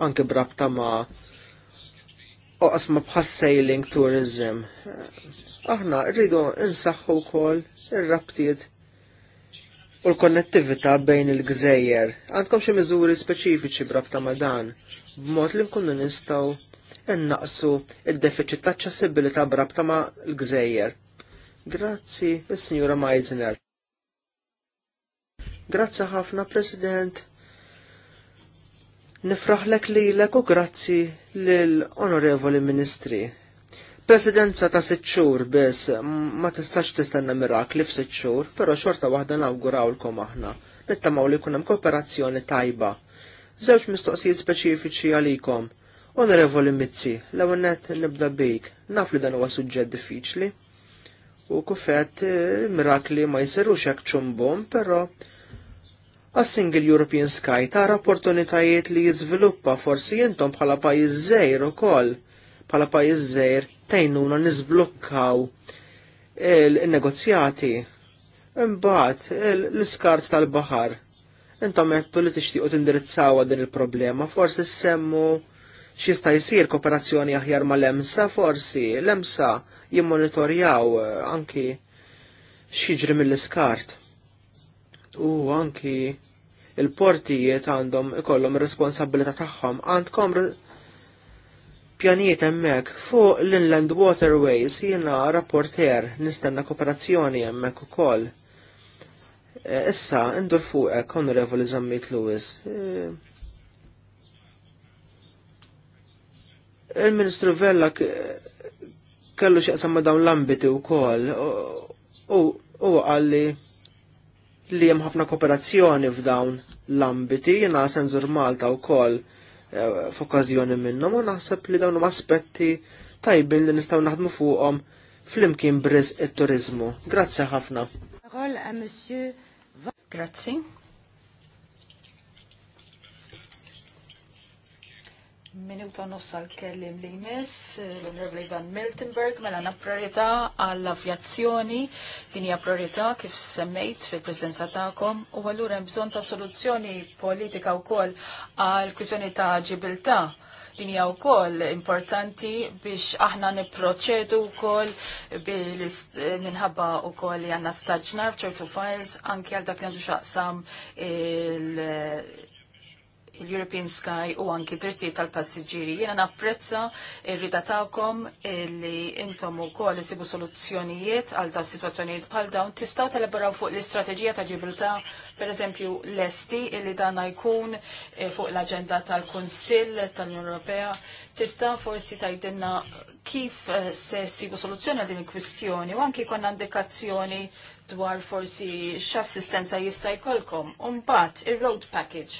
Anke brabta ma' oqsma bħas sailing tourism. Aħna rridu insaħħu wkoll ir-rabtiet u l-konnettività bejn il-gżejjer. Għandkom xi miżuri speċifiċi brabta ma' dan, b'mod li nkunu nistgħu naqsu id-deficit ta' ċassibilità brabta ma' l-gżejjer. Grazzi, il sinjura Meisner. Grazzi ħafna, President. Nifraħlek li l u grazzi l-Onorevoli Ministri Presidenza ta' sitt xhur biss ma tistax tistenna mirakli f'sitt xhur, però xorta waħda kom aħna. Nittamaw li jkun hemm kooperazzjoni tajba. Żewġ mistoqsijiet speċifiċi għalikom. Onorevoli Mizzi, l-ewwel nett nibda bik, naf li dan huwa suġġett diffiċli. U kufet eh, mirakli ma jsirux hekk ċumbum, però a single European Sky tara opportunitajiet li jiżviluppa forsi jintom bħala pajjiż żgħir ukoll bħala pajjiż żgħir tejnuna nizblokkaw il-negozjati. Imbagħad l-iskart tal-baħar. Intom qed li tixtiequ tindirizzaw din il-problema, forsi semmu x'jista' jsir kooperazzjoni aħjar mal-emsa, forsi l-emsa jimmonitorjaw eh, anki x'jiġri mill-iskart. U anki il-portijiet għandhom ikollhom ir-responsabilità tagħhom. Għandkom pjanijiet hemmhekk fuq l-Inland Waterways jiena rapporter nistenna kooperazzjoni hemmhekk ukoll. E, issa indur fuqek Onorevoli Zammit Lewis. E, Il-Ministru Vella kellu xieqsam ma dawn l-ambiti u kol u għalli li jem ħafna kooperazzjoni f'dawn l-ambiti jena senzur Malta u kol Eh, f'okkażjoni minnhom u naħseb li dawn aspetti tajbin li nistgħu naħdmu fuqhom flimkien briz it-turizmu. Grazzi ħafna. Grazzi. Minuta nossa l-kellim li jmiss, l-Onorevoli Van Miltenberg, mela na priorità għall-avjazzjoni, din hija priorità kif semmejt fil-prezidenza tagħkom, u allura hemm bżonn ta' soluzzjoni politika wkoll għal kwistjoni ta' ġibilta' din hija wkoll importanti biex aħna nipproċedu wkoll minħabba wkoll li għandna staġnar f'ċertu files anke għal dak li xaqsam il- l european Sky u anki drittijiet tal-passiġġieri. Jiena napprezza r-rida tagħkom li intom ukoll isibu soluzzjonijiet għal dawn situazzjonijiet bħal dawn. tista' telebraw fuq l-istrateġija ta' ġibilta pereżempju l-esti li danna jkun eh, fuq l-aġenda tal-Kunsill tal-Unjoni Ewropea. Tista' forsi tgħidilna kif eh, se sibu soluzzjoni għal din il-kwistjoni u anki konna indikazzjoni dwar forsi x-assistenza jista' jkollkom. Umbat, il-road package.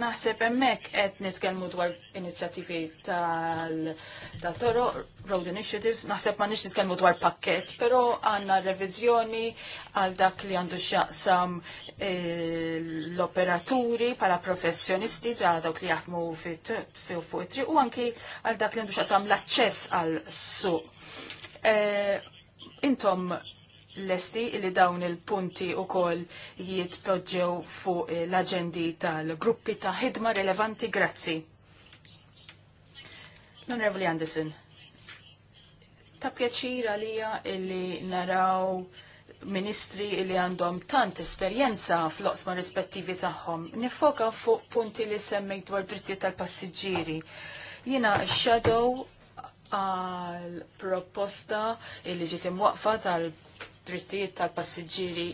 Naħseb hemmhekk qed nitkellmu dwar inizjattivi tal-toro, road initiatives, naħseb ma nix nitkellmu dwar pakket, però għandna revizjoni għal dak li għandu x'jaqsam eh, l-operaturi bħala professjonisti ta' dawk li jaħdmu fuq it-triq u anki għal dak li għandu x'jaqsam l-aċċess għal suq. Eh, intom lesti li dawn il-punti u kol jitpoġġew fuq l-agendi tal-gruppi ta' ħidma relevanti. Grazzi. Onorevoli Anderson, ta' pjaċir għalija illi naraw ministri li għandhom tant esperjenza fl ma' rispettivi tagħhom. Nifoka fuq punti li semmejt dwar drittijiet tal-passiġġieri. Jiena shadow għal proposta li ġiet imwaqfa tal drittijiet tal-passiġġieri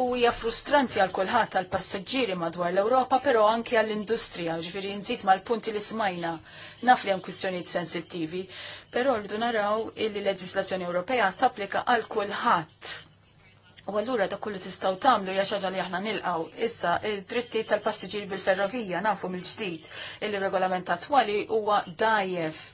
u hija frustranti għal kulħadd tal-passiġġieri madwar l-Ewropa, però anke għall-industrija, ġifieri nżid mal-punti li smajna. Naf li hemm kwistjonijiet sensittivi, però rridu naraw illi leġislazzjoni Ewropea tapplika għal kulħadd. U allura da kullu tistgħu tagħmlu hija xaġa li aħna nilqgħu. Issa id-drittijiet tal-passiġġieri bil-ferrovija nafu mill-ġdid il-regolament attwali huwa dajjef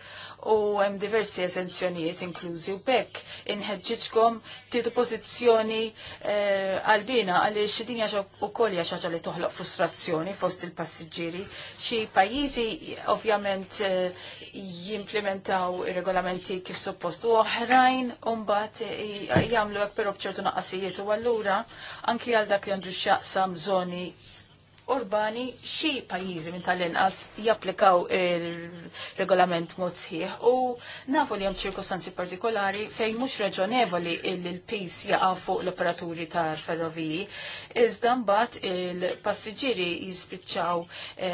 u hemm diversi eżenzjonijiet inklużi u bekk inħeġġitkom titu pożizzjoni eh, għalbina għaliex din hija wkoll hija jaxa li toħloq frustrazzjoni fost il-passiġġieri. Xi pajjiżi eh, ovvjament eh, jimplementaw regolamenti kif suppost u oħrajn umbat jamlu jagħmlu hekk però b'ċertu naqqasijiet u allura anki għal dak li għandu x'jaqsam zoni urbani xi pajjiżi minn tal-inqas japplikaw il-regolament mod sħiħ u nafu li hemm ċirkostanzi partikolari fejn mhux raġonevoli il-pis jaqgħu fuq l-operaturi tal-ferroviji iżda mbagħad il-passiġġieri jispiċċaw e,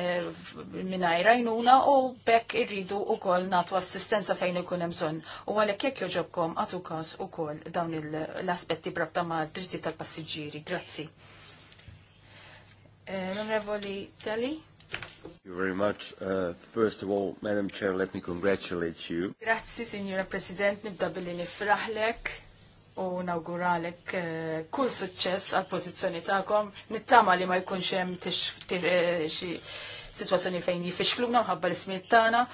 mingħajr għajnuna u bekk irridu wkoll nagħtu assistenza fejn ikun hemm bżonn. U għalhekk jekk joġobkom għatu każ ukoll dawn l-aspetti brabta ma' dritti tal-passiġġieri. Grazzi. Eh, Onorevoli Telli. Thank you very much. Uh, first of all, Madam Chair, let me congratulate you. Grazzi, Signora President, nibda billi nifraħlek u nawguralek eh, kull suċċess għal pożizzjoni tagħkom. Nittama li ma jkunx hemm eh, xi sitwazzjoni fejn jifixkluna mħabba l-ismijiet tagħna.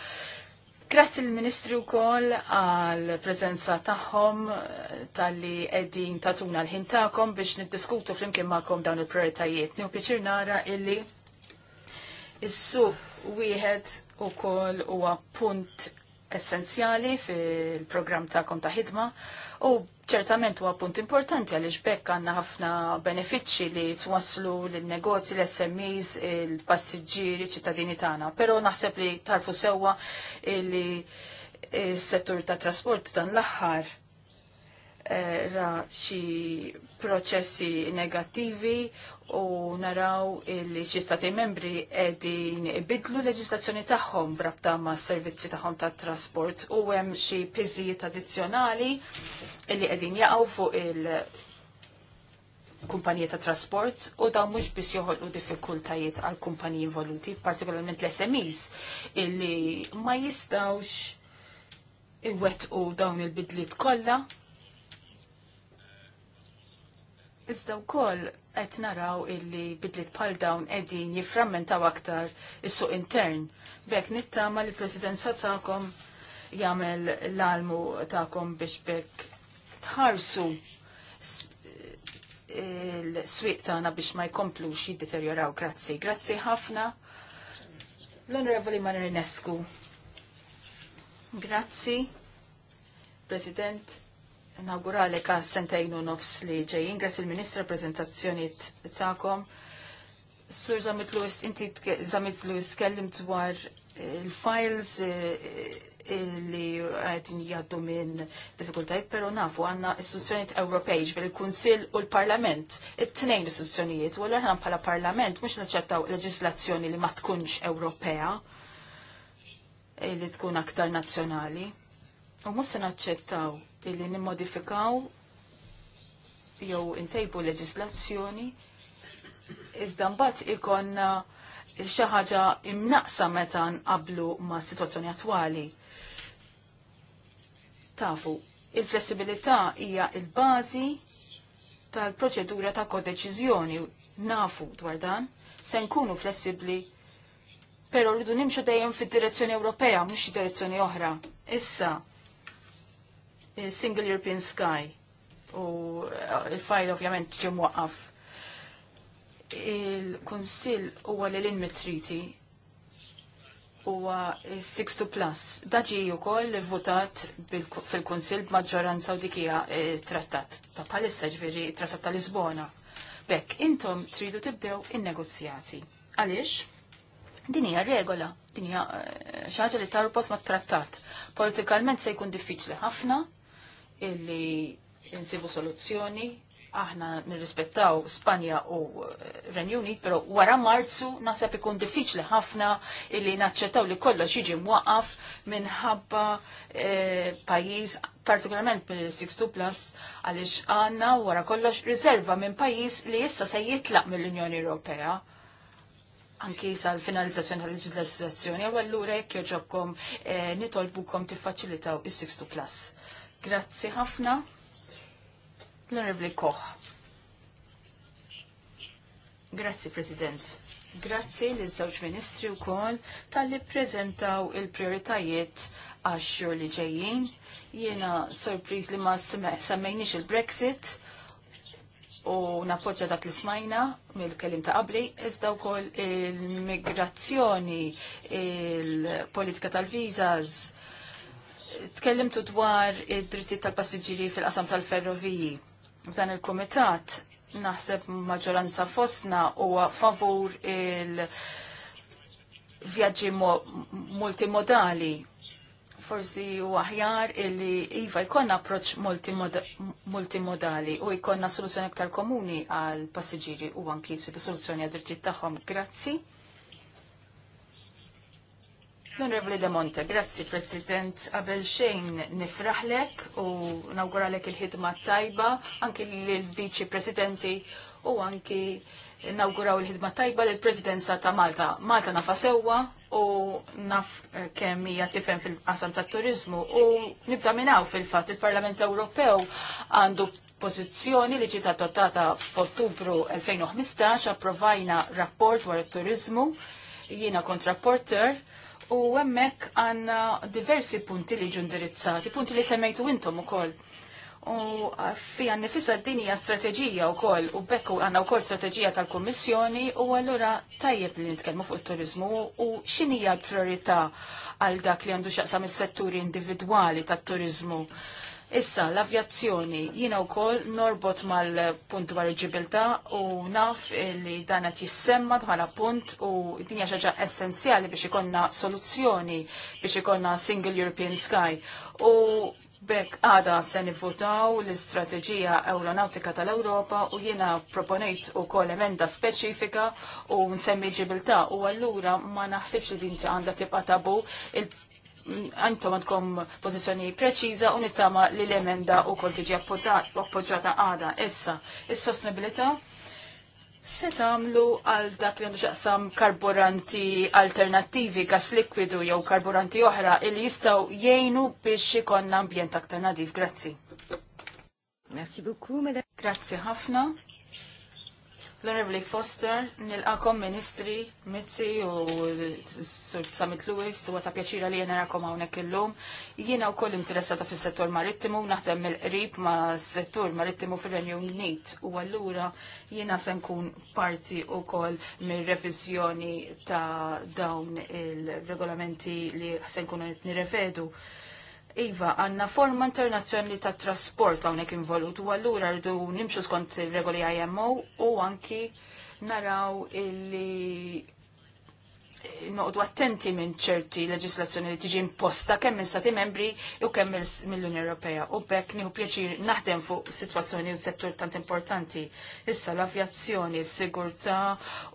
Grazzi l-Ministri u koll għal-prezenza taħħom tal-li eddin tatuna l-ħin taħkom biex niddiskutu fl-imkien maħkom dawn il-prioritajiet. Nju pieċir nara illi issu wieħed u koll u punt essenzjali fil-program taħkom ta' ħidma u ċertament huwa punt importanti għaliex bekk għandna ħafna benefiċċji li twasslu lin-negozji, l-SMEs, il-passiġġieri, ċittadini tagħna. Però naħseb li tarfu sewwa li s-settur ta' trasport dan l-aħħar ra xi proċessi negattivi u naraw li xi stati membri qegħdin ibidlu leġislazzjoni tagħhom brabta ma' servizzi tagħhom tat-trasport u hemm xi piżijiet addizzjonali li qegħdin jaqgħu fuq il kumpanija ta' trasport u daw mhux biss joħolqu diffikultajiet għal kumpaniji involuti, partikolarment l-SMEs, illi ma jistawx iwettqu dawn il-bidliet kollha Iżda wkoll qed naraw illi bidlit bħal dawn qegħdin jifframmentaw aktar is-suq intern. Bek nittama li l-Presidenza tagħkom jagħmel l-almu tagħkom biex bekk tħarsu l-swieq tagħna biex ma jkomplux jiddeterjoraw. Grazzi, grazzi ħafna. L-Onorevoli Marinescu. Grazzi, President. Nawguralek ka sentajn u nofs li ġej. Ingres il-Ministra prezentazzjoni ta'kom. Sur Zamit Lewis, inti Zamit Lewis kellim dwar eh, il-files eh, eh, li għedin jaddu minn diffikultajt, pero nafu għanna istituzzjoniet Ewropej, ġveri il-Kunsil u l-Parlament, it-tnejn istituzzjonijiet, u għan bħala Parlament mux naċċettaw leġislazzjoni li ma tkunx Ewropea, li tkun aktar nazzjonali, u mus naċċettaw illi nimmodifikaw jew intejbu leġislazzjoni iżda mbagħad ikonna xi ħaġa imnaqsa meta nqablu ma' situazzjoni attwali. Tafu, il-flessibilità hija il-bażi tal-proċedura ta' kodeċiżjoni nafu dwar dan, se nkunu flessibbli pero rridu nimxu dejjem fid-direzzjoni Ewropea mhux direzzjoni oħra. Issa, Single European Sky u eh, il-fajl ovvjament ġi waqqaf. Il-Kunsill huwa li l-inmi triti huwa 6 to plus. Daġi wkoll votat fil-Kunsill b'maġġoranza u dikija eh, trattat ta' bħalissa ġifieri trattat ta' Lisbona. Bekk intom tridu tibdew il negozjati Għaliex? Din hija regola, din hija eh, xi ħaġa li tarbot ma' trattat Politikalment se jkun diffiċli ħafna, illi insibu soluzzjoni aħna nirrispettaw Spanja u eh, Renju Unit, pero wara Marzu nasab ikun diffiċli ħafna illi naċċettaw li kollox jiġi mwaqaf minħabba e, pajjiż partikolarment minn 62 plus għaliex għandna wara kollox riserva minn pajjiż li issa se jitlaq mill-Unjoni Ewropea anki l finalizzazzjoni tal leġislazzjoni għallura jekk joġobkom e, nitolbukom tiffaċilitaw is-62 plus. Grazzi ħafna. L-Onorevli Koch. Grazzi, President. Grazzi l żewġ ministri u kol tal-li prezentaw il-prioritajiet għaxxur li ġejjin. Jena sorpriz li ma semmejniex il-Brexit u napoġġa dak li smajna mill-kelim ta' qabli, iżda wkoll il-migrazzjoni, il-politika tal-viżas, Tkellimtu dwar id-dritti tal-passiġġieri fil-qasam tal-ferroviji. Dan il-kumitat naħseb maġġoranza fosna huwa favur il-vjaġġi multimodali forsi u aħjar illi Iva jkonna approċ multimodali u jkonna soluzzjoni aktar komuni għal passiġġieri u anki soluzzjoni għad dritti tagħhom. Grazzi. L-Onorevoli De Monte, grazzi President, qabel xejn nifraħlek u nawguralek il-ħidma tajba, anki l-Viċi Presidenti u anki nawguraw il-ħidma tajba l-Presidenza ta' Malta. Malta nafa sewwa u naf eh, kemm hija tifhem fil-qasam tat turizmu u nibda minnaw fil-fatt il-Parlament Ewropew għandu pożizzjoni li ġiet adottata f'Ottubru 2015 approvajna rapport dwar it-turizmu jiena kontraporter. U hemmhekk għandna diversi punti li ġu indirizzati, punti li semmejtu intom ukoll. U uh, fija nifisa din hija strateġija wkoll u bekku għandna wkoll strateġija tal-Kummissjoni u allura tajjeb li nitkellmu fuq it u xinija l-priorità għal dak li għandu x'aqsam is-setturi individwali tat-turiżmu Issa, l-avjazzjoni, jina u kol norbot mal-punt dwar il-ġibilta u naf li danet jissemma bħala punt u dinja xaġa essenzjali biex ikonna soluzzjoni biex ikonna Single European Sky. U Bekk għada se nivvotaw l-istrateġija aeronautika tal-Ewropa u jiena proponejt u kol emenda speċifika u nsemmi ġibilta u allura ma naħsibx li dinti għanda tibqa tabu għantom għandkom pozizjoni preċiża u nittama li l-emenda u kol tiġi appoġġata għada. Issa, is-sostenibilità se tagħmlu għal dak li għandu xaqsam karburanti alternattivi, gas likwidu jew karburanti oħra li jistgħu jgħinu biex ikonna ambjent aktar nadif. Grazzi. Merci beaucoup, madame. Grazzi ħafna. L-Onorevoli Foster, nil-Akom ministri, Mizzi u Summit Lewis, u għata pjaċira li jena rakom għawnek il-lum. Jiena u koll interessata fis settur marittimu, naħdem mill-qrib ma settur marittimu fil-Renju Unit. U għallura jiena se nkun parti u koll mill-revizjoni ta' dawn il-regolamenti li se nkun nirrevedu. Iva, għanna forma internazzjonali ta' trasport għawnek involut u għallura rridu nimxu skont regoli IMO u anki naraw illi noqdu attenti minn ċerti leġislazzjoni li tiġi imposta kemm minn stati membri u kemm mill-Unjoni Ewropea. U bekk nieħu pjaċir naħdem fuq sitwazzjoni u settur tant importanti. Issa l-avjazzjoni, s-sigurtà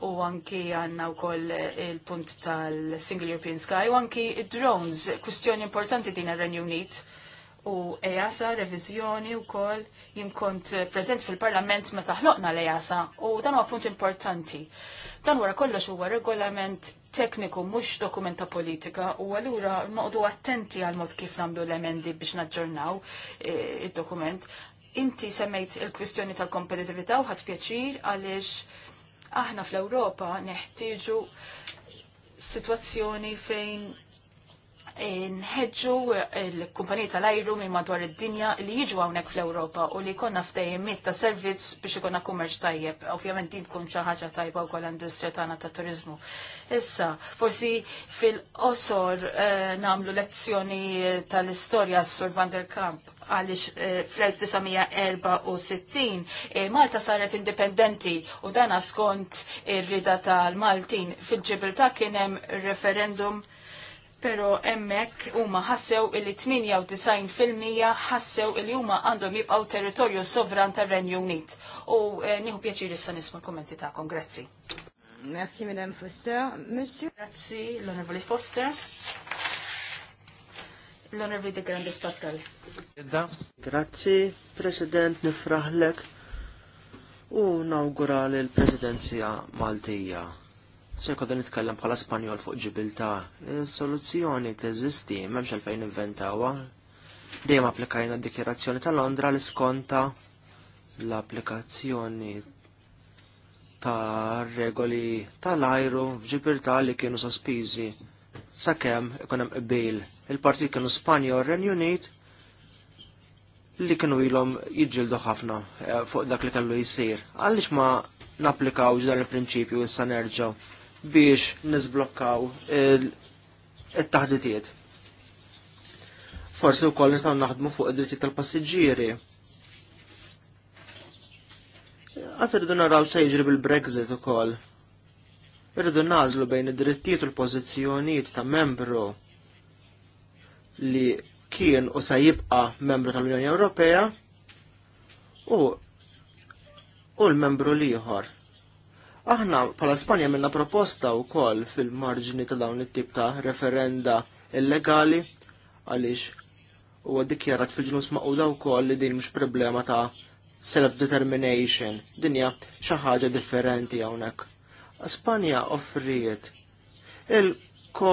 u anki għandna wkoll eh, il-punt tal-Single European Sky u anki drones, kwistjoni importanti din ar-Renju Unit u EASA, revizjoni u kol, jinkont prezent fil-parlament ma taħloqna l-EASA u dan huwa punt importanti. Dan wara kollox huwa regolament tekniku mhux dokumenta politika u allura noqdu attenti għal mod kif nagħmlu l-emendi biex naġġornaw eh, id-dokument. Inti semmejt il-kwistjoni tal-kompetitività u ħat pjaċir għaliex aħna fl-Ewropa neħtieġu situazzjoni fejn nħedġu l-kumpanija tal-ajru minn madwar id-dinja li jiġu hawnhekk fl-Ewropa u li konna ftejjimiet ta' servizz biex ikonna kummerċ tajjeb. Ovvjament din tkun xi ħaġa tajba wkoll għall-industrija tagħna ta' turizmu. Issa, forsi fil-qosor eh, namlu lezzjoni tal-istorja s-Sur Van der Kamp għalix eh, fl-1964 eh, Malta saret indipendenti u dana skont ir-rida tal-Maltin fil-ġibilta kienem referendum pero emmek huma ħassew illi 98% ħassew illi huma għandhom jibqgħu territorju sovran tar-Renju Unit. U eh, nieħu pjaċir issa nisma' kommenti tagħkom. Grazzi. Merci, Madame Foster. Monsieur. Grazie, l'onorevole Foster. l De Grandes Pascal. Grazzi, President, nifraħlek u nawgura l presidenza Maltija. Se kodda nitkellem bħala Spanjol fuq ġibilta, soluzzjoni teżisti, memx għalfejn inventawa. Dejjem applikajna d-dikjerazzjoni ta' Londra l skonta l-applikazzjoni ta' regoli tal-ajru f'Ġibilta li kienu sospiżi sakemm ikun hemm qbil. il parti kienu Spanja u Renju Unit li kienu ilhom jidġildu ħafna eh, fuq dak li kellu jsir. Għaliex ma napplikawx dan il-prinċipju issa sanerġo biex nizblokkaw it-taħditiet. Forsi wkoll nistgħu naħdmu fuq id-dritti tal-passiġġieri Għat irridu naraw se jiġri bil-Brexit ukoll. Rridu nazlu bejn id-drittijiet u l-pożizzjonijiet ta' membru li kien u se jibqa' membru tal-Unjoni Ewropea u u l-membru liħor. Aħna pala Spanja minna proposta u kol fil-marġini ta' dawn it-tip ta' referenda illegali għalix u dikjarat fil-ġnus maquda u kol li din mux problema ta' self-determination, dinja xaħġa differenti għonek. Spanja offrijiet il-ko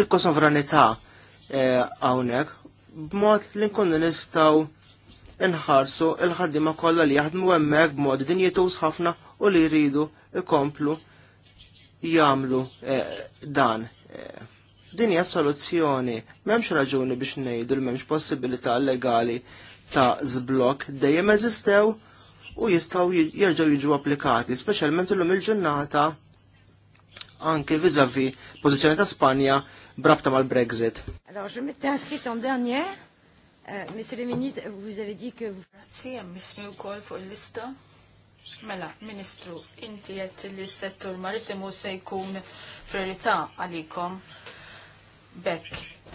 il-ko sovranità għawnek eh, b'mod li nkunu nistaw nħarsu il-ħaddima kollha li jaħdmu hemmhekk b'mod dinjetuż ħafna u li jridu ikomplu jagħmlu eh, dan. Eh, Din hija soluzzjoni. M'hemmx raġuni biex ngħidu li m'hemmx possibilità legali ta' zblok dejjem eżistew u jistgħu jerġgħu jiġu applikati, speċjalment illum il-ġurnata anke viżavi pożizzjoni ta' Spanja brabta mal-Brexit. Alors, je m'étais inscrite en dernier. Euh, monsieur le ministre, vous avez dit que vous... Grazie, mismi u kol fuq il-lista. Mela, ministru, inti jett li settur marittimu se jkun priorità għalikom Bek,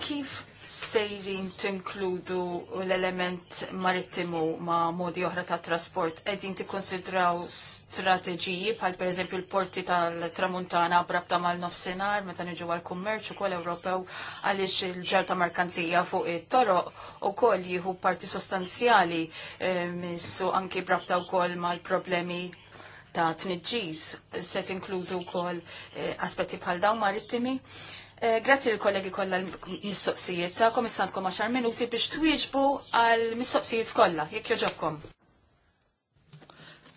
kif sejrin tinkludu l-element marittimu ma' modi oħra ta' trasport? Edin tikkonsidraw strategiji bħal per eżempju l-porti tal-Tramuntana brabta mal-nofsinar meta niġu għal-kummerċ u kol Ewropew għaliex il-ġar ta' markanzija fuq it-toroq u kol jieħu parti sostanzjali eh, missu anki brabta u kol mal-problemi ta' tniġġis se tinkludu kol eh, aspetti bħal dawn marittimi. Eh, grazzi l-kollegi kollha l-mistoqsijiet ta' komissantkom 10 minuti biex twieġbu għal mistoqsijiet kollha, jekk joġobkom.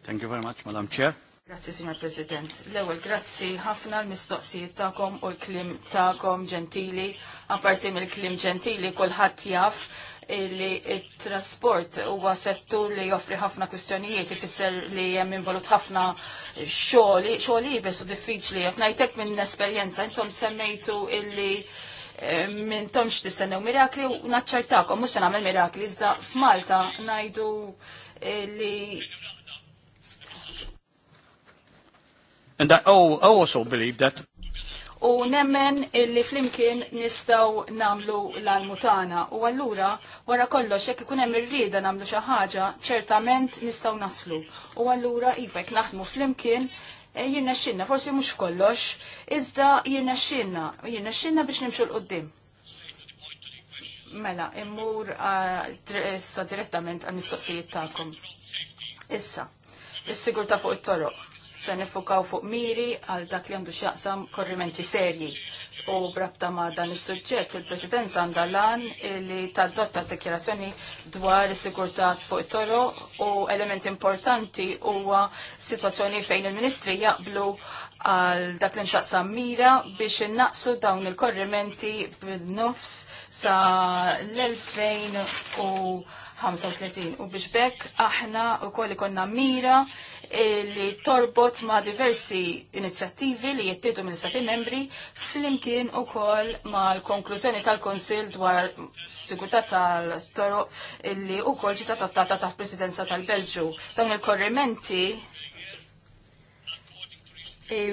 Thank you very much, Madam Chair. Grazzi, Signor President. L-ewwel grazzi ħafna l-mistoqsijiet tagħkom u l-klim ta'kom ġentili. Apparti mill-klim ġentili kulħadd jaf li il-trasport huwa settur li joffri ħafna kwistjonijiet, ifisser li hemm involut ħafna xogħol, xogħol ibes u diffiċli. Qed ngħidlek minn esperjenza intom semmejtu illi eh, minn tomx tistennew mirakli u naċċertakom, mhux se nagħmel mirakli, iżda f'Malta ngħidu eh, li And I also believe that u nemmen illi flimkien nistaw namlu l-almutana. U allura, wara kollox, jekk ikun hemm irrieda namlu xi ħaġa, ċertament nistaw naslu. U allura iva jekk naħdmu flimkien, eh, jirna xinna, forsi mhux kollox, iżda jirna xinna, jirna xinna biex nimxu l-qoddim. Mela, immur ah, issa direttament għan mistoqsijiet ta'kom. Issa, is-sigurta fuq it-toroq se nifukaw fuq miri għal dak li għandu xaqsam korrimenti serji. U brabta ma dan is-suġġett il-Presidenza għandha lan li dotta dekjerazzjoni dwar is-sigurtà fuq it-toro u element importanti huwa situazzjoni fejn il-Ministri jaqblu għal dak li nxaqsam mira biex innaqsu dawn il-korrimenti b'nofs sa l-2000 u 35 u biex bekk aħna u koll ikonna mira eh, li torbot ma diversi inizjattivi li jittitu minn stati membri fl-imkien u koll ma l-konklużjoni tal-Konsil dwar sigurtà tal-toro li u koll ġita tattata tal-Presidenza tal-Belġu. Dawn il-korrimenti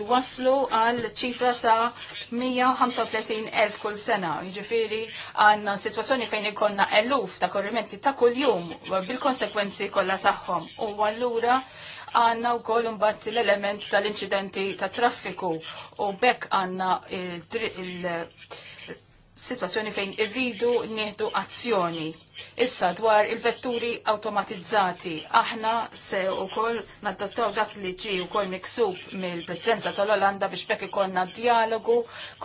waslu għal ċifra ta' 135.000 kull sena. Ġifiri għanna situazzjoni fejn ikonna eluf ta' korrimenti ta' kull jum bil-konsekwenzi kollha tagħhom. U allura għanna u kolum l-element tal-inċidenti ta' traffiku u bekk għanna il-, il situazzjoni fejn irridu nieħdu azzjoni. Issa dwar il-vetturi automatizzati, aħna se u koll naddottaw dak li ġi u koll miksub mill-Presidenza tal-Olanda biex bekk ikonna dialogu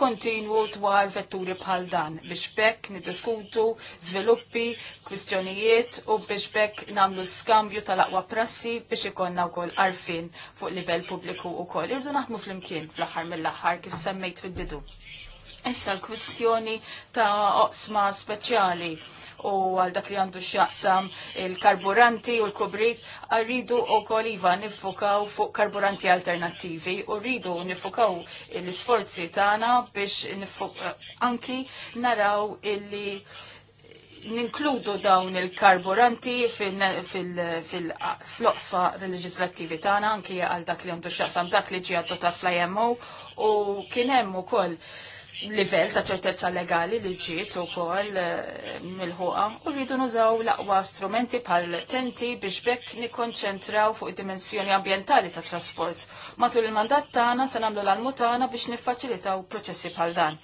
kontinwu dwar vetturi bħal dan, biex bekk niddiskutu żviluppi kwistjonijiet u biex bekk namlu skambju tal-aqwa prassi biex ikonna u koll arfin fuq livell publiku u koll. Irdu naħdmu fl-imkien fl-axar mill-axar kif semmejt fil-bidu. Issa l-kwistjoni ta' oqsma speċjali u għal dak li għandu xjaqsam il-karburanti u l-kubrit, rridu u koliva nifukaw fuq karburanti alternativi u rridu nifukaw l-sforzi tagħna biex eh, anki naraw illi ninkludu dawn il-karburanti fil l leġislattivi tagħna anki għal dak li għandu xaqsam dak li ġie adottat fl-IMO u kien hemm ukoll livell ta' ċertezza legali li ġiet ukoll eh, mill-ħuqa u rridu nużaw l-aqwa strumenti bħal tenti biex bekk nikkonċentraw fuq id-dimensjoni ambjentali ta' trasport. Matul il-mandat tagħna se nagħmlu l-almu tagħna biex niffaċilitaw proċessi bħal dan.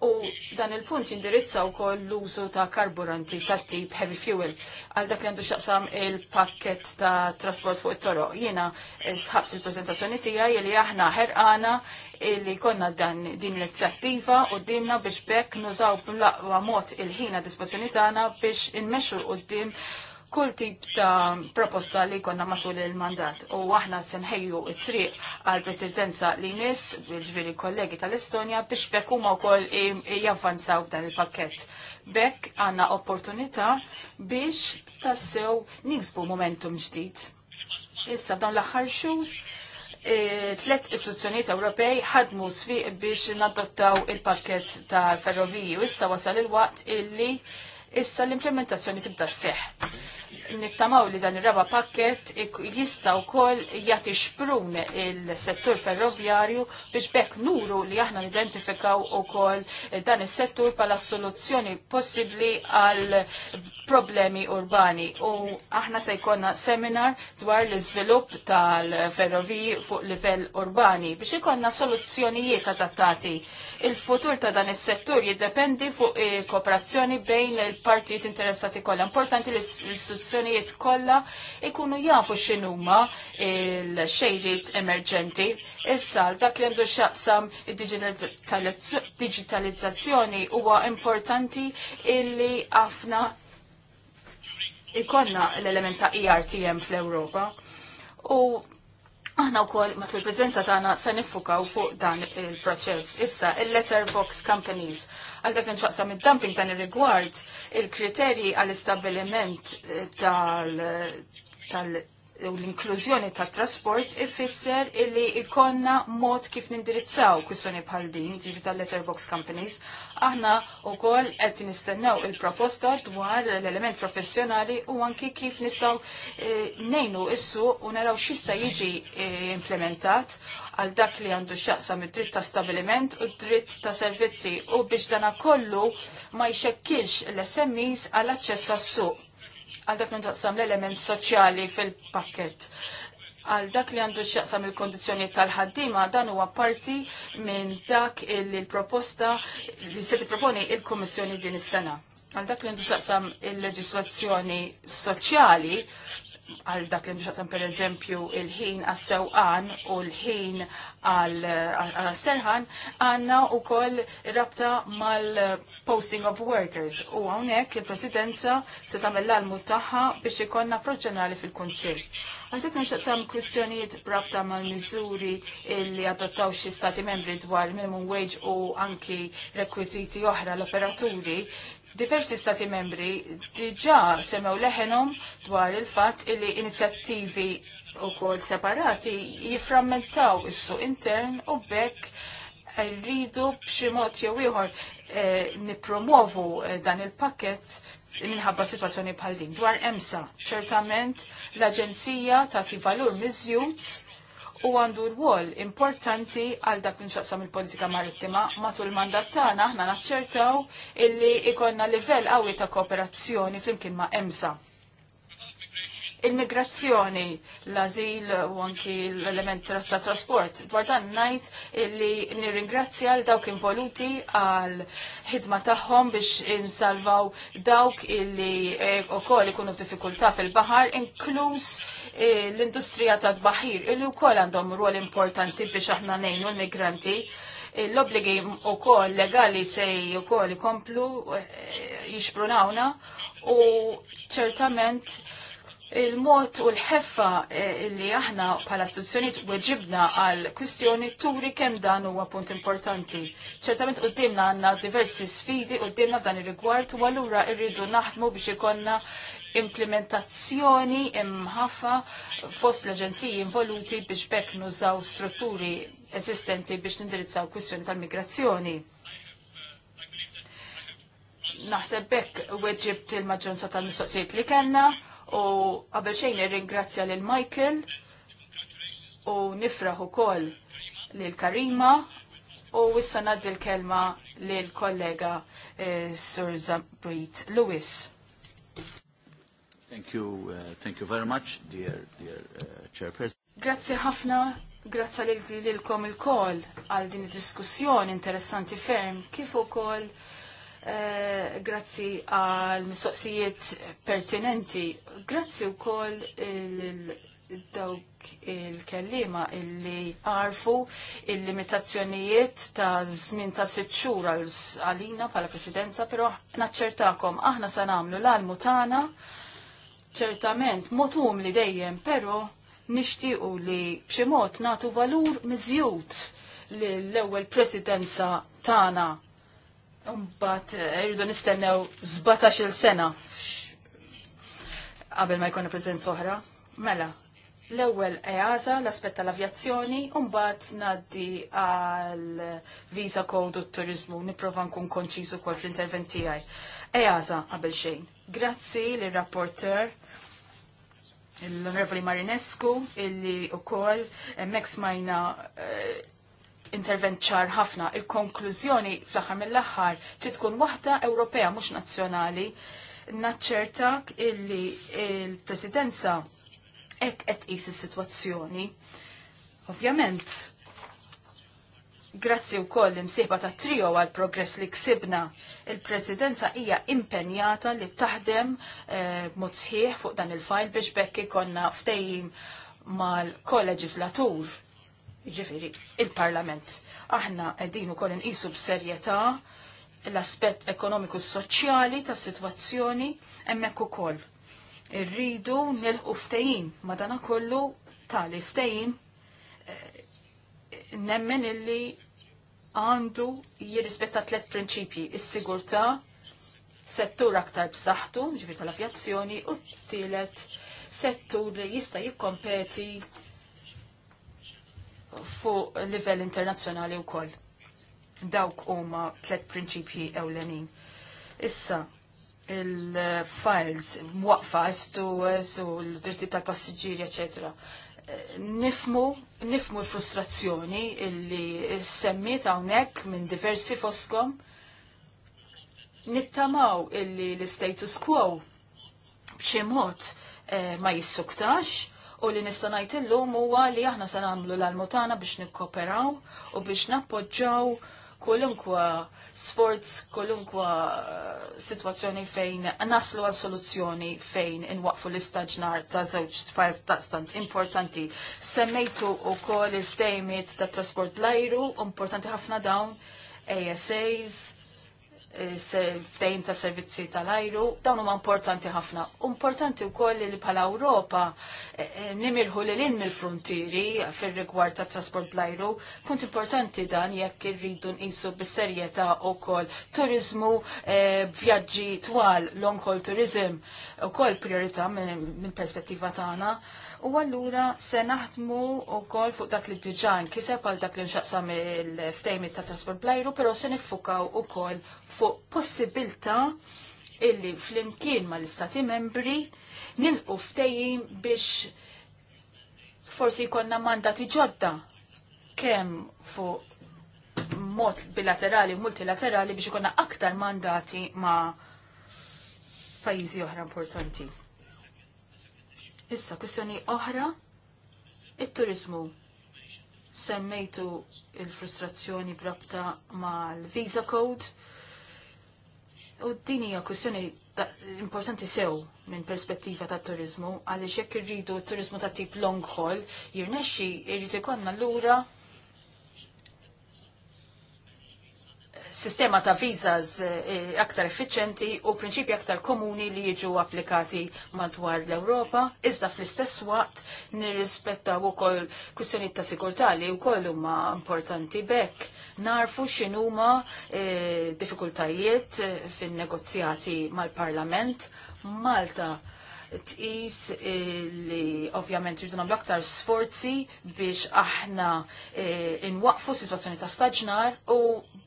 U dan il-punt jindirizza u koll l-użu ta' karburanti ta' tip heavy fuel. Għal dak li għandu xaqsam il-pakket ta' trasport fuq it-toro. Jena sħab fil-prezentazzjoni tija jeli aħna ħerqana li konna dan din l-inizjattiva u dimna biex bekk nużaw b'laqwa mod il-ħina dispozjoni tagħna biex inmexxu l-qoddim kull tip ta' proposta li konna matul il-mandat u aħna senħeju it-triq għal presidenza li nis bil-ġviri kollegi tal-Estonja biex bekk huma wkoll javvanzaw dan il-pakket. Bekk għandna opportunità biex tassew niksbu momentum ġdid. Issa dawn l-aħħar xhur e, tlet istituzzjonijiet Ewropej ħadmu sfiq biex nadottaw il-pakket ta' ferroviji u issa wasal il-waqt illi issa l-implementazzjoni tibda sseħħ nittamaw li dan ir-raba pakket jista' wkoll jati xprun il-settur ferroviarju biex bekk nuru li aħna nidentifikaw ukoll dan is-settur bħala soluzzjoni possibbli għal problemi urbani. U aħna se jkollna seminar dwar l-iżvilupp tal-ferroviji fuq livell urbani biex ikollna soluzzjonijiet adattati. Il-futur ta' dan is-settur jiddependi fuq kooperazzjoni bejn il-partijiet interessati kollha. Importanti l istituzzjonijiet kollha ikunu jafu x'inhuma l-xejriet emerġenti. Issa dak li għandu x'jaqsam id-digitalizzazzjoni huwa importanti illi ħafna ikonna l elementa ERTM fl-Ewropa. U Aħna wkoll matul il-preżenza tagħna se niffukaw fuq dan il-proċess. Issa il-letterbox companies għal dak inxaqsam mid dumping dan ir-rigward il-kriterji għall-istabbiliment eh, tal-, tal u l-inklużjoni ta' trasport ifisser illi ikonna mod kif nindirizzaw kwistjoni bħal din, ġifi ta' letterbox companies, aħna u kol qed nistennew il-proposta dwar l-element professjonali u anki kif nistaw eh, nejnu issu u naraw xista jiġi eh, implementat għal dak li għandu xaqsa id-dritt ta' stabiliment u dritt ta' servizzi u biex dana kollu ma jxekkilx l-SMEs għal aċċess għas-suq għal dak nintaqsam l-element soċjali fil-pakket. Għal dak li għandu xjaqsam il-kondizjoni tal-ħaddima, dan huwa parti minn dak il-proposta li se proponi il-Kommissjoni din is-sena. Għal dak li għandu xjaqsam il-leġislazzjoni soċjali, għal dak li mxasam per eżempju il-ħin għas sewqan u l-ħin għal serħan għanna u koll rabta mal-posting of workers u għonek il-presidenza se tamel l-almu taħħa biex ikonna proġenali fil-konsil. Għal dak nxasam kwistjonijiet rabta mal-mizuri li adottaw xi stati membri dwar minimum wage u anki rekwiziti oħra l-operaturi diversi stati membri diġa semmew leħenom dwar il-fat illi inizjattivi u kol separati jiframmentaw issu intern u bekk rridu b'ximot jew ieħor eh, nipromovu eh, dan il-pakket minħabba situazzjoni bħal din. Dwar emsa, ċertament l-Aġenzija tagħti valur miżjud u għandu rwol importanti għal dak nxaqsam il-politika marittima matul mandat tagħna aħna naċċertaw illi ikonna livell qawwi ta' kooperazzjoni flimkien ma' EMSA. Il-migrazzjoni, l-azil u anki l-element ta' trasport. Dwar dan najt illi nirringrazzja l dawk involuti għal ħidma tagħhom biex insalvaw dawk illi eh, ukoll ikunu f'diffikultà fil-baħar, inkluż Eh, l-industrija ta' tbaħir illi wkoll għandhom rwol importanti biex aħna ngħinu l-migranti eh, l-obligi u koll legali sej u koll komplu eh, jixbrunawna u ċertament il-mod u l-ħeffa li aħna pala istituzzjoniet weġibna għal kwistjoni turi kemm dan huwa punt importanti. ċertament dimna għandna diversi sfidi dimna f'dan ir-rigward u allura rridu naħdmu biex ikonna implementazzjoni imħaffa fost l-aġenziji involuti biex bekk nużaw strutturi eżistenti biex nindirizzaw kwistjoni tal-migrazzjoni. Naħseb bekk weġibt il-maġġoranza tal-mistoqsijiet li kellna u qabel xejn irringrazzja lil Michael u nifraħ ukoll lil Karima u issa naddi l-kelma lil kollega eh, Sir Sur Zabrit Lewis. Thank you, uh, thank you very much, dear, dear uh, Chairperson. Grazie ħafna, grazie lilkom il-kol għal din diskussjoni interessanti ferm, kif ukoll uh, grazzi għal mistoqsijiet pertinenti, grazzi ukoll il dawk il-kellima illi għarfu il-limitazzjonijiet ta' żmien ta' sitt għal għalina bħala presidenza, però naċċertakom aħna sa nagħmlu l-almu tagħna ċertament motum li dejjem, pero nixtiequ li bximot natu nagħtu valur miżjud l-ewwel presidenza tagħna. Mbagħad eh, irridu nistennew 17-il sena qabel ma jkun preżenza oħra. Mela, l-ewwel EASA l-aspett tal-avjazzjoni u naddi għal visa code u t-turizmu nipprova nkun konċizu ukoll fl-intervent tiegħi. EASA qabel xejn. Grazzi lir rapporter l-Onorevoli Marinescu illi u kol, mek smajna uh, intervent ċar ħafna. Il-konklużjoni fl-axar mill-axar trid tkun waħda Ewropea mhux nazzjonali naċċertak illi il-presidenza ek qed qis is-sitwazzjoni. Ovvjament, Grazzi u koll imsiħba ta' trio għal progress li ksibna. Il-presidenza hija impenjata li taħdem eh, sħiħ fuq dan il-fajl biex bekki konna ftejjim mal-kolleġislatur, ġifiri, il-parlament. Aħna għedin u koll nqisu b'serjetà l-aspett ekonomiku soċjali ta' situazzjoni emmek u koll. Irridu nilħu ftejjim madana kollu tal ftejjim eh, nemmen illi għandu jirrispetta tlet prinċipji, is-sigurtà, settur aktar b'saħħtu, ġifir tal-avjazzjoni, u t-tielet settur li jista' jikkompeti fuq livell internazzjonali wkoll. Dawk huma tliet prinċipji ewlenin. Issa, il-files, mwaqfa, stu, u l-dritti tal-passiġġieri, eccetera nifmu nifmu l-frustrazzjoni illi semmiet hawnhekk minn diversi foskom nittamaw illi l-status quo b'xi mod eh, ma jissuktax u li nista' ngħid illum huwa li aħna se nagħmlu l-almutana biex nikkoperaw u biex nappoġġaw kolunkwa sforz, kolunkwa eh, situazzjoni fejn naslu għal soluzzjoni fejn inwaqfu l-istaġnar ta' żewġ tfajl ta' stant importanti. Semmejtu u kol il ftejmit ta' trasport l-ajru, importanti ħafna dawn, ASAs, fdejn ta' servizzi tal-ajru, dawn huma importanti ħafna. Importanti wkoll li bħala Ewropa eh, eh, nimirħu lil in mill-frontieri fir-rigward ta' trasport bl-ajru, punt importanti dan jekk irridu nqisu bis-serjetà wkoll turizmu eh, vjaġġi twal long haul tourism ukoll priorità minn perspettiva tagħna u allura se naħdmu wkoll fuq dak li diġà kiseb għal dak li nxaqsam il-ftejmi ta' trasport blajru, però se niffukaw ukoll fuq possibilità illi flimkien mal istati membri nilqu ftejim biex forsi jkollna mandati ġodda kemm fuq mod bilaterali u multilaterali biex ikonna aktar mandati ma' pajjiżi oħra importanti. Issa, kwistjoni oħra, it-turizmu. Semmejtu il-frustrazzjoni brabta mal-visa code. U din hija kwistjoni importanti sew minn perspettiva ta' turizmu, għaliex jekk irridu turizmu ta' tip long haul, jirnexxi irrid ikollna lura sistema ta' visas eh, eh, aktar effiċenti u prinċipi aktar komuni li jiġu applikati madwar l-Europa, iżda fl-istess waqt nirrispettaw ukoll kwistjonijiet ta' sikurtà li wkoll huma importanti bekk. Narfu x'inhuma e, diffikultajiet fin-negozjati mal-Parlament Malta tqis eh, li ovvjament rridu nagħmlu aktar sforzi biex aħna eh, inwaqfu s-sitwazzjoni ta' staġnar u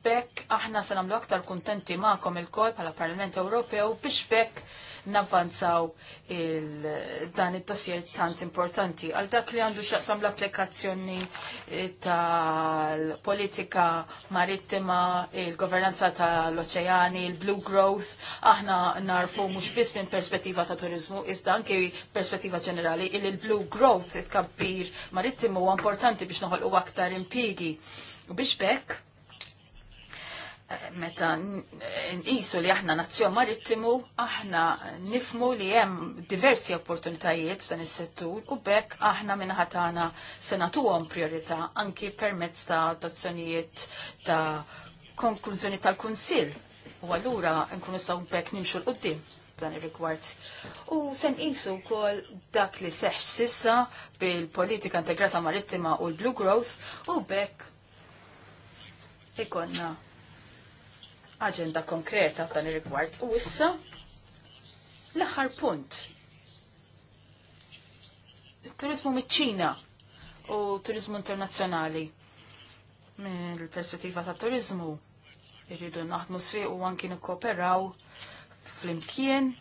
bekk aħna se nagħmlu aktar kuntenti magħkom il-kol bħala Parlament Ewropew biex bekk navvanzaw dan id-dossier tant importanti. Għal dak li għandu xaqsam l-applikazzjoni eh, tal-politika marittima, il-governanza tal-oċeani, il-blue growth, aħna narfu mux biss minn perspettiva ta' turizmu, iżda anke perspettiva ġenerali, il-blue growth, it-kabbir marittimu, importanti biex noħolqu aktar impigi. U biex bekk, meta nqisu li aħna nazzjon marittimu, aħna nifmu li hemm diversi opportunitajiet f'dan is-settur u bekk aħna minnaħa se nagħtuhom priorità anki permezz ta' dazzjonijiet ta' konklużjoni tal-Kunsill. U allura nkunu nistgħu bekk nimxu l qoddim dan ir-rigward. U sen nqisu wkoll dak li seħħ sissa bil-politika integrata marittima u l-Blue Growth u bekk ikonna aġenda konkreta f'dan ir-rigward. U issa l-aħħar punt. Turizmu miċ-Ċina u turizmu internazzjonali. Mill-perspettiva ta' turizmu irridu naħdmu sfiq u anki nikkooperaw fl-imkien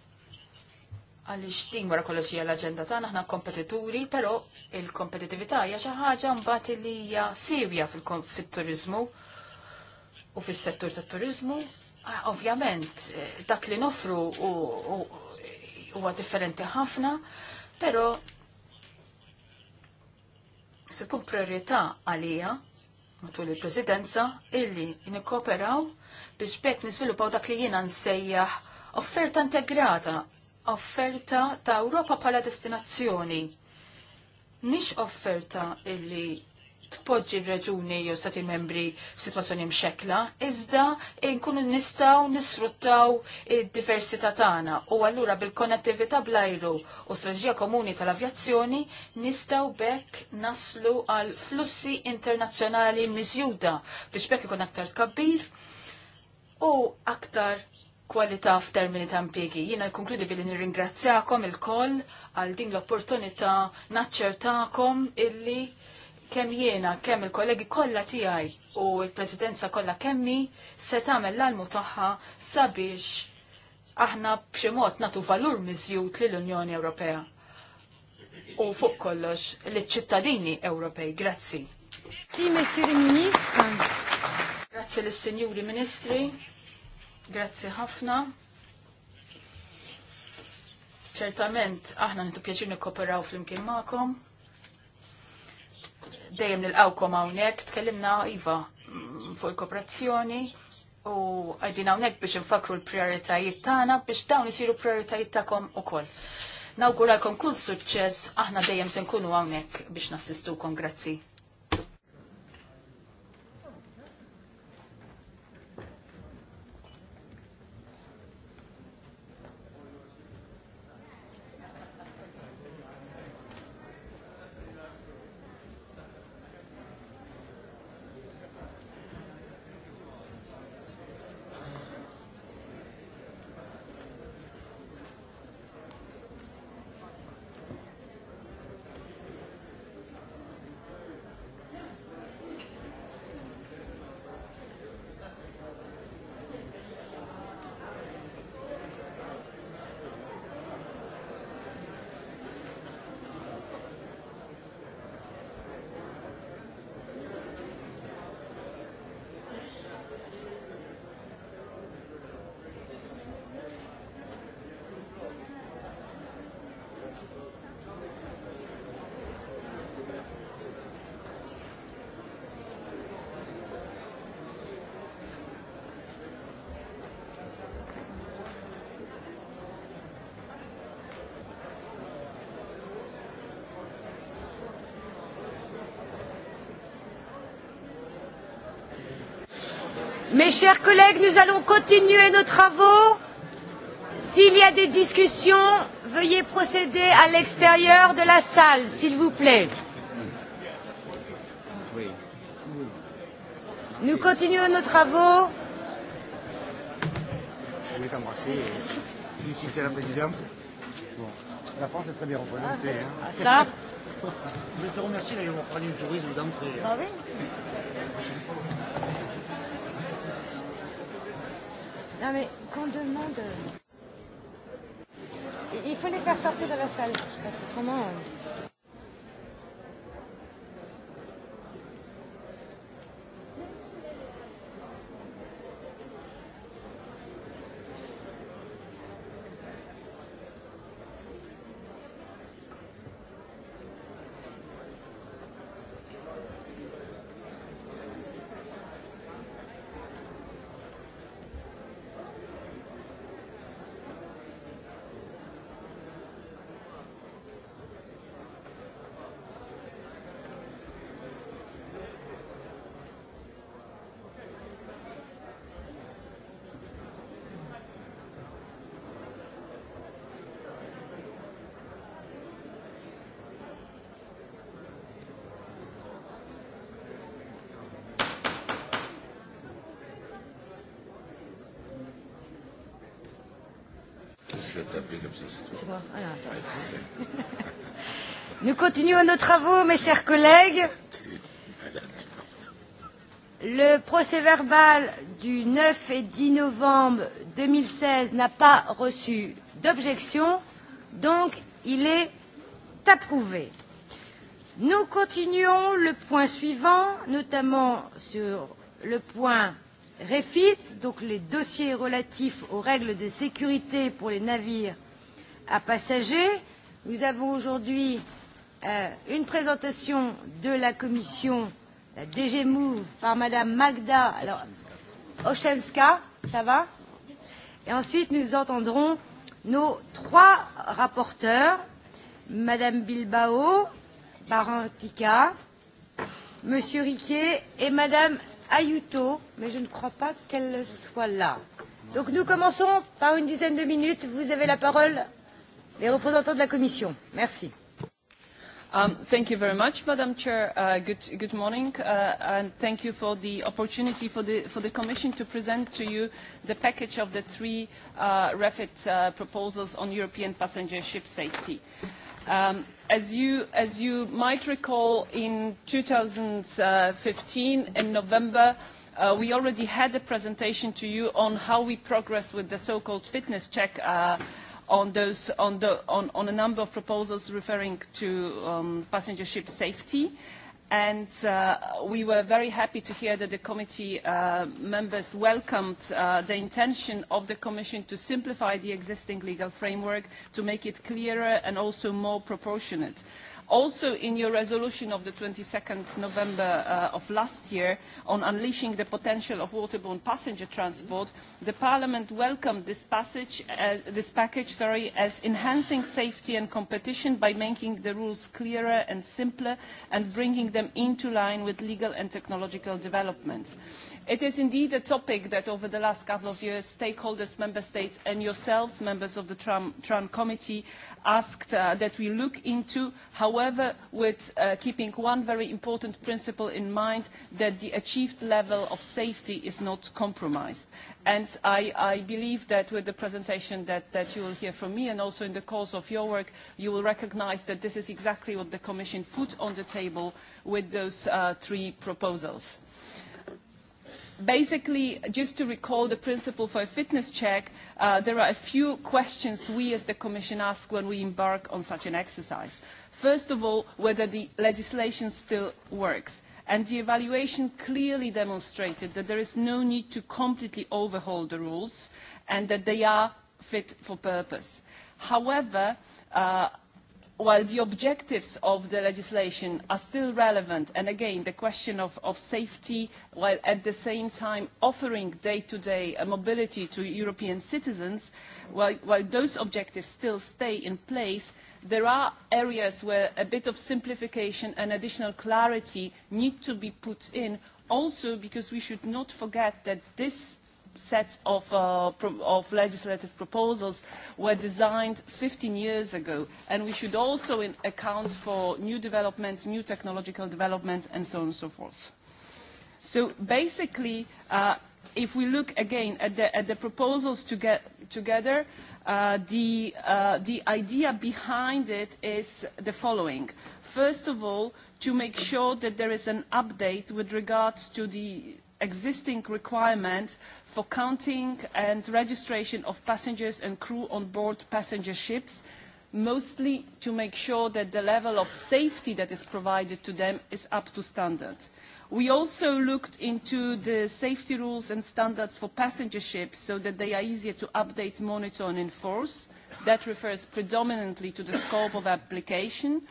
għaliex din wara kollox hija l-aġenda tagħna aħna kompetituri, però il-kompetitività hija xi ħaġa mbagħad li hija sirja fit-turiżmu. Fil u fis-settur tat-turizmu, ovvjament eh, dak li nofru huwa differenti ħafna, però se tkun priorità għalija matul il-presidenza illi nikkooperaw biex bekk nisviluppaw dak li jiena nsejjaħ offerta integrata, offerta ta' Ewropa bħala destinazzjoni. Mhix offerta illi tpoġġi reġuni jew stati membri situazzjoni mxekla, iżda nkunu nistaw nisfruttaw id-diversità tagħna u allura bil-konnettività blajru u strateġija komuni tal-avjazzjoni nistaw bekk naslu għal flussi internazzjonali miżjuda biex bekk ikun aktar tkabbir u aktar kwalità f'termini ta' impjegi. Jiena jkonkludi billi nirringrazzjakom il-koll għal din l-opportunità naċċertakom illi kemm jiena, kemm il-kollegi kollha tiegħi u l-Presidenza kollha kemmi se tagħmel l-almu tagħha sabiex aħna b'xi mod nagħtu valur li lill-Unjoni Ewropea. U fuq kollox liċ-ċittadini Ewropej. Grazzi. Si, Messiri Ministra. Grazzi lis-Sinjuri Ministri. Grazzi ħafna. Ċertament aħna nitu pjaċir nikkoperaw fl-imkien magħkom. Dejjem nilqawkom hawnhekk, tkellimna iva fuq il-kooperazzjoni u għajdin hawnhekk biex infakru l-prioritajiet tagħna biex dawn isiru prioritajiet tagħkom ukoll. Nawguralkom kull suċċess aħna dejjem se nkunu hawnhekk biex nassistukom grazzi. Mes chers collègues, nous allons continuer nos travaux. S'il y a des discussions, veuillez procéder à l'extérieur de la salle, s'il vous plaît. Nous continuons nos travaux. la présidente. Bon, la France est très bien représentée. Ah, hein. ça Je te remercie d'avoir parlé du tourisme d'entrée. Ah, oui. Non mais qu'on demande. Euh, il faut les faire sortir de la salle, parce qu'autrement. Euh... Nous continuons nos travaux, mes chers collègues. Le procès verbal du 9 et 10 novembre 2016 n'a pas reçu d'objection, donc il est approuvé. Nous continuons le point suivant, notamment sur le point REFIT, donc les dossiers relatifs aux règles de sécurité pour les navires à passagers. Nous avons aujourd'hui euh, une présentation de la commission la DG Move par Madame Magda alors, Oshemska, ça va Et ensuite nous entendrons nos trois rapporteurs, Madame Bilbao, Barantika, Monsieur Riquet et Madame Ayuto, mais je ne crois pas qu'elle soit là. Donc nous commençons par une dizaine de minutes. Vous avez la parole, les représentants de la Commission. Merci. Um, thank you very much, Madam Chair. Uh, good, good morning, uh, and thank you for the opportunity for the, for the Commission to present to you the package of the three uh, REFIT uh, proposals on European passenger ship safety. Uh, Um, as, you, as you might recall, in 2015, in November, uh, we already had a presentation to you on how we progress with the so-called fitness check uh, on, those, on, the, on, on a number of proposals referring to um, passenger ship safety and uh, we were very happy to hear that the committee uh, members welcomed uh, the intention of the Commission to simplify the existing legal framework to make it clearer and also more proportionate. Also in your resolution of the 22nd November uh, of last year on unleashing the potential of waterborne passenger transport, the Parliament welcomed this, passage, uh, this package sorry, as enhancing safety and competition by making the rules clearer and simpler and bringing them into line with legal and technological developments. It is indeed a topic that over the last couple of years, stakeholders, member states and yourselves, members of the TRAN, TRAN committee, asked uh, that we look into, however, with uh, keeping one very important principle in mind, that the achieved level of safety is not compromised. And I, I believe that with the presentation that, that you will hear from me and also in the course of your work, you will recognize that this is exactly what the Commission put on the table with those uh, three proposals basically, just to recall the principle for a fitness check, uh, there are a few questions we as the Commission ask when we embark on such an exercise. First of all, whether the legislation still works. And the evaluation clearly demonstrated that there is no need to completely overhaul the rules and that they are fit for purpose. However, uh, while the objectives of the legislation are still relevant, and again, the question of, of safety, while at the same time offering day-to-day -day uh, mobility to European citizens, while, while those objectives still stay in place, there are areas where a bit of simplification and additional clarity need to be put in, also because we should not forget that this set of, uh, pro of legislative proposals were designed 15 years ago, and we should also in account for new developments, new technological developments, and so on and so forth. So basically, uh, if we look again at the, at the proposals to get together, uh, the, uh, the idea behind it is the following. First of all, to make sure that there is an update with regards to the existing requirements for counting and registration of passengers and crew on board passenger ships, mostly to make sure that the level of safety that is provided to them is up to standard. We also looked into the safety rules and standards for passenger ships so that they are easier to update, monitor and enforce. That refers predominantly to the scope of application.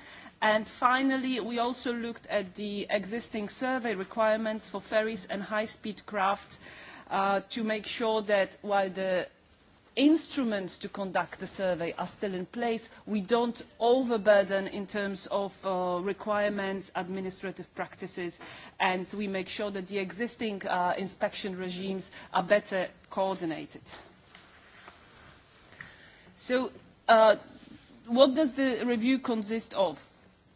And finally, we also looked at the existing survey requirements for ferries and high-speed crafts Uh, to make sure that while the instruments to conduct the survey are still in place, we don't overburden in terms of uh, requirements, administrative practices, and we make sure that the existing uh, inspection regimes are better coordinated. So uh, what does the review consist of?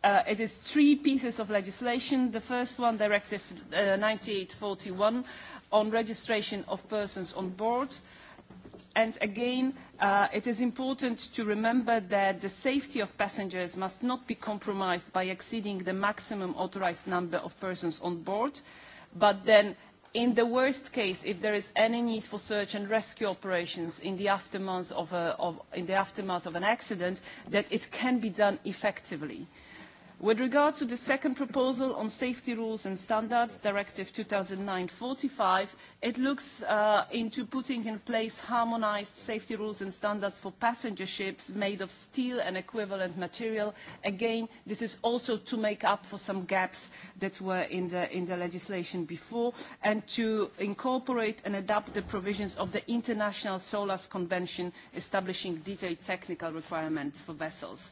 Uh, it is three pieces of legislation. The first one, Directive uh, 9841, on registration of persons on board. And again, uh, it is important to remember that the safety of passengers must not be compromised by exceeding the maximum authorized number of persons on board, but then in the worst case, if there is any need for search and rescue operations in the aftermath of, a, of, in the aftermath of an accident, that it can be done effectively. With regard to the second proposal on safety rules and standards, Directive 2009-45, it looks uh, into putting in place harmonized safety rules and standards for passenger ships made of steel and equivalent material. Again, this is also to make up for some gaps that were in the, in the legislation before and to incorporate and adapt the provisions of the International SOLAS Convention establishing detailed technical requirements for vessels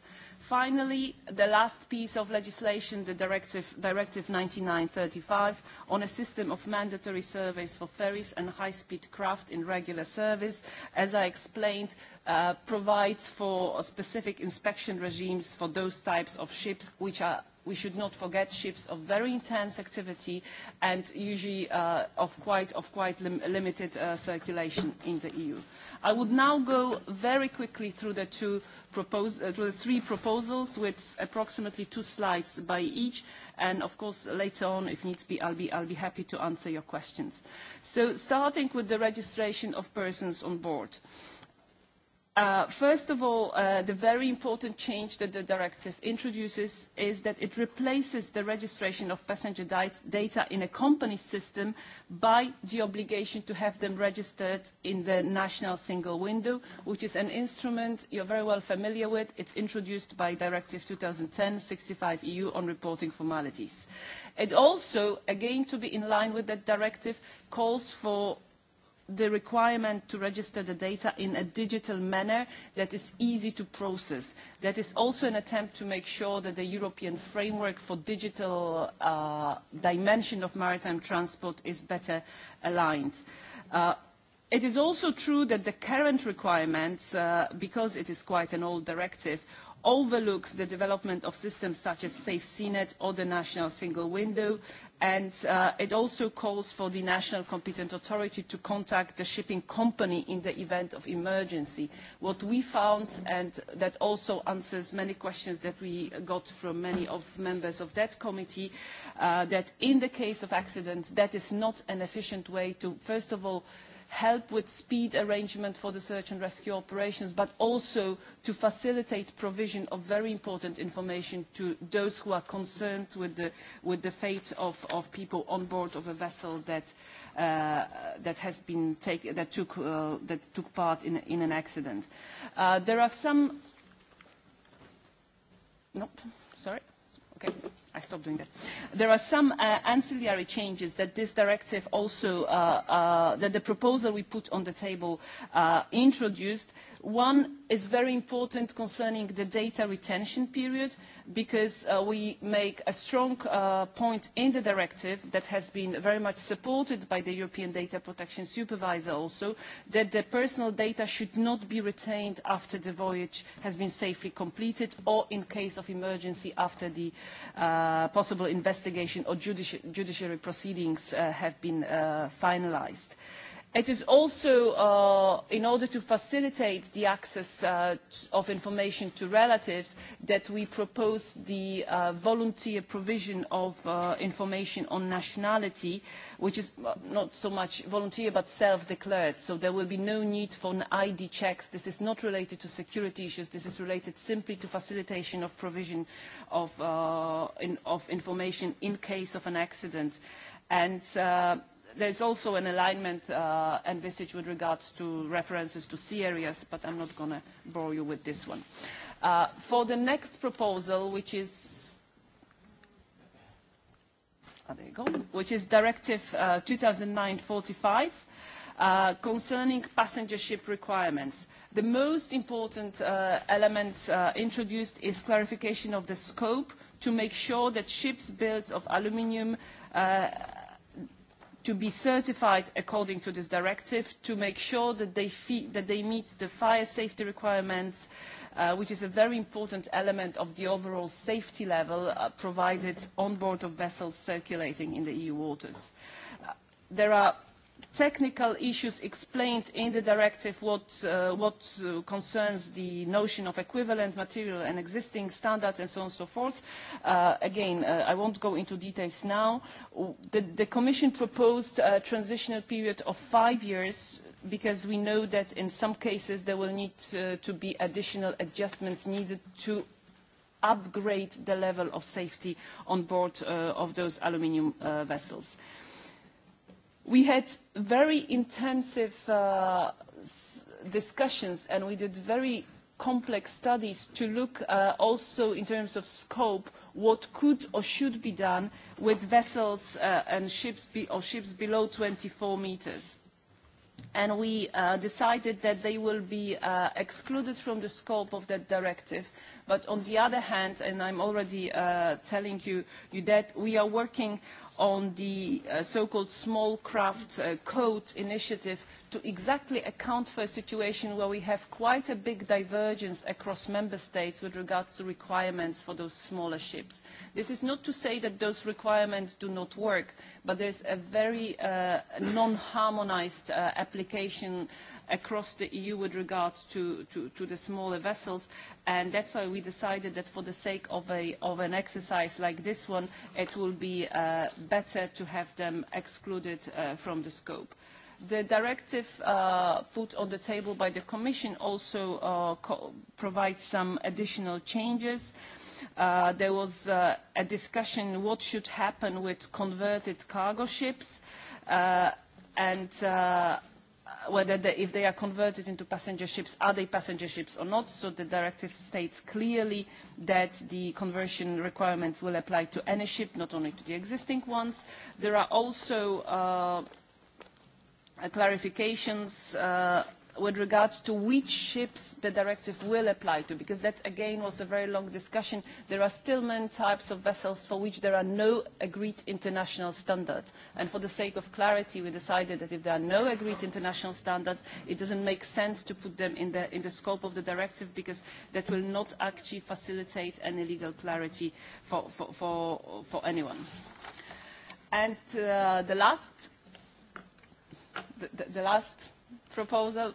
finally, the last piece of legislation, the Directive, Directive 9935 on a system of mandatory surveys for ferries and high-speed craft in regular service, as I explained, uh, provides for specific inspection regimes for those types of ships which are we should not forget ships of very intense activity and usually uh, of quite, of quite lim limited uh, circulation in the EU. I would now go very quickly through the two propose, uh, the three proposals with approximately two slides by each. And of course, later on, if needs be, I'll be, I'll be happy to answer your questions. So starting with the registration of persons on board. Uh, first of all, uh, the very important change that the directive introduces is that it replaces the registration of passenger data in a company system by the obligation to have them registered in the national single window, which is an instrument you're very well familiar with. It's introduced by Directive 2010-65-EU e on reporting formalities. It also, again, to be in line with that directive, calls for the requirement to register the data in a digital manner that is easy to process. That is also an attempt to make sure that the European framework for digital uh, dimension of maritime transport is better aligned. Uh, it is also true that the current requirements, uh, because it is quite an old directive, overlooks the development of systems such as Safe or the National Single Window and uh, it also calls for the national competent authority to contact the shipping company in the event of emergency. What we found, and that also answers many questions that we got from many of members of that committee, uh, that in the case of accidents, that is not an efficient way to, first of all, help with speed arrangement for the search and rescue operations, but also to facilitate provision of very important information to those who are concerned with the, with the fate of, of people on board of a vessel that, uh, that, has been take, that, took, uh, that took part in, in an accident. Uh, there are some... Nope, sorry. Okay. I stopped doing that. There are some uh, ancillary changes that this directive also, uh, uh, that the proposal we put on the table uh, introduced One is very important concerning the data retention period because uh, we make a strong uh, point in the directive that has been very much supported by the European Data Protection Supervisor also that the personal data should not be retained after the voyage has been safely completed or in case of emergency after the uh, possible investigation or judici judiciary proceedings uh, have been uh, finalized. Uh, It is also uh, in order to facilitate the access uh, of information to relatives that we propose the uh, volunteer provision of uh, information on nationality, which is not so much volunteer but self-declared. So there will be no need for an ID checks. This is not related to security issues. This is related simply to facilitation of provision of, uh, in, of information in case of an accident. And uh, there's also an alignment uh, envisaged with regards to references to sea areas, but I'm not going to bore you with this one. Uh, for the next proposal, which is oh, there you go, which is Directive uh, 2009-45, uh, concerning passenger ship requirements. The most important uh, element uh, introduced is clarification of the scope to make sure that ships built of aluminium uh, to be certified according to this directive to make sure that they, fee that they meet the fire safety requirements, uh, which is a very important element of the overall safety level uh, provided on board of vessels circulating in the EU waters. Uh, there are technical issues explained in the directive what, uh, what uh, concerns the notion of equivalent material and existing standards and so on and so forth. Uh, again, uh, I won't go into details now. The, the Commission proposed a transitional period of five years because we know that in some cases there will need to, uh, to be additional adjustments needed to upgrade the level of safety on board uh, of those aluminium uh, vessels. We had very intensive uh, discussions and we did very complex studies to look uh, also in terms of scope what could or should be done with vessels uh, and ships be, or ships below 24 meters. And we uh, decided that they will be uh, excluded from the scope of that directive. But on the other hand, and I'm already uh, telling you, you that we are working on the uh, so-called small craft uh, code initiative to exactly account for a situation where we have quite a big divergence across member states with regard to requirements for those smaller ships. This is not to say that those requirements do not work, but there's a very uh, non-harmonized uh, application uh, across the EU with regards to, to, to the smaller vessels. And that's why we decided that for the sake of, a, of an exercise like this one, it will be uh, better to have them excluded uh, from the scope. The directive uh, put on the table by the Commission also uh, co provides some additional changes. Uh, there was uh, a discussion what should happen with converted cargo ships uh, and uh, whether they, if they are converted into passenger ships, are they passenger ships or not? So the directive states clearly that the conversion requirements will apply to any ship, not only to the existing ones. There are also uh, clarifications uh, with regards to which ships the directive will apply to, because that again was a very long discussion. There are still many types of vessels for which there are no agreed international standards. And for the sake of clarity, we decided that if there are no agreed international standards, it doesn't make sense to put them in the, in the scope of the directive, because that will not actually facilitate any legal clarity for, for, for, for anyone. And uh, the last the, the last proposal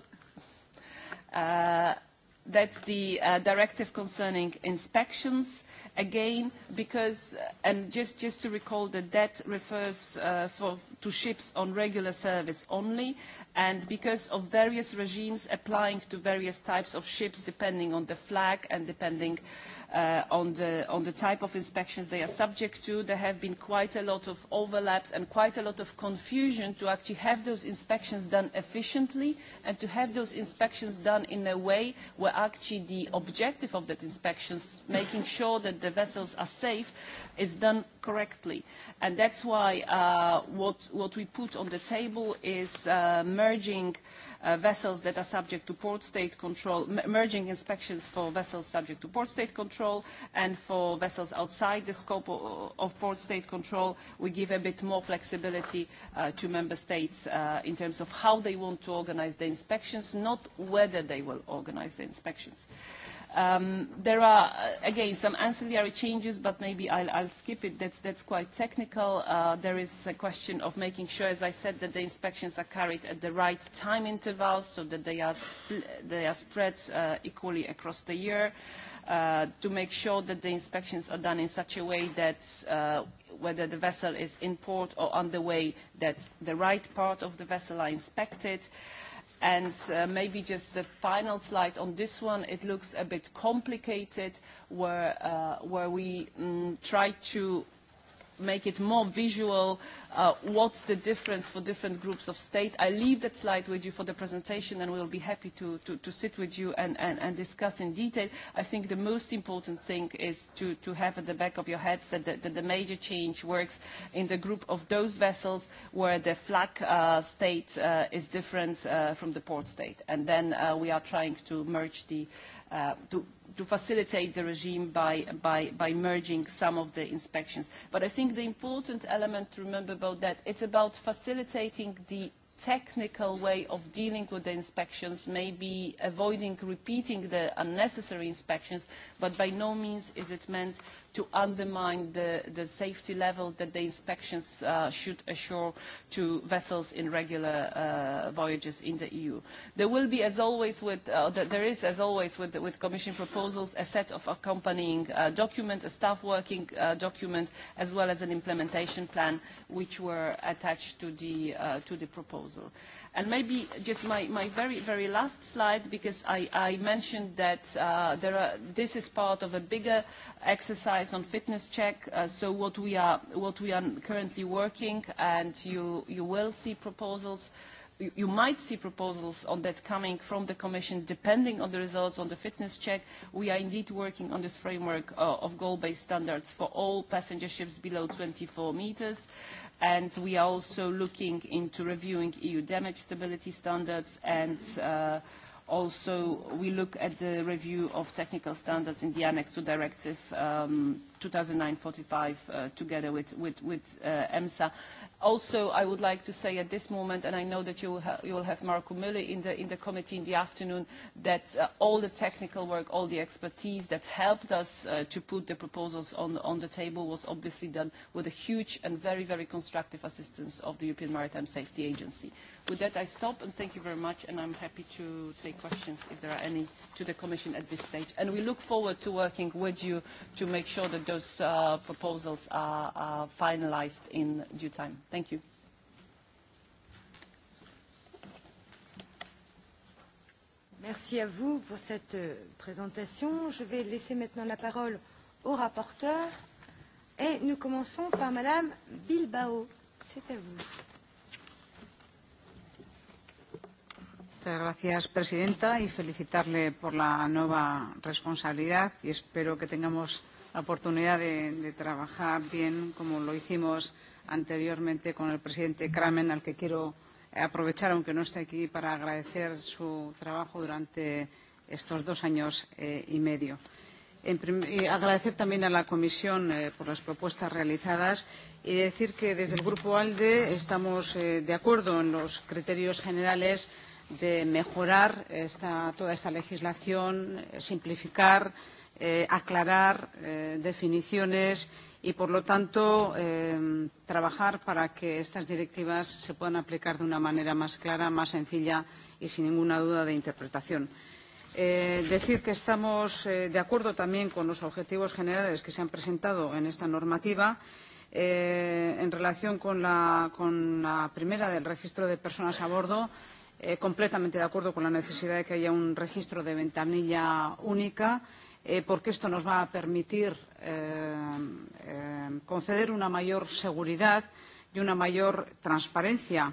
Uh, that's the uh, directive concerning inspections. Again, because, uh, and just, just to recall that that refers uh, for, to ships on regular service only, and because of various regimes applying to various types of ships depending on the flag and depending uh, Uh, on, the, on the type of inspections they are subject to. There have been quite a lot of overlaps and quite a lot of confusion to actually have those inspections done efficiently and to have those inspections done in a way where actually the objective of that inspections, making sure that the vessels are safe, is done correctly. that's why uh, what, we put on the table is uh, merging Uh, vessels that are subject to port state control, merging inspections for vessels subject to port state control, and for vessels outside the scope of, of port state control, we give a bit more flexibility uh, to member states uh, in terms of how they want to organize the inspections, not whether they will organize the inspections. Uh, Um, there are, uh, again, some ancillary changes, but maybe I'll, I'll skip it. That's, that's quite technical. Uh, there is a question of making sure, as I said, that the inspections are carried at the right time intervals so that they are, sp they are spread uh, equally across the year. Uh, to make sure that the inspections are done in such a way that uh, whether the vessel is in port or on the way, that the right part of the vessel are inspected. Uh, And uh, maybe just the final slide on this one, it looks a bit complicated where, uh, where we mm, try to make it more visual, uh, what's the difference for different groups of state. I leave that slide with you for the presentation and we'll be happy to, to, to sit with you and, and, and discuss in detail. I think the most important thing is to, to have at the back of your heads that the, that the major change works in the group of those vessels where the flag uh, state uh, is different uh, from the port state. And then uh, we are trying to merge the, uh, to to facilitate the regime by, by, by merging some of the inspections. But I think the important element to remember about that, it's about facilitating the technical way of dealing with the inspections, maybe avoiding repeating the unnecessary inspections, but by no means is it meant to undermine the, the safety level that the inspections uh, should assure to vessels in regular uh, voyages in the EU. There will be, as always, with, uh, there is, as always, with, with Commission proposals, a set of accompanying uh, documents, a staff working uh, document, as well as an implementation plan, which were attached to the, uh, to the proposal. Uh, And maybe just my, my very, very last slide, because I, I mentioned that uh, there are, this is part of a bigger exercise on fitness check. Uh, so what we, are, what we are currently working, and you, you will see proposals you might see proposals on that coming from the Commission depending on the results on the fitness check. We are indeed working on this framework uh, of goal-based standards for all passenger ships below 24 meters and we are also looking into reviewing EU damage stability standards and uh, also we look at the review of technical standards in the annex to directive um, 2009-45 uh, together with, with, with uh, EMSA Also, I would like to say at this moment, and I know that you will have Marco Müller in the, in the committee in the afternoon, that uh, all the technical work, all the expertise that helped us uh, to put the proposals on, on the table was obviously done with a huge and very, very constructive assistance of the European Maritime Safety Agency. With that, I stop and thank you very much, and I'm happy to take questions if there are any to the Commission at this stage. And we look forward to working with you to make sure that those uh, proposals are, are finalized in due time. Thank you. Merci à vous pour cette euh, présentation. Je vais laisser maintenant la parole au rapporteur. Et nous commençons par Madame Bilbao. C'est à vous. Muchas gracias, presidenta, y felicitarle por la nueva responsabilidad y espero que tengamos la oportunidad de, de trabajar bien como lo hicimos anteriormente con el presidente Kramen, al que quiero aprovechar, aunque no esté aquí, para agradecer su trabajo durante estos dos años eh, y medio. En y agradecer también a la Comisión eh, por las propuestas realizadas y decir que desde el Grupo ALDE estamos eh, de acuerdo en los criterios generales de mejorar esta, toda esta legislación, simplificar, eh, aclarar eh, definiciones y, por lo tanto, eh, trabajar para que estas directivas se puedan aplicar de una manera más clara, más sencilla y sin ninguna duda de interpretación. Eh, decir que estamos eh, de acuerdo también con los objetivos generales que se han presentado en esta normativa eh, en relación con la, con la primera del registro de personas a bordo eh, completamente de acuerdo con la necesidad de que haya un registro de ventanilla única, eh, porque esto nos va a permitir eh, eh, conceder una mayor seguridad y una mayor transparencia.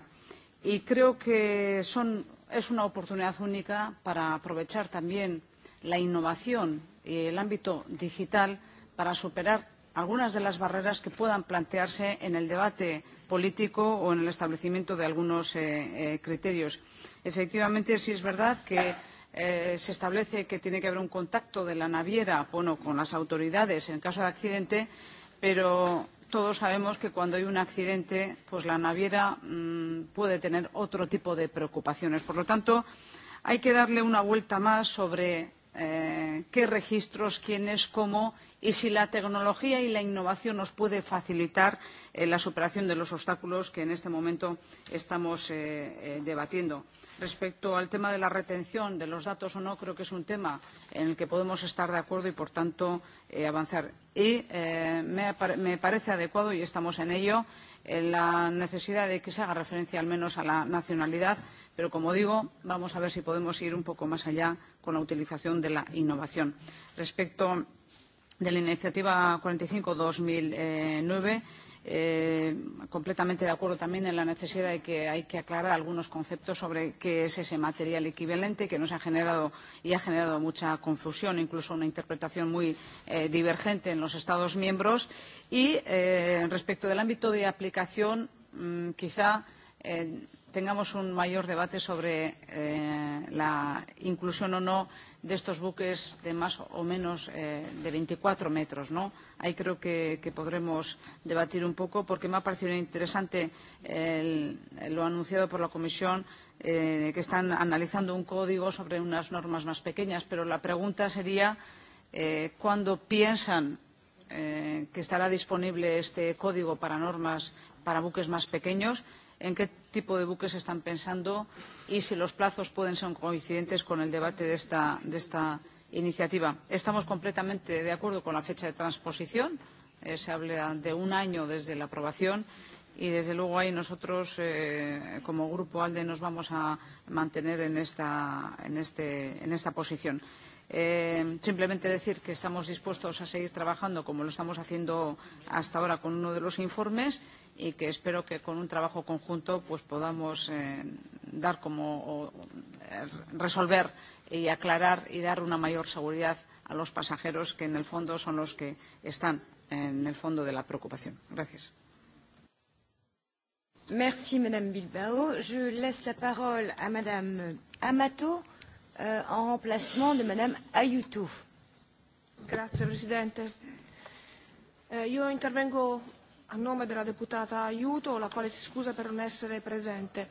Y creo que son, es una oportunidad única para aprovechar también la innovación y el ámbito digital para superar algunas de las barreras que puedan plantearse en el debate político o en el establecimiento de algunos eh, eh, criterios. Efectivamente, sí es verdad que eh, se establece que tiene que haber un contacto de la naviera bueno, con las autoridades en caso de accidente, pero todos sabemos que cuando hay un accidente, pues la naviera mmm, puede tener otro tipo de preocupaciones. Por lo tanto, hay que darle una vuelta más sobre Eh, qué registros, quién es, cómo y si la tecnología y la innovación nos puede facilitar eh, la superación de los obstáculos que en este momento estamos eh, eh, debatiendo. Respecto al tema de la retención de los datos o no, creo que es un tema en el que podemos estar de acuerdo y, por tanto, eh, avanzar. Y eh, me, me parece adecuado, y estamos en ello, eh, la necesidad de que se haga referencia al menos a la nacionalidad Pero, como digo, vamos a ver si podemos ir un poco más allá con la utilización de la innovación. Respecto de la iniciativa 45-2009, eh, completamente de acuerdo también en la necesidad de que hay que aclarar algunos conceptos sobre qué es ese material equivalente que nos ha generado y ha generado mucha confusión, incluso una interpretación muy eh, divergente en los Estados miembros. Y eh, respecto del ámbito de aplicación, mm, quizá. Eh, tengamos un mayor debate sobre eh, la inclusión o no de estos buques de más o menos eh, de 24 metros. ¿no? Ahí creo que, que podremos debatir un poco porque me ha parecido interesante el, lo anunciado por la Comisión eh, que están analizando un código sobre unas normas más pequeñas, pero la pregunta sería eh, cuándo piensan eh, que estará disponible este código para normas para buques más pequeños en qué tipo de buques están pensando y si los plazos pueden ser coincidentes con el debate de esta, de esta iniciativa. Estamos completamente de acuerdo con la fecha de transposición. Eh, se habla de un año desde la aprobación y desde luego ahí nosotros eh, como grupo ALDE nos vamos a mantener en esta, en este, en esta posición. Eh, simplemente decir que estamos dispuestos a seguir trabajando como lo estamos haciendo hasta ahora con uno de los informes y que espero que con un trabajo conjunto pues podamos eh, dar como o, resolver y aclarar y dar una mayor seguridad a los pasajeros que en el fondo son los que están en el fondo de la preocupación. Gracias. Merci Madame Bilbao. Je laisse la parole à Madame Amato euh, en remplacement de Madame Ayuto. Grazie Presidente. Eh, io intervengo a nome della deputata Aiuto, la quale si scusa per non essere presente.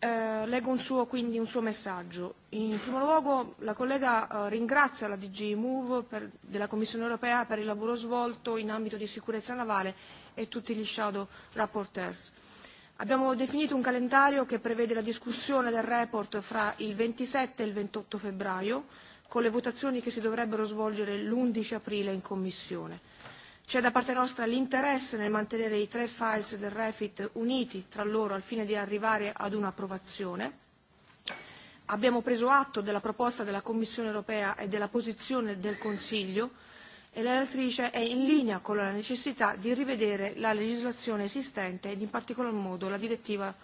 Eh, leggo un suo, quindi un suo messaggio. In primo luogo la collega eh, ringrazia la DG Move per, della Commissione europea per il lavoro svolto in ambito di sicurezza navale e tutti gli shadow rapporteurs. Abbiamo definito un calendario che prevede la discussione del report fra il 27 e il 28 febbraio, con le votazioni che si dovrebbero svolgere l'11 aprile in Commissione. C'è da parte nostra l'interesse nel mantenere i tre files del REFIT uniti tra loro al fine di arrivare ad un'approvazione. Abbiamo preso atto della proposta della Commissione europea e della posizione del Consiglio e la relatrice è in linea con la necessità di rivedere la legislazione esistente ed in particolar modo la direttiva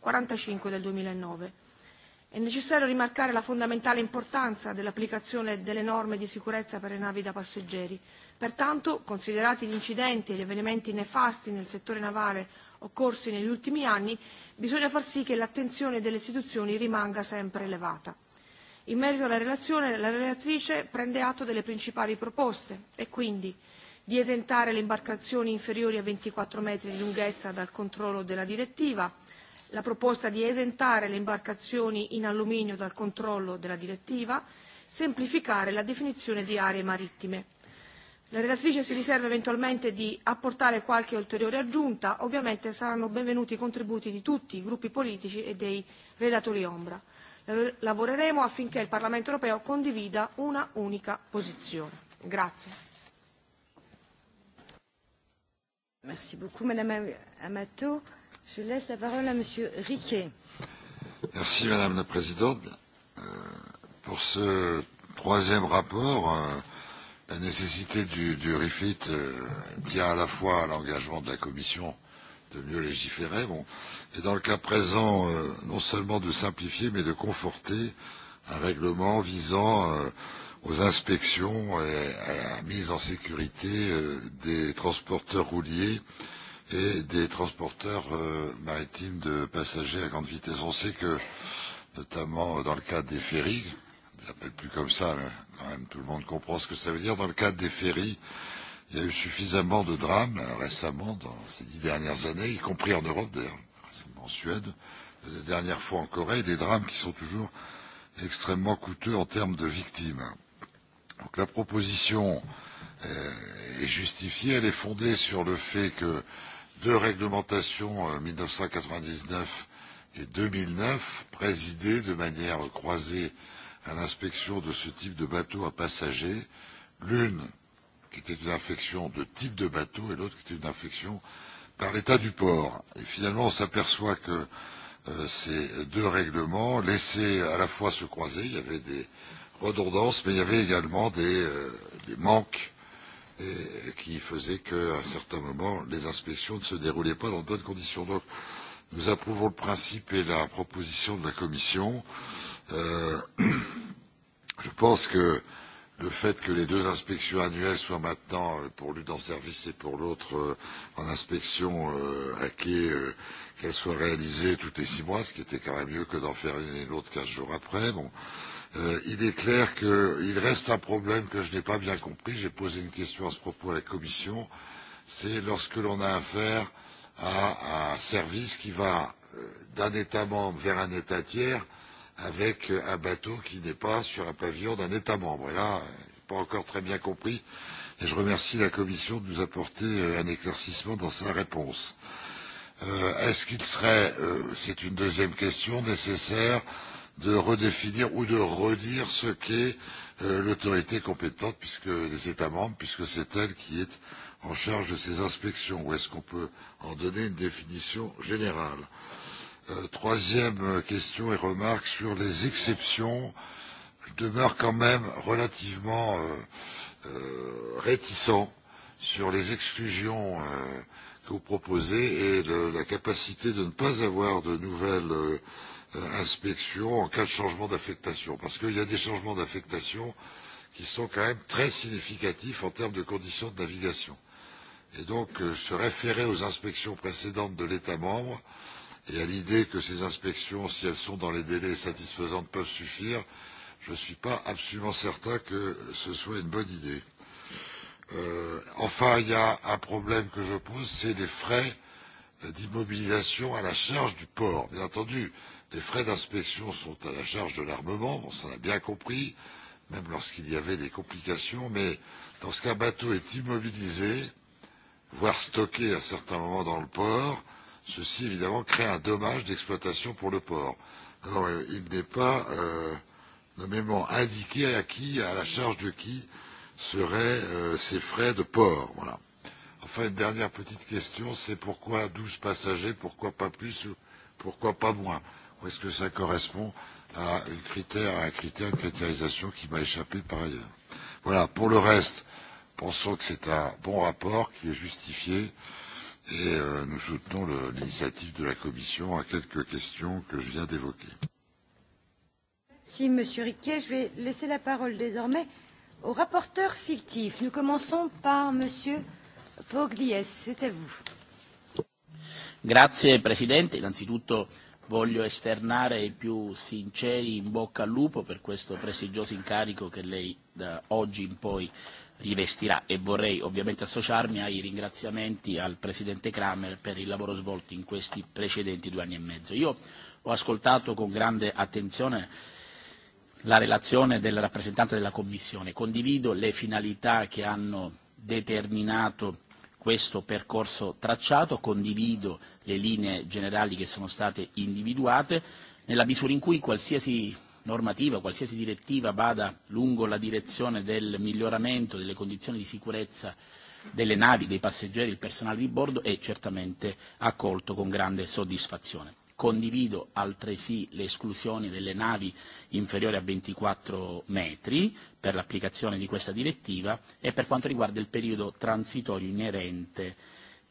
45 del 2009. È necessario rimarcare la fondamentale importanza dell'applicazione delle norme di sicurezza per le navi da passeggeri Pertanto, considerati gli incidenti e gli avvenimenti nefasti nel settore navale occorsi negli ultimi anni, bisogna far sì che l'attenzione delle istituzioni rimanga sempre elevata. In merito alla relazione, la relatrice prende atto delle principali proposte e quindi di esentare le imbarcazioni inferiori a 24 metri di lunghezza dal controllo della direttiva, la proposta di esentare le imbarcazioni in alluminio dal controllo della direttiva, semplificare la definizione di aree marittime La relatrice si riserva eventualmente di apportare qualche ulteriore aggiunta, ovviamente saranno benvenuti i contributi di tutti i gruppi politici e dei relatori ombra. Lavoreremo affinché il Parlamento europeo condivida una unica posizione. Grazie. Merci beaucoup Madame Amato. Je laisse la parole à Monsieur Riquet. Merci Madame la Présidente euh, pour ce troisième rapport. Euh, la nécessité du, du REFIT euh, tient à la fois à l'engagement de la Commission de mieux légiférer, bon, et dans le cas présent, euh, non seulement de simplifier, mais de conforter un règlement visant euh, aux inspections et à la mise en sécurité euh, des transporteurs rouliers et des transporteurs euh, maritimes de passagers à grande vitesse. On sait que, notamment dans le cadre des ferries, l'appelle plus comme ça, mais quand même tout le monde comprend ce que ça veut dire. Dans le cadre des ferries, il y a eu suffisamment de drames euh, récemment, dans ces dix dernières années, y compris en Europe d'ailleurs, récemment en Suède, la dernière fois en Corée, des drames qui sont toujours extrêmement coûteux en termes de victimes. Donc la proposition euh, est justifiée, elle est fondée sur le fait que deux réglementations 1999 euh, et 2009 présidaient de manière croisée euh, à l'inspection de ce type de bateau à passagers, l'une qui était une infection de type de bateau et l'autre qui était une infection par l'état du port. Et finalement, on s'aperçoit que euh, ces deux règlements laissaient à la fois se croiser, il y avait des redondances, mais il y avait également des, euh, des manques et, qui faisaient qu'à un certain moment, les inspections ne se déroulaient pas dans de bonnes conditions. Donc, nous approuvons le principe et la proposition de la Commission. Euh, Euh, je pense que le fait que les deux inspections annuelles soient maintenant euh, pour l'une en service et pour l'autre euh, en inspection à quai, qu'elles soient réalisées toutes les six mois, ce qui était quand même mieux que d'en faire une et l'autre quinze jours après. Bon. Euh, il est clair qu'il reste un problème que je n'ai pas bien compris. J'ai posé une question à ce propos à la Commission. C'est lorsque l'on a affaire à un service qui va d'un État membre vers un État tiers, avec un bateau qui n'est pas sur un pavillon d'un État membre. Et là, je n'ai pas encore très bien compris, et je remercie la Commission de nous apporter euh, un éclaircissement dans sa réponse. Euh, Est-ce qu'il serait, euh, c'est une deuxième question, nécessaire de redéfinir ou de redire ce qu'est euh, l'autorité compétente puisque les États membres, puisque c'est elle qui est en charge de ces inspections, ou est-ce qu'on peut en donner une définition générale Euh, troisième euh, question et remarque sur les exceptions. Je demeure quand même relativement euh, euh, réticent sur les exclusions euh, que vous proposez et le, la capacité de ne pas avoir de nouvelles euh, euh, inspections en cas de changement d'affectation. Parce qu'il y a des changements d'affectation qui sont quand même très significatifs en termes de conditions de navigation. Et donc, euh, se référer aux inspections précédentes de l'État membre, euh, et à l'idée que ces inspections, si elles sont dans les délais satisfaisants, peuvent suffire, je ne suis pas absolument certain que ce soit une bonne idée. Euh, enfin, il y a un problème que je pose, c'est les frais d'immobilisation à la charge du port. Bien entendu, les frais d'inspection sont à la charge de l'armement, on s'en a bien compris, même lorsqu'il y avait des complications, mais lorsqu'un bateau est immobilisé, voire stocké à certains moments dans le port, Ceci, évidemment, crée un dommage d'exploitation pour le port. Alors, il n'est pas euh, nommément indiqué à qui, à la charge de qui, seraient euh, ces frais de port. Voilà. Enfin, une dernière petite question, c'est pourquoi 12 passagers, pourquoi pas plus ou pourquoi pas moins Ou est-ce que ça correspond à, une critère, à un critère de critérisation qui m'a échappé par ailleurs Voilà, pour le reste, pensons que c'est un bon rapport qui est justifié et euh, nous soutenons l'initiative de la Commission à quelques questions que je viens d'évoquer. Merci, Monsieur Riquet. Je vais laisser la parole désormais au rapporteur fictif. Nous commençons par Monsieur Pogliès. C'est à vous. Grazie Presidente, innanzitutto voglio esternare i più sinceri in bocca al lupo per questo prestigioso incarico che lei da oggi in poi rivestirà e vorrei ovviamente associarmi ai ringraziamenti al Presidente Kramer per il lavoro svolto in questi precedenti due anni e mezzo. Io ho ascoltato con grande attenzione la relazione del rappresentante della Commissione, condivido le finalità che hanno determinato questo percorso tracciato, condivido le linee generali che sono state individuate, nella misura in cui qualsiasi normativa, qualsiasi direttiva vada lungo la direzione del miglioramento delle condizioni di sicurezza delle navi, dei passeggeri, del personale di bordo è certamente accolto con grande soddisfazione. Condivido altresì le esclusioni delle navi inferiori a 24 metri per l'applicazione di questa direttiva e per quanto riguarda il periodo transitorio inerente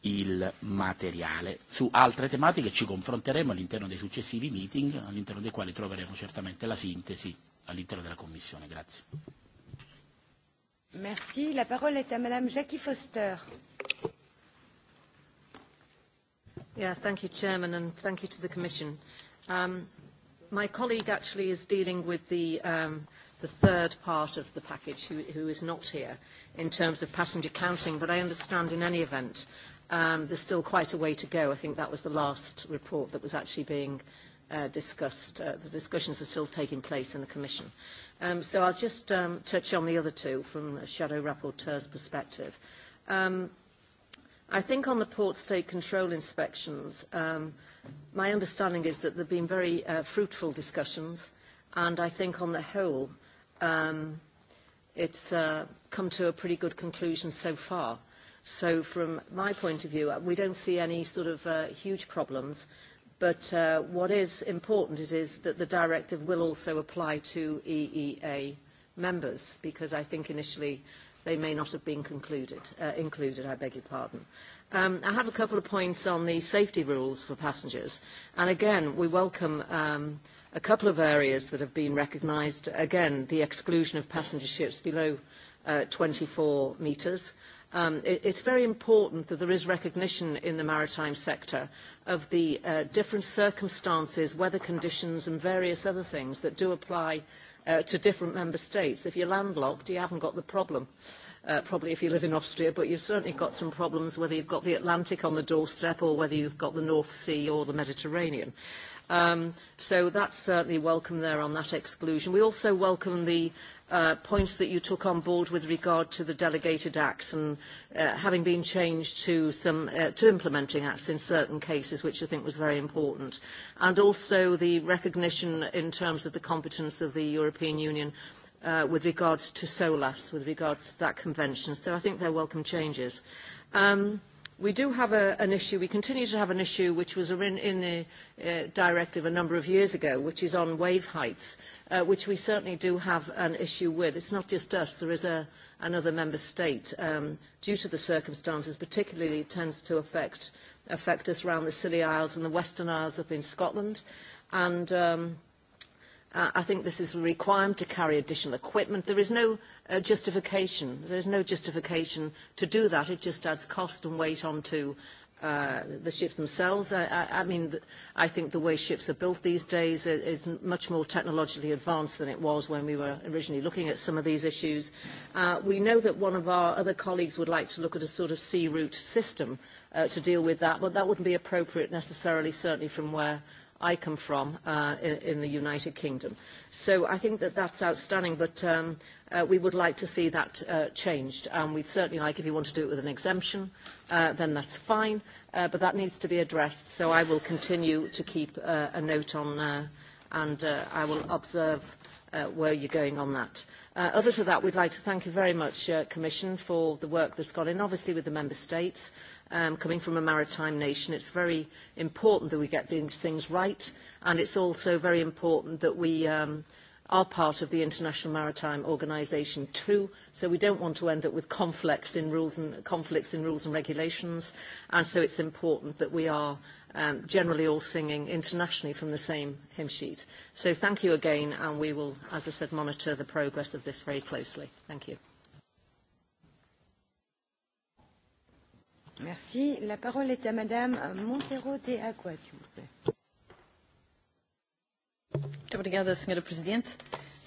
il materiale. Su altre tematiche ci confronteremo all'interno dei successivi meeting, all'interno dei quali troveremo certamente la sintesi all'interno della Commissione. Grazie. Merci. La parola è a Madame Jackie Foster. Yeah, thank you, Chairman, and thank you to the Commission. Um, my colleague actually is dealing with the, um, the third part of the package, who, who is not here, in terms of passenger counting, but I understand in any event Um, there's still quite a way to go. I think that was the last report that was actually being uh, discussed. Uh, the discussions are still taking place in the Commission. Um, so I'll just um, touch on the other two from a shadow rapporteur's perspective. Um, I think on the port state control inspections, um, my understanding is that there have been very uh, fruitful discussions, and I think on the whole, um, it's uh, come to a pretty good conclusion so far. So from my point of view, uh, we don't see any sort of uh, huge problems. But uh, what is important it is that the directive will also apply to EEA members, because I think initially they may not have been concluded, uh, included, I beg your pardon. Um, I have a couple of points on the safety rules for passengers. And again, we welcome um, a couple of areas that have been recognised. Again, the exclusion of passenger ships below uh, 24 metres Um, it, it's very important that there is recognition in the maritime sector of the uh, different circumstances, weather conditions and various other things that do apply uh, to different member states. If you're landlocked, you haven't got the problem, uh, probably if you live in Austria, but you've certainly got some problems whether you've got the Atlantic on the doorstep or whether you've got the North Sea or the Mediterranean. Um, so that's certainly welcome there on that exclusion. We also welcome the uh, points that you took on board with regard to the delegated acts and uh, having been changed to, some, uh, to implementing acts in certain cases, which I think was very important. And also the recognition in terms of the competence of the European Union uh, with regards to SOLAS, with regards to that convention. So I think they're welcome changes. Um, We do have a, an issue, we continue to have an issue which was in, in the uh, directive a number of years ago, which is on wave heights, uh, which we certainly do have an issue with. It's not just us, there is a, another member state, um, due to the circumstances, particularly it tends to affect, affect us around the Scilly Isles and the Western Isles up in Scotland. And... Um, Uh, I think this is a requirement to carry additional equipment. There is no uh, justification. There is no justification to do that. It just adds cost and weight onto uh, the ships themselves. I, I, I mean, I think the way ships are built these days is, much more technologically advanced than it was when we were originally looking at some of these issues. Uh, we know that one of our other colleagues would like to look at a sort of sea route system uh, to deal with that, but that wouldn't be appropriate necessarily, certainly from where I come from uh, in, in the United Kingdom. So I think that that's outstanding, but um, uh, we would like to see that uh, changed. And um, we'd certainly like, if you want to do it with an exemption, uh, then that's fine, uh, but that needs to be addressed. So I will continue to keep uh, a note on, uh, and uh, I will observe uh, where you're going on that. Uh, other to that, we'd like to thank you very much, uh, Commission, for the work that's gone in, obviously with the Member States, um, coming from a maritime nation. It's very important that we get these things right, and it's also very important that we um, are part of the International Maritime Organization too, so we don't want to end up with conflicts in rules and, conflicts in rules and regulations, and so it's important that we are um, generally all singing internationally from the same hymn sheet. So thank you again, and we will, as I said, monitor the progress of this very closely. Thank you. Merci. La parole est à Madame Montero de Aqua, s'il vous plaît. Muito obrigada, Sra. Presidente.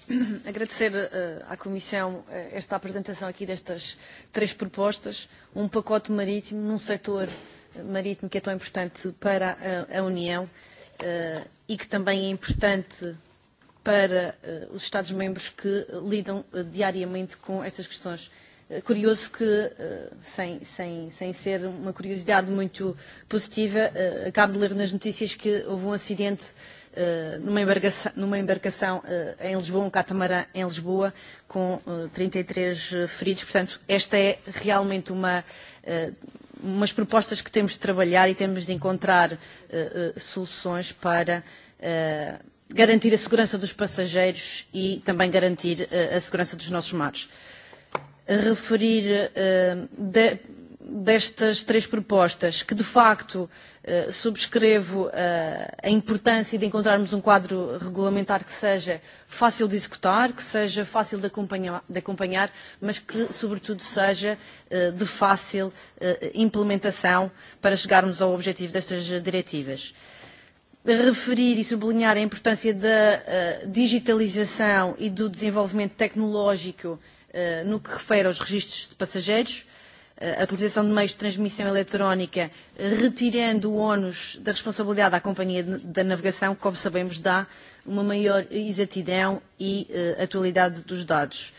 Agradecer uh, à Comissão uh, esta apresentação aqui destas três propostas, um pacote marítimo num setor eh, marítimo que é tão importante para a, a União uh, e que também é importante para uh, os Estados-membros que lidam uh, diariamente com estas questões uh, Eh, curioso que, eh, sem, sem, sem ser uma curiosidade muito positiva, acabo eh, de ler nas notícias que houve um acidente numa embarcação, numa embarcação em Lisboa, um catamarã em Lisboa, com 33 e feridos. Portanto, esta é realmente uma umas propostas que temos de trabalhar e temos de encontrar soluções para garantir a segurança dos passageiros e também garantir a segurança dos nossos mares referir uh, de, destas três propostas, que de facto uh, subscrevo uh, a importância de encontrarmos um quadro regulamentar que seja fácil de executar, que seja fácil de acompanhar, de acompanhar mas que sobretudo seja uh, de fácil uh, implementação para chegarmos ao objetivo destas diretivas referir e sublinhar a importância da uh, digitalização e do desenvolvimento tecnológico Eh, no que refere aos registros de passageiros, eh, a utilização de meios de transmissão eletrónica, retirando o ónus da responsabilidade à Companhia da Navegação, como sabemos, dá uma maior exatidão e uh, atualidade dos dados.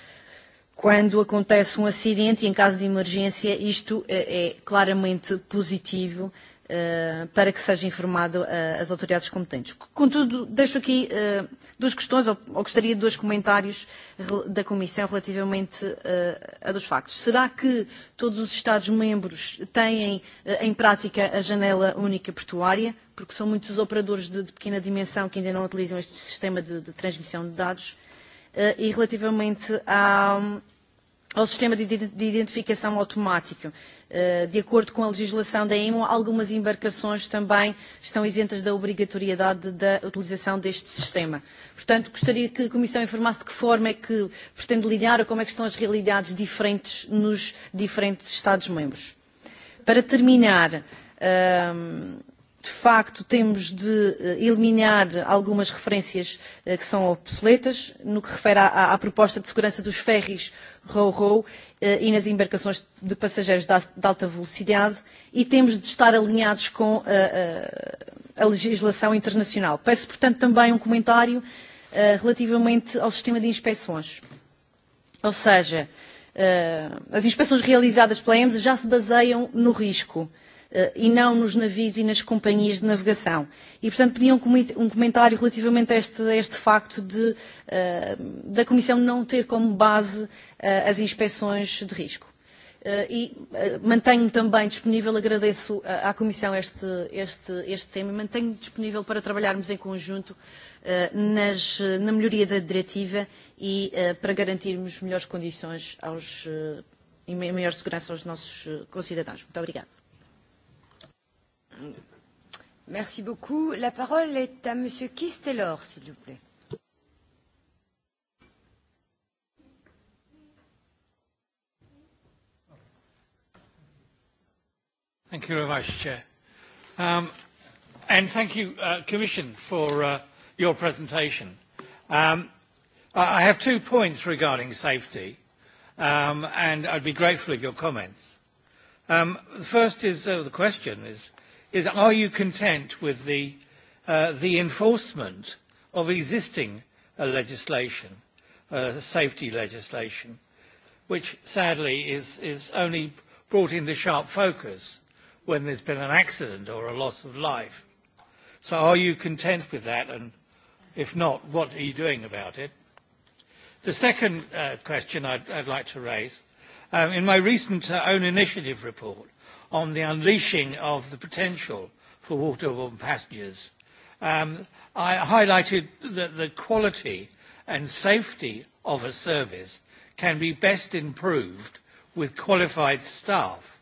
Quando acontece um acidente e em caso de emergência, isto é, é claramente positivo Eh, para que seja informado eh, as autoridades competentes. Contudo, deixo aqui eh, duas questões, ou gostaria de dois comentários da Comissão relativamente a dos factos. Será que todos os Estados-membros têm em prática a janela única portuária? Porque são muitos os operadores de, de pequena dimensão que ainda não utilizam este sistema de, de transmissão de dados. E relativamente à, ao sistema de identificação automático. Eh, de acordo com a legislação da IMO, e algumas embarcações também estão isentas da obrigatoriedade da utilização deste sistema. Portanto, gostaria que a Comissão informasse de que forma é que pretende lidar ou como é que estão as realidades diferentes nos diferentes Estados-membros. Para terminar, ehm, de facto, temos de eh, eliminar algumas referências eh, que são obsoletas. No que refere à, à proposta de segurança dos ferries, Rou-Rou, uh, eh, e nas embarcações de passageiros de, de alta velocidade e temos de estar alinhados com eh, eh a legislação internacional. Peço, portanto, também um comentário uh, relativamente ao sistema de inspeções. Ou seja, uh, as inspeções realizadas pela EMSA já se baseiam no risco. Uh, Eh, e não nos navios e nas companhias de navegação. E, portanto, pediam um, um comentário relativamente a este, a este facto de, eh, da Comissão não ter como base eh, as inspeções de risco. E mantenho também disponível, agradeço à Comissão este, este, este tema, e mantenho disponível para trabalharmos em conjunto nas, na melhoria da diretiva e uh, para garantirmos melhores condições aos, uh, e maior segurança aos nossos concidadãos. Muito obrigada. Merci beaucoup. La parole est à Monsieur Kistelor, s'il vous plaît. Thank you very much, Chair. Um, and thank you, uh, Commission, for uh, your presentation. Um, I have two points regarding safety, um, and I'd be grateful of your comments. Um, the first is, uh, the question is, is are you content with the, uh, the enforcement of existing uh, legislation, uh, safety legislation, which sadly is, is only brought into sharp focus when there's been an accident or a loss of life. So are you content with that? And if not, what are you doing about it? The second uh, question I'd, I'd like to raise, um, in my recent uh, own initiative report, on the unleashing of the potential for waterborne passengers. Um, I highlighted that the quality and safety of a service can be best improved with qualified staff.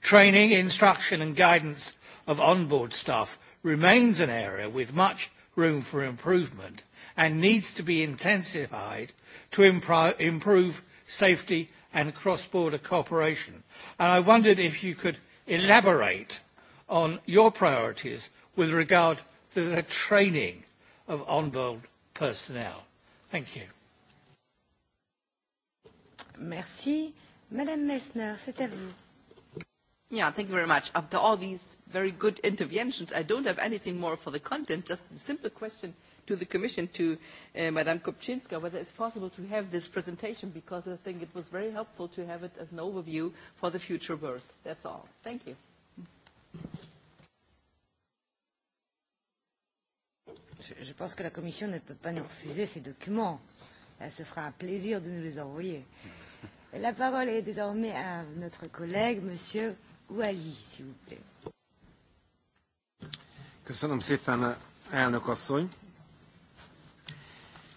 Training, instruction and guidance of onboard staff remains an area with much room for improvement and needs to be intensified to improve safety and cross-border cooperation. And I wondered if you could elaborate on your priorities with regard to the training of onboard personnel. Thank you. Merci. Madame Messner, c'est à vous. Yeah, thank you very much. After all these very good interventions, I don't have anything more for the content, just a simple question to the Commission, to uh, Madame Kopczynska, whether it's possible to have this presentation, because I think it was very helpful to have it as an overview for the future work. That's all. Thank you. Je, je pense que la Commission ne peut pas nous refuser ces documents. Elle se fera un plaisir de nous les envoyer. La parole est désormais à notre collègue, Monsieur Ouali, s'il vous plaît. Köszönöm szépen, elnök asszony.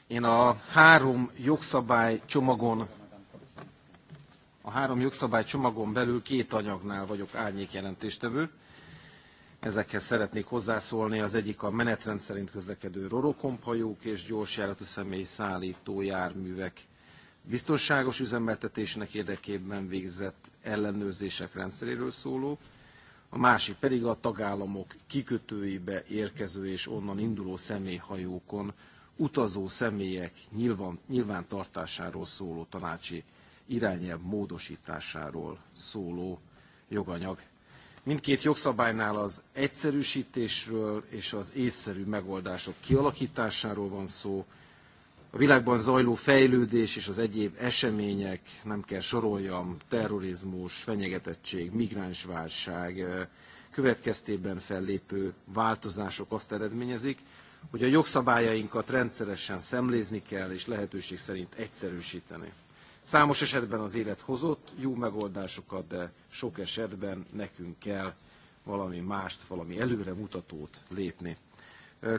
Én a három jogszabály csomagon a három jogszabály csomagon belül két anyagnál vagyok árnyék jelentéstevő. Ezekhez szeretnék hozzászólni. Az egyik a menetrend szerint közlekedő rorokompajók és gyorsjáratú személy szállító járművek biztonságos üzemeltetésnek érdekében végzett ellenőrzések rendszeréről szóló, a másik pedig a tagállamok kikötőibe érkező és onnan induló személyhajókon utazó személyek nyilván, nyilvántartásáról szóló tanácsi irányelv módosításáról szóló joganyag. Mindkét jogszabálynál az egyszerűsítésről és az észszerű megoldások kialakításáról van szó. A világban zajló fejlődés és az egyéb események, nem kell soroljam, terrorizmus, fenyegetettség, migránsválság eh, következtében fellépő változások azt eredményezik, hogy a jogszabályainkat rendszeresen szemlézni kell és lehetőség szerint egyszerűsíteni. Számos esetben az élet hozott jó megoldásokat, de sok esetben nekünk kell valami mást, valami előremutatót lépni.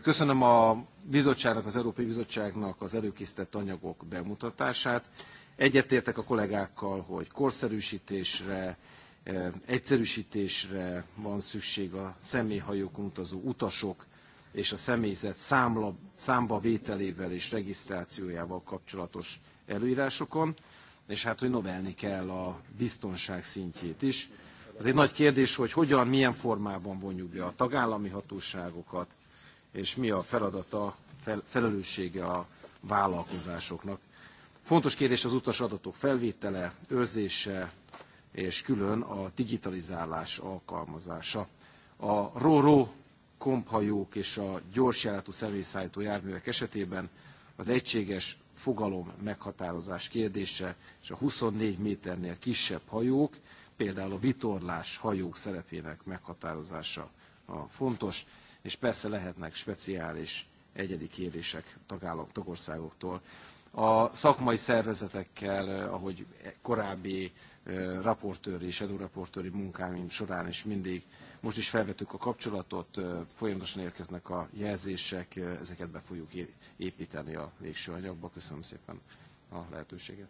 Köszönöm a bizottságnak, az Európai Bizottságnak az előkészített anyagok bemutatását. Egyetértek a kollégákkal, hogy korszerűsítésre, egyszerűsítésre van szükség a személyhajókon utazó utasok és a személyzet számla, számba vételével és regisztrációjával kapcsolatos előírásokon, és hát, hogy novelni kell a biztonság szintjét is. Az egy nagy kérdés, hogy hogyan, milyen formában vonjuk be a tagállami hatóságokat, és mi a feladata, fel, felelőssége a vállalkozásoknak. Fontos kérdés az utas adatok felvétele, őrzése, és külön a digitalizálás alkalmazása. A RORO komphajók és a gyorsjáratú személyszállító járművek esetében az egységes fogalom meghatározás kérdése és a 24 méternél kisebb hajók, például a vitorlás hajók szerepének meghatározása a fontos, és persze lehetnek speciális egyedi kérdések tagállam, tagországoktól. A szakmai szervezetekkel, eh, ahogy korábbi eh, raportőri és edúraportőri munkáim során is mindig Most is felvettük a kapcsolatot, folyamatosan érkeznek a jelzések, ezeket be fogjuk építeni a végső anyagba. Köszönöm szépen a lehetőséget.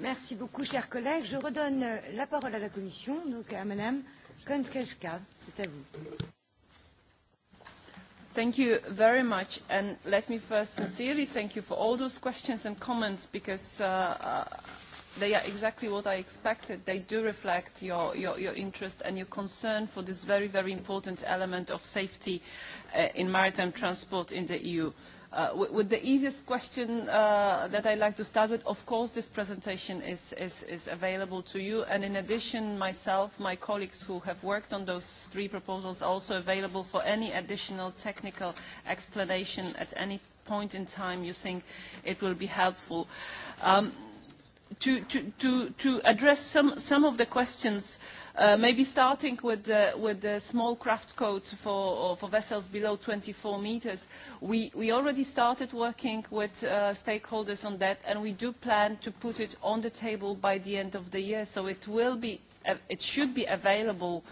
Merci beaucoup, chers collègues. Je redonne euh, la parole à la Commission, donc à Madame Konkeshka. C'est à vous. Thank you very much, and let me first sincerely thank you for all those questions and comments because uh, uh, they are exactly what I expected. They do reflect your, your, your interest and your concern for this very, very important element of safety uh, in maritime transport in the EU. Uh, with the easiest question uh, that I'd like to start with, of course this presentation is, is, is available to you and in addition myself, my colleagues who have worked on those three proposals are also available for any additional technical explanation at any point in time you think it will be helpful. Um, to, to, to, to address some, some of the questions uh, Uh, maybe starting with, uh, with the small craft code for, uh, for vessels below 24 meters, we, we already started working with uh, stakeholders on that and we do plan to put it on the table by the end of the year. So it, will be, uh, it should be available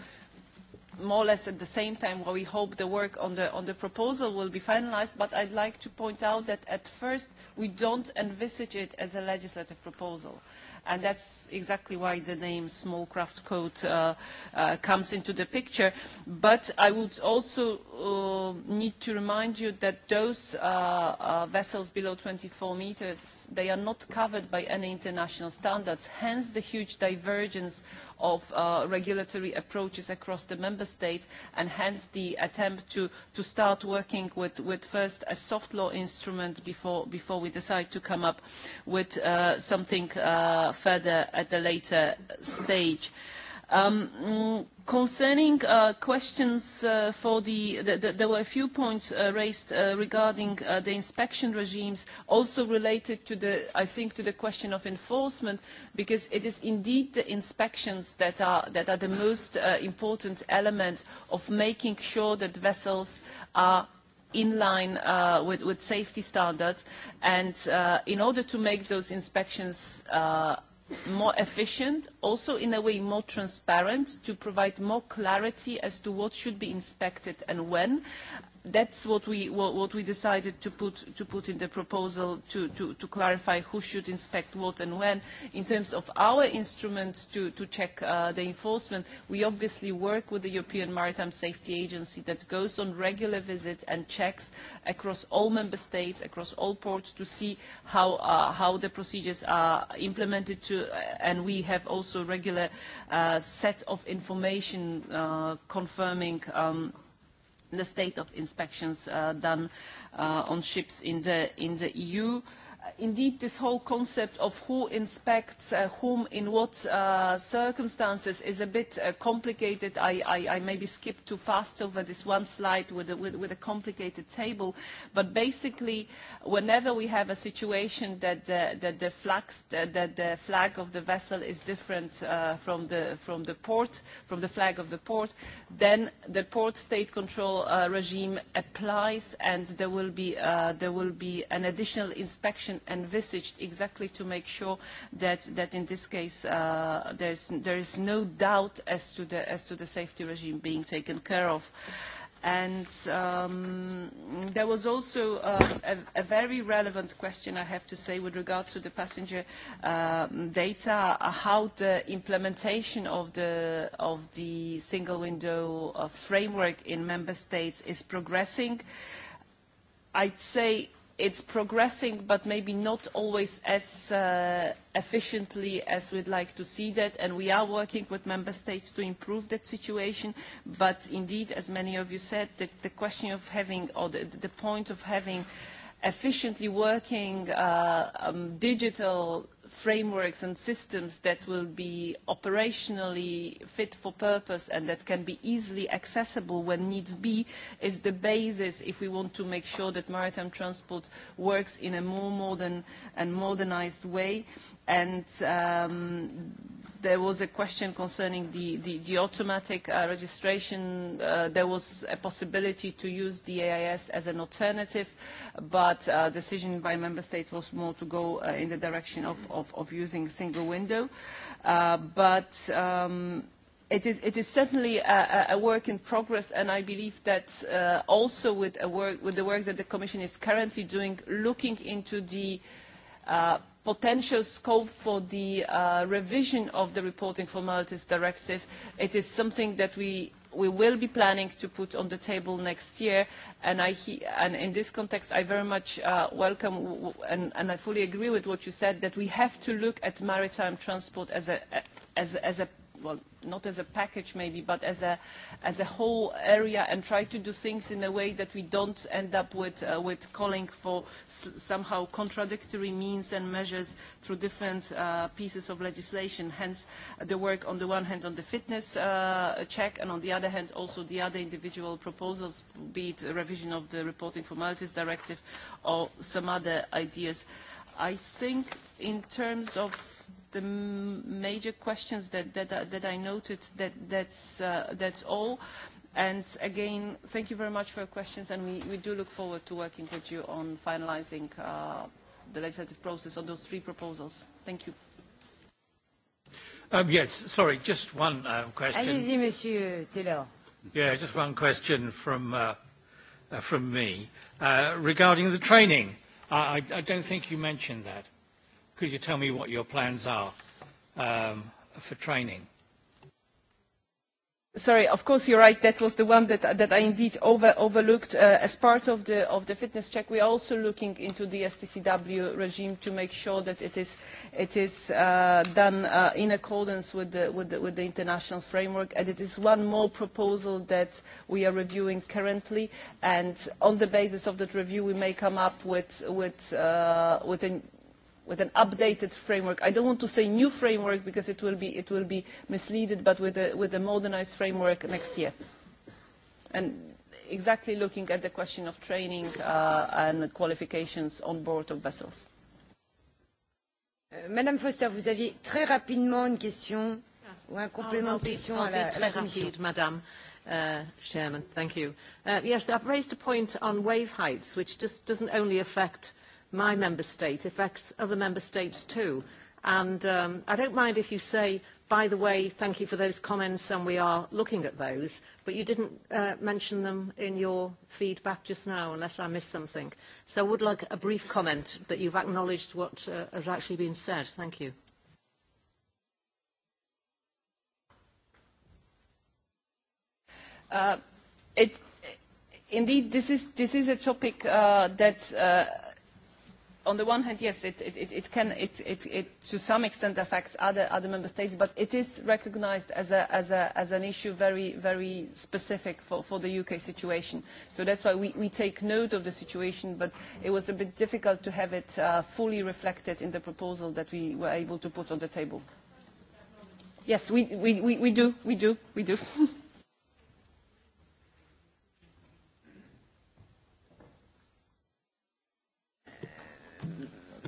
more or less at the same time where we hope the work on the, on the proposal will be finalized, but I'd like to point out that at first we don't envisage it as a legislative proposal and that's exactly why the name Small Craft Code uh, uh, comes into the picture. But I would also uh, need to remind you that those uh, uh, vessels below 24 meters, they are not covered by any international standards, hence the huge divergence of uh, regulatory approaches across the member states and hence the attempt to, to start working with, with first a soft law instrument before, before we decide to come up with uh, something uh, further at a later stage. Um, mm, concerning uh, questions uh, for the, the, the, there were a few points uh, raised uh, regarding uh, the inspection regimes, also related to the, I think, to the question of enforcement, because it is indeed the inspections that are, that are the most uh, important element of making sure that vessels are in line uh, with, with safety standards, and uh, in order to make those inspections uh, more efficient, also in a way more transparent to provide more clarity as to what should be inspected and when that's what we, what, what we decided to put, to put in the proposal to, to, to clarify who should inspect what and when. In terms of our instruments to, to check uh, the enforcement, we obviously work with the European Maritime Safety Agency that goes on regular visits and checks across all member states, across all ports to see how, uh, how the procedures are implemented to, uh, and we have also regular uh, set of information uh, confirming um, the state of inspections uh, done uh, on ships in the, in the EU. Uh, indeed this whole concept of who inspects uh, whom in what uh, circumstances is a bit uh, complicated. I, I, I maybe skipped too fast over this one slide with a, with, with a complicated table, but basically whenever we have a situation that the, that the, flags, that the flag of the vessel is different uh, from, the, from the port, from the flag of the port, then the port state control uh, regime applies and there will be, uh, there will be an additional inspection legislation envisaged exactly to make sure that, that in this case uh, there's, there is no doubt as to, the, as to the safety regime being taken care of. And um, there was also uh, a, a very relevant question, I have to say, with regard to the passenger uh, data, uh, how the implementation of the, of the single window uh, framework in member states is progressing. I'd say it's progressing, but maybe not always as uh, efficiently as we'd like to see that, and we are working with member states to improve that situation, but indeed, as many of you said, the, the question of having, or the, the point of having efficiently working uh, um, digital frameworks and systems that will be operationally fit for purpose and that can be easily accessible when needs be is the basis if we want to make sure that maritime transport works in a more modern and modernized way And um, there was a question concerning the, the, the automatic uh, registration. Uh, there was a possibility to use the AIS as an alternative, but uh, decision by member states was more to go uh, in the direction of, of, of using single window. Uh, but um, it is, it is certainly a, a work in progress, and I believe that uh, also with, a work, with the work that the Commission is currently doing, looking into the uh, potential scope for the uh, revision of the reporting formalities directive. It is something that we we will be planning to put on the table next year and, I he and in this context I very much uh, welcome and, and I fully agree with what you said that we have to look at maritime transport as a, as, as a well, not as a package maybe, but as a, as a whole area and try to do things in a way that we don't end up with, uh, with calling for s somehow contradictory means and measures through different uh, pieces of legislation. Hence, uh, the work on the one hand on the fitness uh, check and on the other hand also the other individual proposals, be it a revision of the reporting formalities directive or some other ideas. I think in terms of the major questions that, that, that I noted, that, that's, uh, that's all. And again, thank you very much for your questions, and we, we do look forward to working with you on finalizing uh, the legislative process on those three proposals. Thank you. Um, yes, sorry, just one uh question. Allez-y, Monsieur Taylor. Yeah, just one question from, uh, uh, from me. Uh, regarding the training, I, I don't think you mentioned that. Could you tell me what your plans are um, for training? Sorry, of course you're right. That was the one that, that I indeed over, overlooked. Uh, as part of the, of the fitness check, we are also looking into the STCW regime to make sure that it is, it is uh, done uh, in accordance with the, with, the, with the international framework. And it is one more proposal that we are reviewing currently. And on the basis of that review, we may come up with, with, uh, with a with an updated framework. I don't want to say new framework because it will be, it will be misleaded, but with a, with a modernized framework next year. And exactly looking at the question of training uh, and qualifications on board of vessels. Euh, Madame Foster, vous aviez très rapidement une question ou un complément oh, de question I'll be, I'll be à la, la Commission. Rapide, Madame. Uh, Chairman, thank you. Uh, yes, I've raised a point on wave heights, which just doesn't only affect my member state affects other member states too. And um, I don't mind if you say, by the way, thank you for those comments and we are looking at those, but you didn't uh, mention them in your feedback just now, unless I missed something. So I would like a brief comment that you've acknowledged what uh, has actually been said. Thank you. Uh, it, indeed, this is, this is a topic uh, that uh, on the one hand, yes, it, it, it it can, it, it, it, to some extent affects other, other member states, but it is recognized as, a, as, a, as an issue very, very specific for, for the UK situation. So that's why we, we take note of the situation, but it was a bit difficult to have it uh, fully reflected in the proposal that we were able to put on the table. Yes, we, we, we, we do, we do, we do.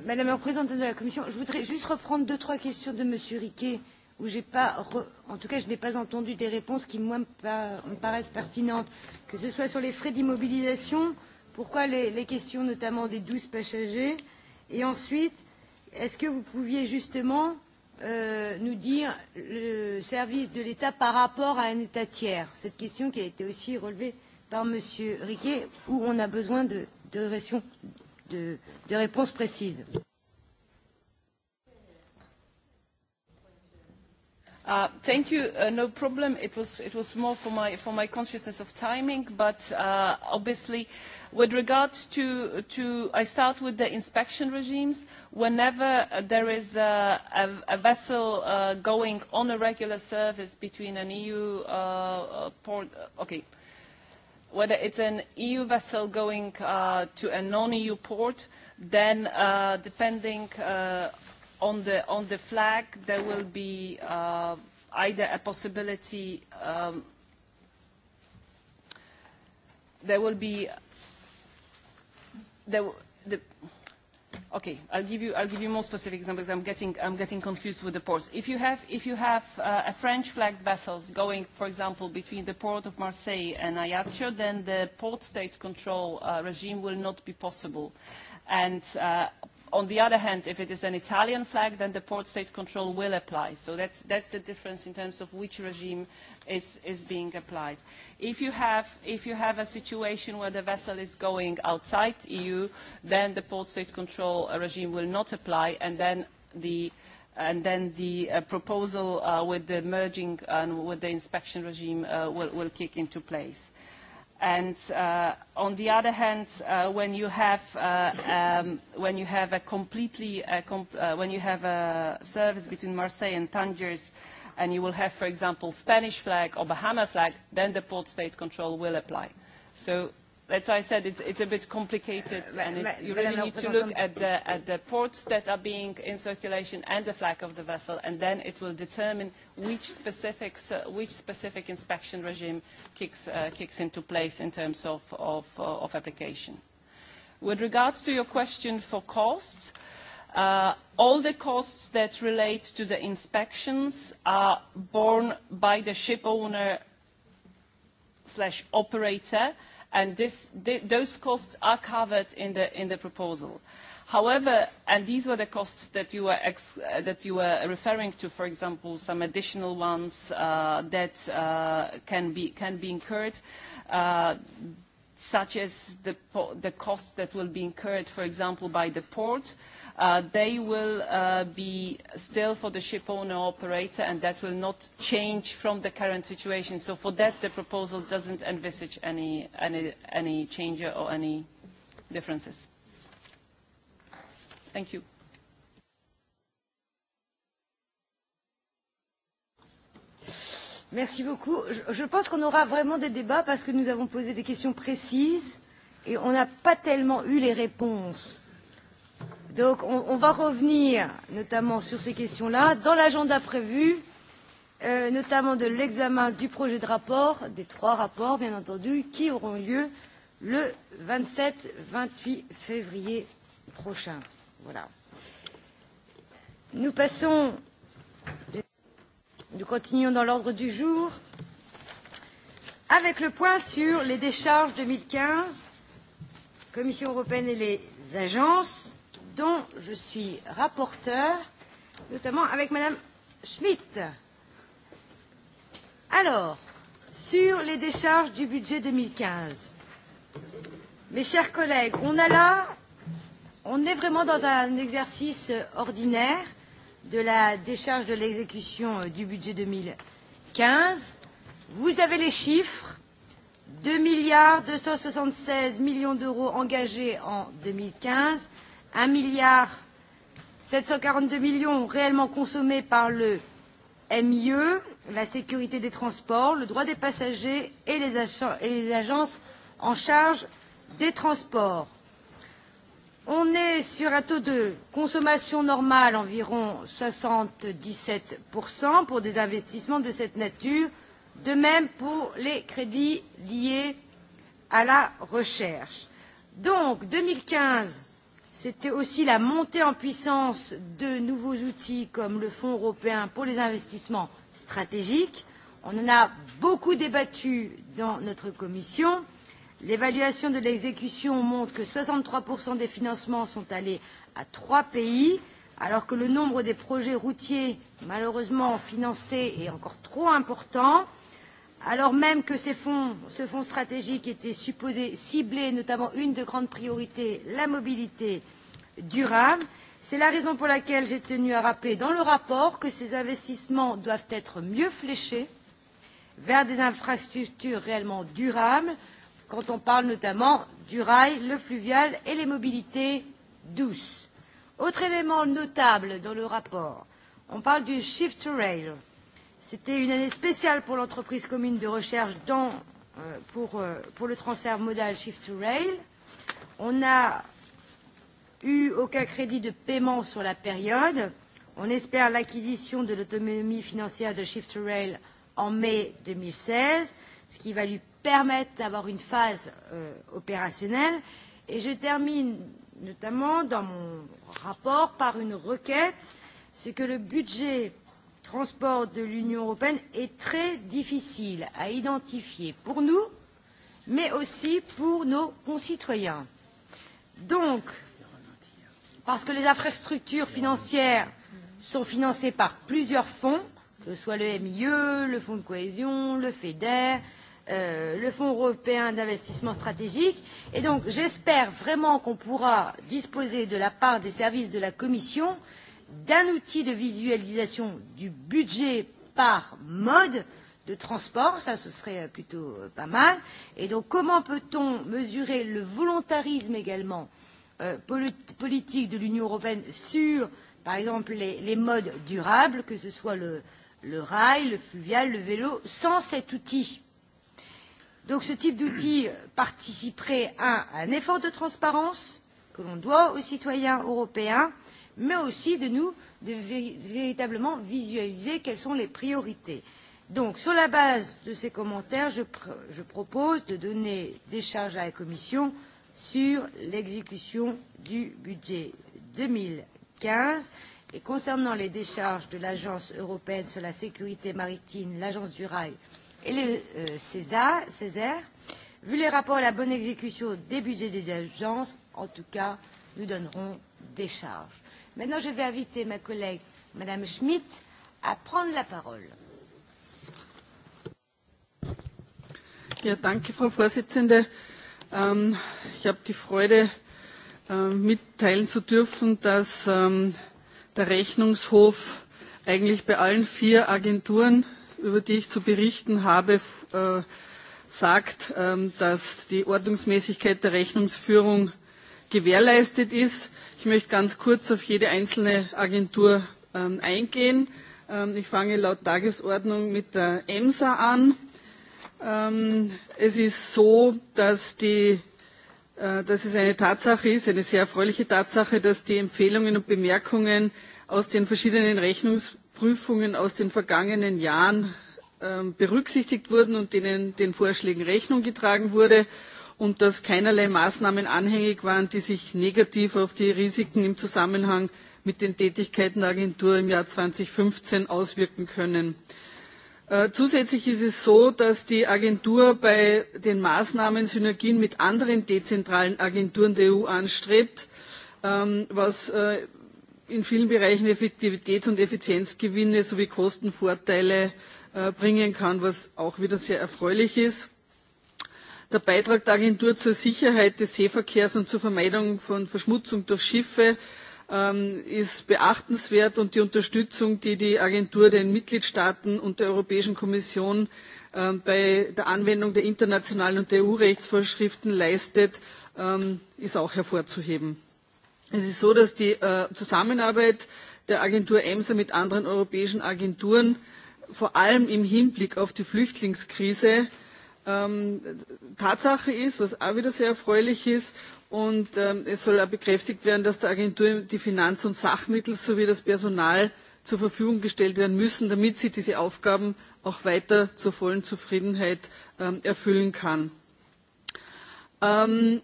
Madame la présidente de la Commission, je voudrais juste reprendre deux, trois questions de Monsieur Riquet, où j'ai pas, re... en tout cas, je n'ai pas entendu des réponses qui, moi, me paraissent pertinentes, que ce soit sur les frais d'immobilisation, pourquoi les, les questions notamment des 12 passagers, et ensuite, est-ce que vous pouviez justement euh, nous dire le service de l'État par rapport à un État tiers Cette question qui a été aussi relevée par Monsieur Riquet, où on a besoin de, de, de, de réponses précises. Uh, thank you. Uh, no problem. It was, it was more for my, for my consciousness of timing, but uh, obviously with regards to, to, I start with the inspection regimes. Whenever there is a, a, a vessel uh, going on a regular service between an EU uh, uh, port, uh, okay, uh, whether it's an EU vessel going uh, to a non-EU port, then uh, depending uh, on, the, on the flag, there will be uh, either a possibility, um, there will be, there, Okay, I'll give you, I'll give you more specific examples. I'm getting, I'm getting confused with the ports. If you have, if you have uh, a French flagged vessels going, for example, between the port of Marseille and Ajaccio, then the port state control uh, regime will not be possible. And uh, on the other hand, if it is an Italian flag, then the port state control will apply. So that's, that's the difference in terms of which regime is, is being applied. If you, have, if you have a situation where the vessel is going outside EU, then the port state control regime will not apply, and then the, and then the uh, proposal uh, with the merging and with the inspection regime uh, will, will kick into place. And uh, on the other hand, uh, when you have uh, um, when you have a completely uh, comp uh, when you have a service between Marseille and Tangiers, and you will have, for example, Spanish flag or Bahama flag, then the port state control will apply. So that's why I said it's, it's a bit complicated uh, and it, you really need to look at the, at the ports that are being in circulation and the flag of the vessel and then it will determine which, specifics, uh, which specific inspection regime kicks, uh, kicks into place in terms of, of, uh, of application. With regards to your question for costs, uh, all the costs that relate to the inspections are borne by the ship owner slash operator and this, th those costs are covered in the, in the proposal. However, and these were the costs that you were, ex uh, that you were referring to, for example, some additional ones uh, that uh, can, be, can be incurred, uh, such as the, po the costs that will be incurred, for example, by the port, uh, Uh, they will uh, be still for the ship owner operator and that will not change from the current situation. So for that the proposal doesn't envisage any, any, any change or any differences. Thank you. Merci beaucoup. je pense qu'on aura vraiment des débats parce que nous avons posé des questions précises et on n'a pas tellement eu les réponses Donc on, on va revenir notamment sur ces questions-là dans l'agenda prévu, euh, notamment de l'examen du projet de rapport, des trois rapports bien entendu, qui auront lieu le 27-28 février prochain. Voilà. Nous passons, nous continuons dans l'ordre du jour avec le point sur les décharges 2015, Commission européenne et les agences dont je suis rapporteur, notamment avec Madame Schmidt. Alors, sur les décharges du budget 2015, mes chers collègues, on a là, on est vraiment dans un exercice ordinaire de la décharge de l'exécution euh, du budget 2015. Vous avez les chiffres. 2 milliards 276 millions d'euros engagés en 2015 1 milliard 742 millions réellement consommés par le MIE, la sécurité des transports, le droit des passagers et les, et les agences en charge des transports. On est sur un taux de consommation normale environ 77% pour des investissements de cette nature, de même pour les crédits liés à la recherche. Donc 2015 C'était aussi la montée en puissance de nouveaux outils comme le Fonds européen pour les investissements stratégiques. On en a beaucoup débattu dans notre commission. L'évaluation de l'exécution montre que 63% des financements sont allés à trois pays, alors que le nombre des projets routiers, malheureusement financés, est encore trop important alors même que ces fonds, ce fonds stratégique était supposé cibler notamment une de grandes priorités, la mobilité durable. C'est la raison pour laquelle j'ai tenu à rappeler dans le rapport que ces investissements doivent être mieux fléchés vers des infrastructures réellement durables, quand on parle notamment du rail, le fluvial et les mobilités douces. Autre élément notable dans le rapport, on parle du shift to rail, C'était une année spéciale pour l'entreprise commune de recherche dans, euh, pour, euh, pour le transfert modal Shift to Rail. On n'a eu aucun crédit de paiement sur la période. On espère l'acquisition de l'autonomie financière de Shift to Rail en mai 2016, ce qui va lui permettre d'avoir une phase euh, opérationnelle. Et je termine notamment dans mon rapport par une requête, c'est que le budget transport de l'Union européenne est très difficile à identifier pour nous, mais aussi pour nos concitoyens. Donc, parce que les infrastructures financières sont financées par plusieurs fonds, que ce soit le MIE, le Fonds de cohésion, le FEDER, euh, le Fonds européen d'investissement stratégique. Et donc, j'espère vraiment qu'on pourra disposer de la part des services de la Commission euh, d'un outil de visualisation du budget par mode de transport, ça ce serait euh, plutôt euh, pas mal. Et donc comment peut-on mesurer le volontarisme également euh, politique de l'Union européenne sur, par exemple, les, les modes durables, que ce soit le, le rail, le fluvial, le vélo, sans cet outil Donc ce type d'outil participerait à un effort de transparence que l'on doit aux citoyens européens, mais aussi de nous de véritablement visualiser quelles sont les priorités. Donc, sur la base de ces commentaires, je, pr je propose de donner des charges à la Commission sur l'exécution du budget 2015. Et concernant les décharges de l'Agence européenne sur la sécurité maritime, l'Agence du rail et le euh, César, César, vu les rapports à la bonne exécution des budgets des agences, en tout cas, nous donnerons des charges. Maintenant, je vais inviter ma collègue, Madame Schmidt, à prendre la parole. Ja, danke, Frau Vorsitzende. Ähm, ich habe die Freude, äh, mitteilen zu dürfen, dass ähm, der Rechnungshof eigentlich bei allen vier Agenturen, über die ich zu berichten habe, äh, sagt, ähm, dass die Ordnungsmäßigkeit der Rechnungsführung gewährleistet ist. Ich möchte ganz kurz auf jede einzelne Agentur ähm, eingehen. Ähm, ich fange laut Tagesordnung mit der EMSA an. Ähm, es ist so, dass, die, äh, dass es eine Tatsache ist, eine sehr erfreuliche Tatsache, dass die Empfehlungen und Bemerkungen aus den verschiedenen Rechnungsprüfungen aus den vergangenen Jahren ähm, berücksichtigt wurden und denen den Vorschlägen Rechnung getragen wurde und dass keinerlei Maßnahmen anhängig waren, die sich negativ auf die Risiken im Zusammenhang mit den Tätigkeiten der Agentur im Jahr 2015 auswirken können. Äh, zusätzlich ist es so, dass die Agentur bei den Maßnahmen Synergien mit anderen dezentralen Agenturen der EU anstrebt, ähm, was äh, in vielen Bereichen Effektivitäts- und Effizienzgewinne sowie Kostenvorteile äh, bringen kann, was auch wieder sehr erfreulich ist. Der Beitrag der Agentur zur Sicherheit des Seeverkehrs und zur Vermeidung von Verschmutzung durch Schiffe ähm, ist beachtenswert und die Unterstützung, die die Agentur den Mitgliedstaaten und der Europäischen Kommission ähm, bei der Anwendung der internationalen und der EU-Rechtsvorschriften leistet, ähm, ist auch hervorzuheben. Es ist so, dass die äh, Zusammenarbeit der Agentur EMSA mit anderen europäischen Agenturen vor allem im Hinblick auf die Flüchtlingskrise Ähm, Tatsache ist, was auch wieder sehr erfreulich ist, und ähm, es soll auch bekräftigt werden, dass der Agentur die Finanz- und Sachmittel sowie das Personal zur Verfügung gestellt werden müssen, damit sie diese Aufgaben auch weiter zur vollen Zufriedenheit ähm, erfüllen kann. Ähm,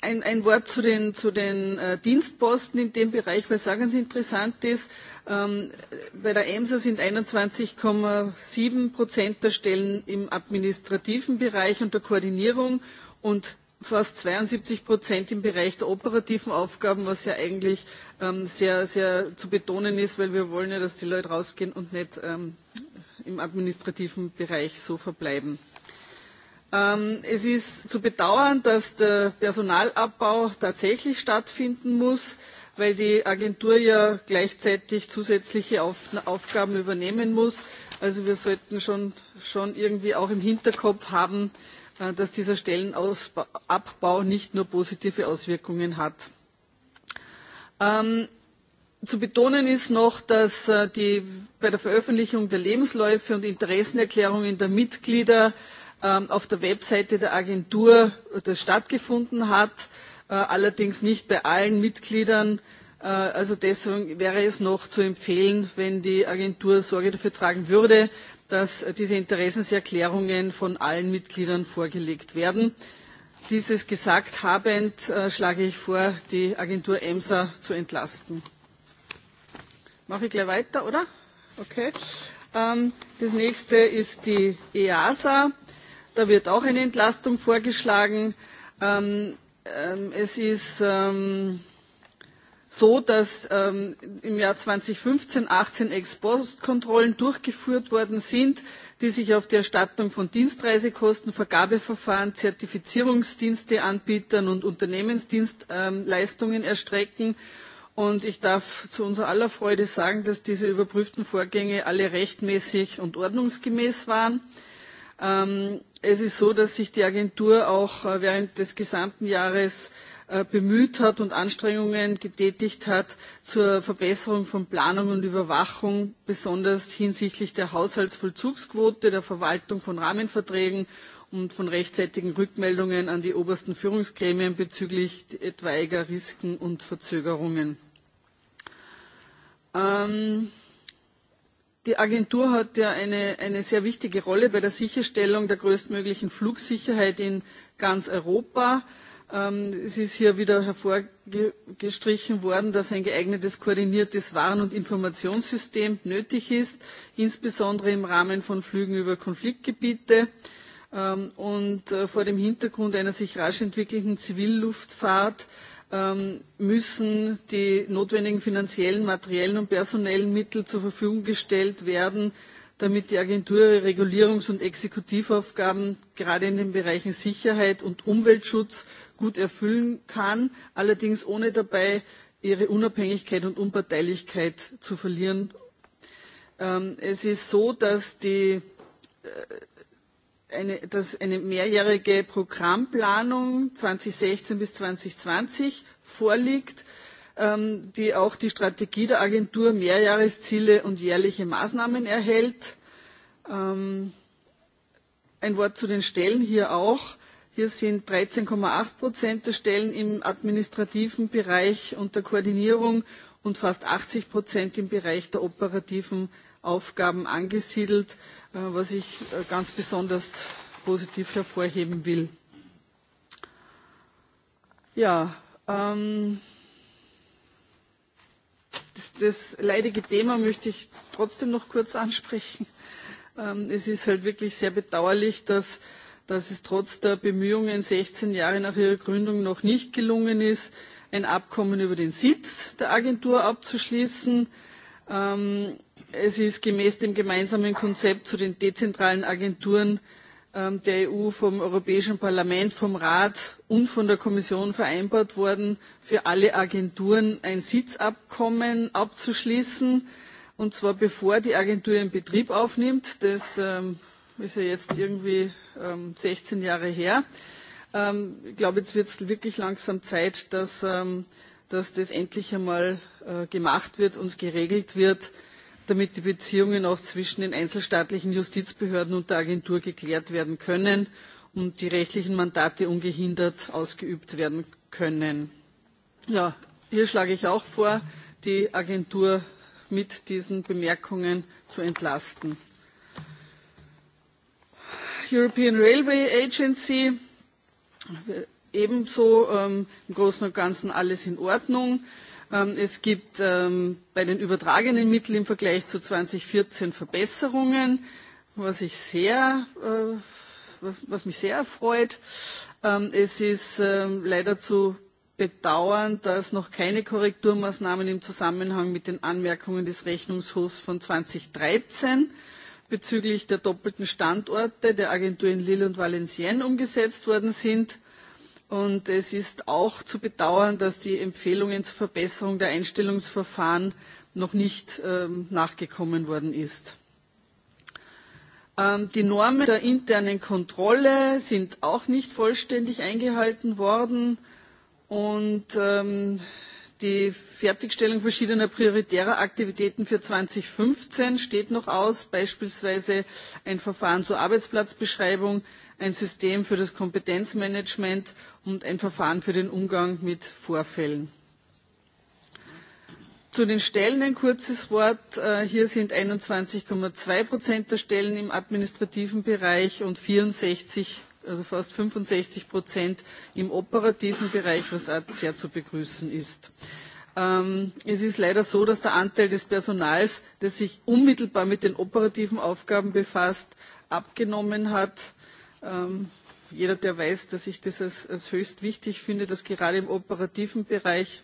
ein, ein Wort zu den, zu den äh, Dienstposten in dem Bereich, weil sagen Sie interessant ist, Ähm, bei der EMSA sind 21,7 Prozent der Stellen im administrativen Bereich und der Koordinierung und fast 72 Prozent im Bereich der operativen Aufgaben, was ja eigentlich ähm, sehr, sehr zu betonen ist, weil wir wollen ja, dass die Leute rausgehen und nicht ähm, im administrativen Bereich so verbleiben. Ähm, es ist zu bedauern, dass der Personalabbau tatsächlich stattfinden muss weil die Agentur ja gleichzeitig zusätzliche Auf Aufgaben übernehmen muss. Also wir sollten schon, schon irgendwie auch im Hinterkopf haben, äh, dass dieser Stellenabbau nicht nur positive Auswirkungen hat. Ähm, zu betonen ist noch, dass äh, die, bei der Veröffentlichung der Lebensläufe und Interessenerklärungen der Mitglieder ähm, auf der Webseite der Agentur äh, das stattgefunden hat. Äh, allerdings nicht bei allen Mitgliedern. Äh, also deswegen wäre es noch zu empfehlen, wenn die Agentur Sorge dafür tragen würde, dass diese Interessenserklärungen von allen Mitgliedern vorgelegt werden. Dieses gesagt habend äh, schlage ich vor, die Agentur EMSA zu entlasten. Mache ich gleich weiter, oder? Okay. Ähm, das nächste ist die EASA. Da wird auch eine Entlastung vorgeschlagen. Ähm, Ähm, es ist ähm, so, dass ähm, im Jahr 2015 18 Kontrollen durchgeführt worden sind, die sich auf die Erstattung von Dienstreisekosten, Vergabeverfahren, Zertifizierungsdiensteanbietern und Unternehmensdienstleistungen erstrecken. Und ich darf zu unserer aller Freude sagen, dass diese überprüften Vorgänge alle rechtmäßig und ordnungsgemäß waren. Ähm, es ist so, dass sich die Agentur auch äh, während des gesamten Jahres äh, bemüht hat und Anstrengungen getätigt hat zur Verbesserung von Planung und Überwachung, besonders hinsichtlich der Haushaltsvollzugsquote, der Verwaltung von Rahmenverträgen und von rechtzeitigen Rückmeldungen an die obersten Führungsgremien bezüglich etwaiger Risiken und Verzögerungen. Ähm Die Agentur hat ja eine, eine sehr wichtige Rolle bei der Sicherstellung der größtmöglichen Flugsicherheit in ganz Europa. Ähm, es ist hier wieder hervorgestrichen worden, dass ein geeignetes, koordiniertes Warn- und Informationssystem nötig ist, insbesondere im Rahmen von Flügen über Konfliktgebiete. Ähm, und äh, vor dem Hintergrund einer sich rasch entwickelnden Zivilluftfahrt Ähm, müssen die notwendigen finanziellen, materiellen und personellen Mittel zur Verfügung gestellt werden, damit die Agentur ihre Regulierungs- und Exekutivaufgaben gerade in den Bereichen Sicherheit und Umweltschutz gut erfüllen kann, allerdings ohne dabei ihre Unabhängigkeit und Unparteilichkeit zu verlieren. Ähm, es ist so, dass die äh, eine, das, eine mehrjährige Programmplanung 2016 bis 2020 vorliegt, ähm, die auch die Strategie der Agentur Mehrjahresziele und jährliche Maßnahmen erhält. Ähm, ein Wort zu den Stellen hier auch. Hier sind 13,8 Prozent der Stellen im administrativen Bereich unter Koordinierung und fast 80 Prozent im Bereich der operativen Aufgaben angesiedelt. Äh, was ich äh, ganz besonders positiv hervorheben will. Ja, ähm, das, das leidige Thema möchte ich trotzdem noch kurz ansprechen. Ähm, es ist halt wirklich sehr bedauerlich, dass, dass es trotz der Bemühungen 16 Jahre nach ihrer Gründung noch nicht gelungen ist, ein Abkommen über den Sitz der Agentur abzuschließen. Ähm, Es ist gemäß dem gemeinsamen Konzept zu den dezentralen Agenturen ähm, der EU vom Europäischen Parlament, vom Rat und von der Kommission vereinbart worden, für alle Agenturen ein Sitzabkommen abzuschließen, und zwar bevor die Agentur in Betrieb aufnimmt. Das ähm, ist ja jetzt irgendwie ähm, 16 Jahre her. Ähm, ich glaube, jetzt wird es wirklich langsam Zeit, dass, ähm, dass das endlich einmal äh, gemacht wird und geregelt wird damit die Beziehungen auch zwischen den einzelstaatlichen Justizbehörden und der Agentur geklärt werden können und die rechtlichen Mandate ungehindert ausgeübt werden können. Ja, hier schlage ich auch vor, die Agentur mit diesen Bemerkungen zu entlasten. European Railway Agency, ebenso ähm, im Großen und Ganzen alles in Ordnung. Ähm, es gibt ähm, bei den übertragenen Mitteln im Vergleich zu 2014 Verbesserungen, was ich sehr, äh, was mich sehr erfreut. Ähm, es ist leider zu bedauern, dass noch keine Korrekturmaßnahmen im Zusammenhang mit den Anmerkungen des Rechnungshofs von 2013 bezüglich der doppelten Standorte der Agentur in Lille und Valenciennes umgesetzt worden sind. Und es ist auch zu bedauern, dass die Empfehlungen zur Verbesserung der Einstellungsverfahren noch nicht ähm, nachgekommen worden ist. Ähm, die Normen der internen Kontrolle sind auch nicht vollständig eingehalten worden und ähm, die Fertigstellung verschiedener prioritärer Aktivitäten für 2015 steht noch aus, beispielsweise ein Verfahren zur Arbeitsplatzbeschreibung, ein System für das Kompetenzmanagement und ein Verfahren für den Umgang mit Vorfällen. Zu den Stellen ein kurzes Wort. Äh, hier sind 21,2 Prozent der Stellen im administrativen Bereich und 64, also fast 65 Prozent im operativen Bereich, was sehr zu begrüßen ist. Ähm, es ist leider so, dass der Anteil des Personals, das sich unmittelbar mit den operativen Aufgaben befasst, abgenommen hat Ähm, jeder, der weiß, dass ich das als, als höchst wichtig finde, dass gerade im operativen Bereich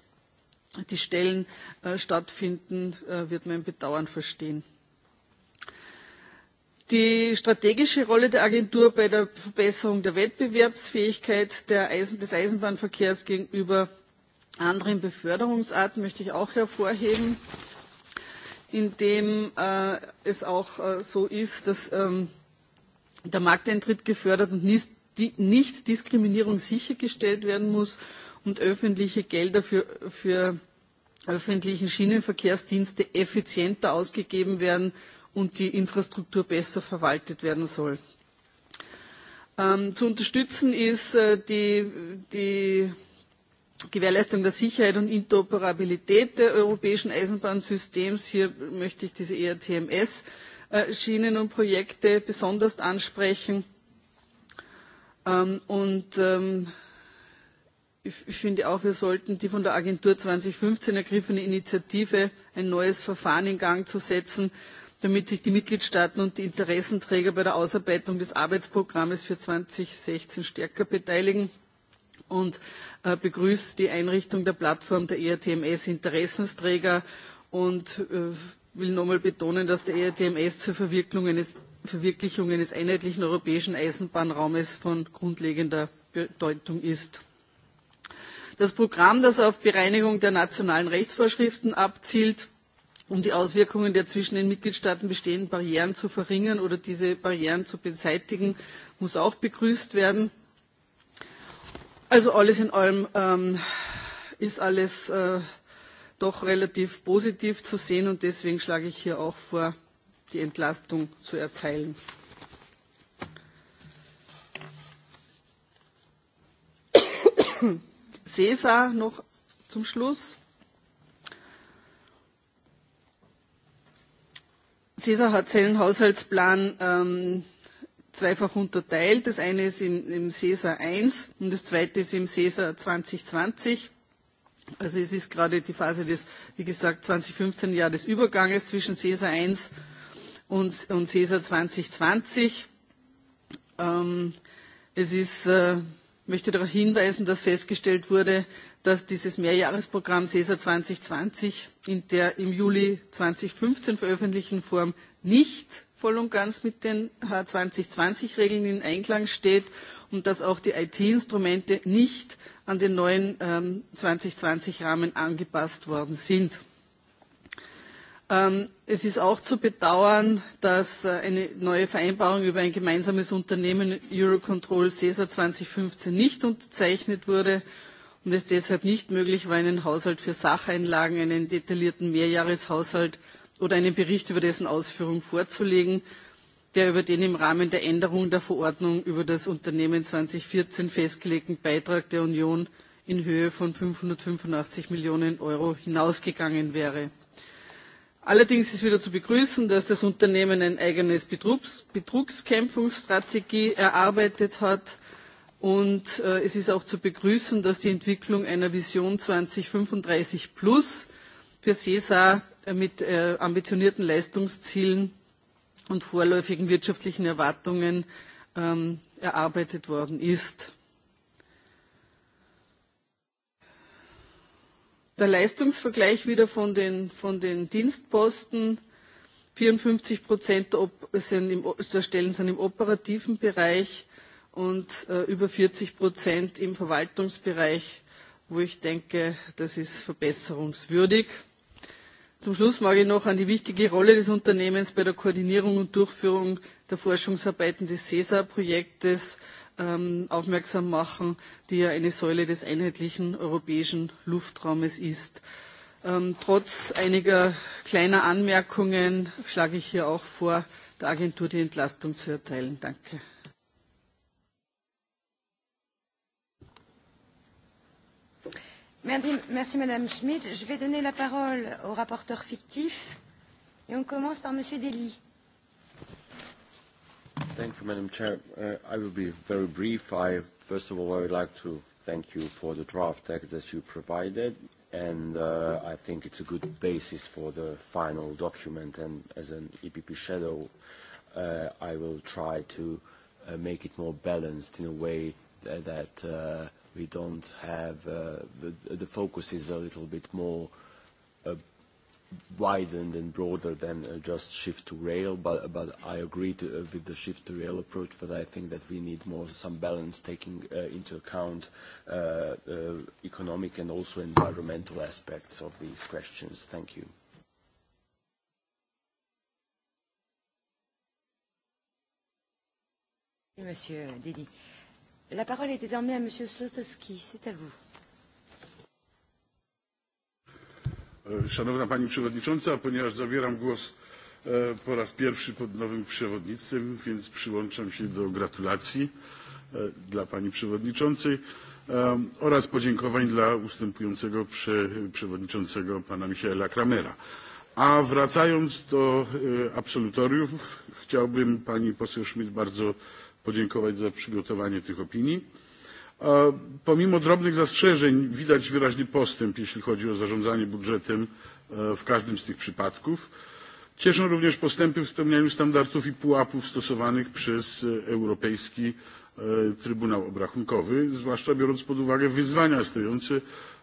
die Stellen äh, stattfinden, äh, wird mein Bedauern verstehen. Die strategische Rolle der Agentur bei der Verbesserung der Wettbewerbsfähigkeit der Eisen, des Eisenbahnverkehrs gegenüber anderen Beförderungsarten möchte ich auch hervorheben, indem äh, es auch äh, so ist, dass ähm, der Markteintritt gefördert und nicht Diskriminierung sichergestellt werden muss und öffentliche Gelder für, für öffentlichen Schienenverkehrsdienste effizienter ausgegeben werden und die Infrastruktur besser verwaltet werden soll. Ähm, zu unterstützen ist äh, die, die Gewährleistung der Sicherheit und Interoperabilität des europäischen Eisenbahnsystems. Hier möchte ich diese ERTMS Äh, Schienen und Projekte besonders ansprechen. Ähm, und ähm, ich finde auch, wir sollten die von der Agentur 2015 ergriffene Initiative, ein neues Verfahren in Gang zu setzen, damit sich die Mitgliedstaaten und die Interessenträger bei der Ausarbeitung des Arbeitsprogramms für 2016 stärker beteiligen und äh, begrüßt die Einrichtung der Plattform der ERTMS Interessenträger und äh, will nochmal betonen, dass der e ERTMS zur Verwirklichung eines, Verwirklichung eines einheitlichen europäischen Eisenbahnraumes von grundlegender Bedeutung ist. Das Programm, das auf Bereinigung der nationalen Rechtsvorschriften abzielt, um die Auswirkungen der zwischen den Mitgliedstaaten bestehenden Barrieren zu verringern oder diese Barrieren zu beseitigen, muss auch begrüßt werden. Also alles in allem ähm, ist alles äh, doch relativ positiv zu sehen und deswegen schlage ich hier auch vor, die Entlastung zu erteilen. Cäsar noch zum Schluss. Cäsar hat seinen Haushaltsplan ähm, zweifach unterteilt. Das eine ist im, im Cäsar 1 und das zweite ist im Cäsar 2020. Also es ist gerade die Phase des, wie gesagt, 2015 Jahr des Überganges zwischen CESA 1 und, und CESA 2020. Ähm, es ist, äh, möchte darauf hinweisen, dass festgestellt wurde, dass dieses Mehrjahresprogramm CESA 2020 in der im Juli 2015 veröffentlichten Form nicht voll und ganz mit den H2020-Regeln in Einklang steht und dass auch die IT-Instrumente nicht an den neuen ähm, 2020-Rahmen angepasst worden sind. Ähm, es ist auch zu bedauern, dass äh, eine neue Vereinbarung über ein gemeinsames Unternehmen Eurocontrol CESA 2015 nicht unterzeichnet wurde und es deshalb nicht möglich war, einen Haushalt für Sacheinlagen, einen detaillierten Mehrjahreshaushalt oder einen Bericht über dessen Ausführung vorzulegen der über den im Rahmen der Änderung der Verordnung über das Unternehmen 2014 festgelegten Beitrag der Union in Höhe von 585 Millionen Euro hinausgegangen wäre. Allerdings ist wieder zu begrüßen, dass das Unternehmen ein eigenes Betrugs Betrugskämpfungsstrategie erarbeitet hat und äh, es ist auch zu begrüßen, dass die Entwicklung einer Vision 2035 plus für SESA äh, mit äh, ambitionierten Leistungszielen und vorläufigen wirtschaftlichen Erwartungen ähm, erarbeitet worden ist. Der Leistungsvergleich wieder von den, von den Dienstposten. 54 Prozent der Stellen sind im operativen Bereich und äh, über 40 Prozent im Verwaltungsbereich, wo ich denke, das ist verbesserungswürdig. Zum Schluss mag ich noch an die wichtige Rolle des Unternehmens bei der Koordinierung und Durchführung der Forschungsarbeiten des CESA-Projektes ähm, aufmerksam machen, die ja eine Säule des einheitlichen europäischen Luftraumes ist. Ähm, trotz einiger kleiner Anmerkungen schlage ich hier auch vor, der Agentur die Entlastung zu erteilen. Danke. Merci Madame Schmidt. Je vais donner la parole au rapporteur fictif et on commence par Monsieur Dely. Thank you, Madam Chair. Uh, I will be very brief. I, first of all, I would like to thank you for the draft text that you provided, and uh, I think it's a good basis for the final document. And as an EPP shadow, uh, I will try to uh, make it more balanced in a way that, that uh, we don't have, uh, the, the focus is a little bit more uh, widened and broader than uh, just shift to rail, but, but I agree to, uh, with the shift to rail approach, but I think that we need more some balance taking uh, into account uh, uh, economic and also environmental aspects of these questions. Thank you. Monsieur Didi. La parole est désormais à Monsieur Slotowski. C'est à vous. E, Szanowna Pani Przewodnicząca, ponieważ zabieram głos e, po raz pierwszy pod nowym przewodnictwem, więc przyłączam się do gratulacji e, dla Pani Przewodniczącej oraz podziękowań dla ustępującego przewodniczącego Pana Michaela Kramera. A wracając do absolutoriów, chciałbym Pani poseł Schmidt bardzo podziękować za przygotowanie tych opinii. Pomimo drobnych zastrzeżeń widać wyraźny postęp, jeśli chodzi o zarządzanie budżetem e, w każdym z tych przypadków. Cieszą również postępy w spełnianiu standardów i pułapów stosowanych przez e, Europejski e, Trybunał Obrachunkowy, zwłaszcza biorąc pod uwagę wyzwania stojące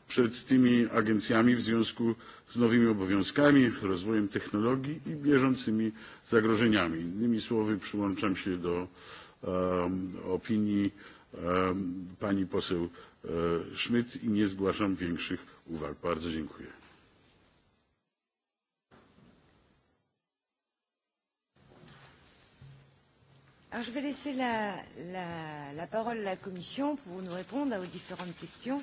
przed tymi agencjami w związku z nowymi obowiązkami, rozwojem technologii i bieżącymi zagrożeniami. Innymi słowy, przyłączam się do um, opinii um, pani poseł e, Schmidt i nie zgłaszam większych uwag. Bardzo dziękuję. Alors je vais laisser la, la, la parole à la Commission pour nous répondre aux différentes questions.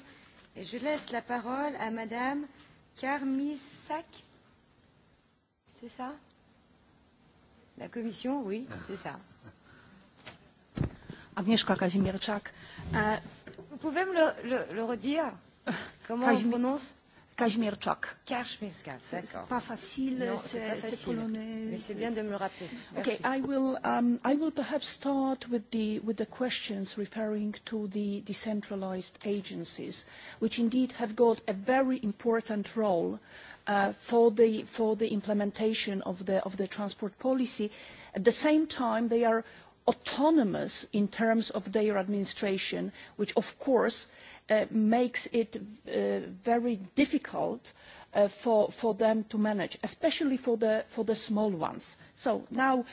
Et je laisse la parole à Madame Carmissac. C'est ça La Commission, oui, c'est ça. Agnieszka Kazimierczak. Vous e, pouvez me le, redire Comment on prononce Kazimierczak. Kazimierczak, d'accord. pas facile, c'est polonais. Mais c'est bien de me le rappeler. Okay, I will, um, I will perhaps start with the, with the questions referring to the decentralized agencies, which indeed have got a very important role uh, for, the, for the implementation of the, of the transport policy. At the same time, they are autonomous in terms of their administration, which of course uh, makes it uh, very difficult uh, for, for them to manage, especially for the, for the small ones. So now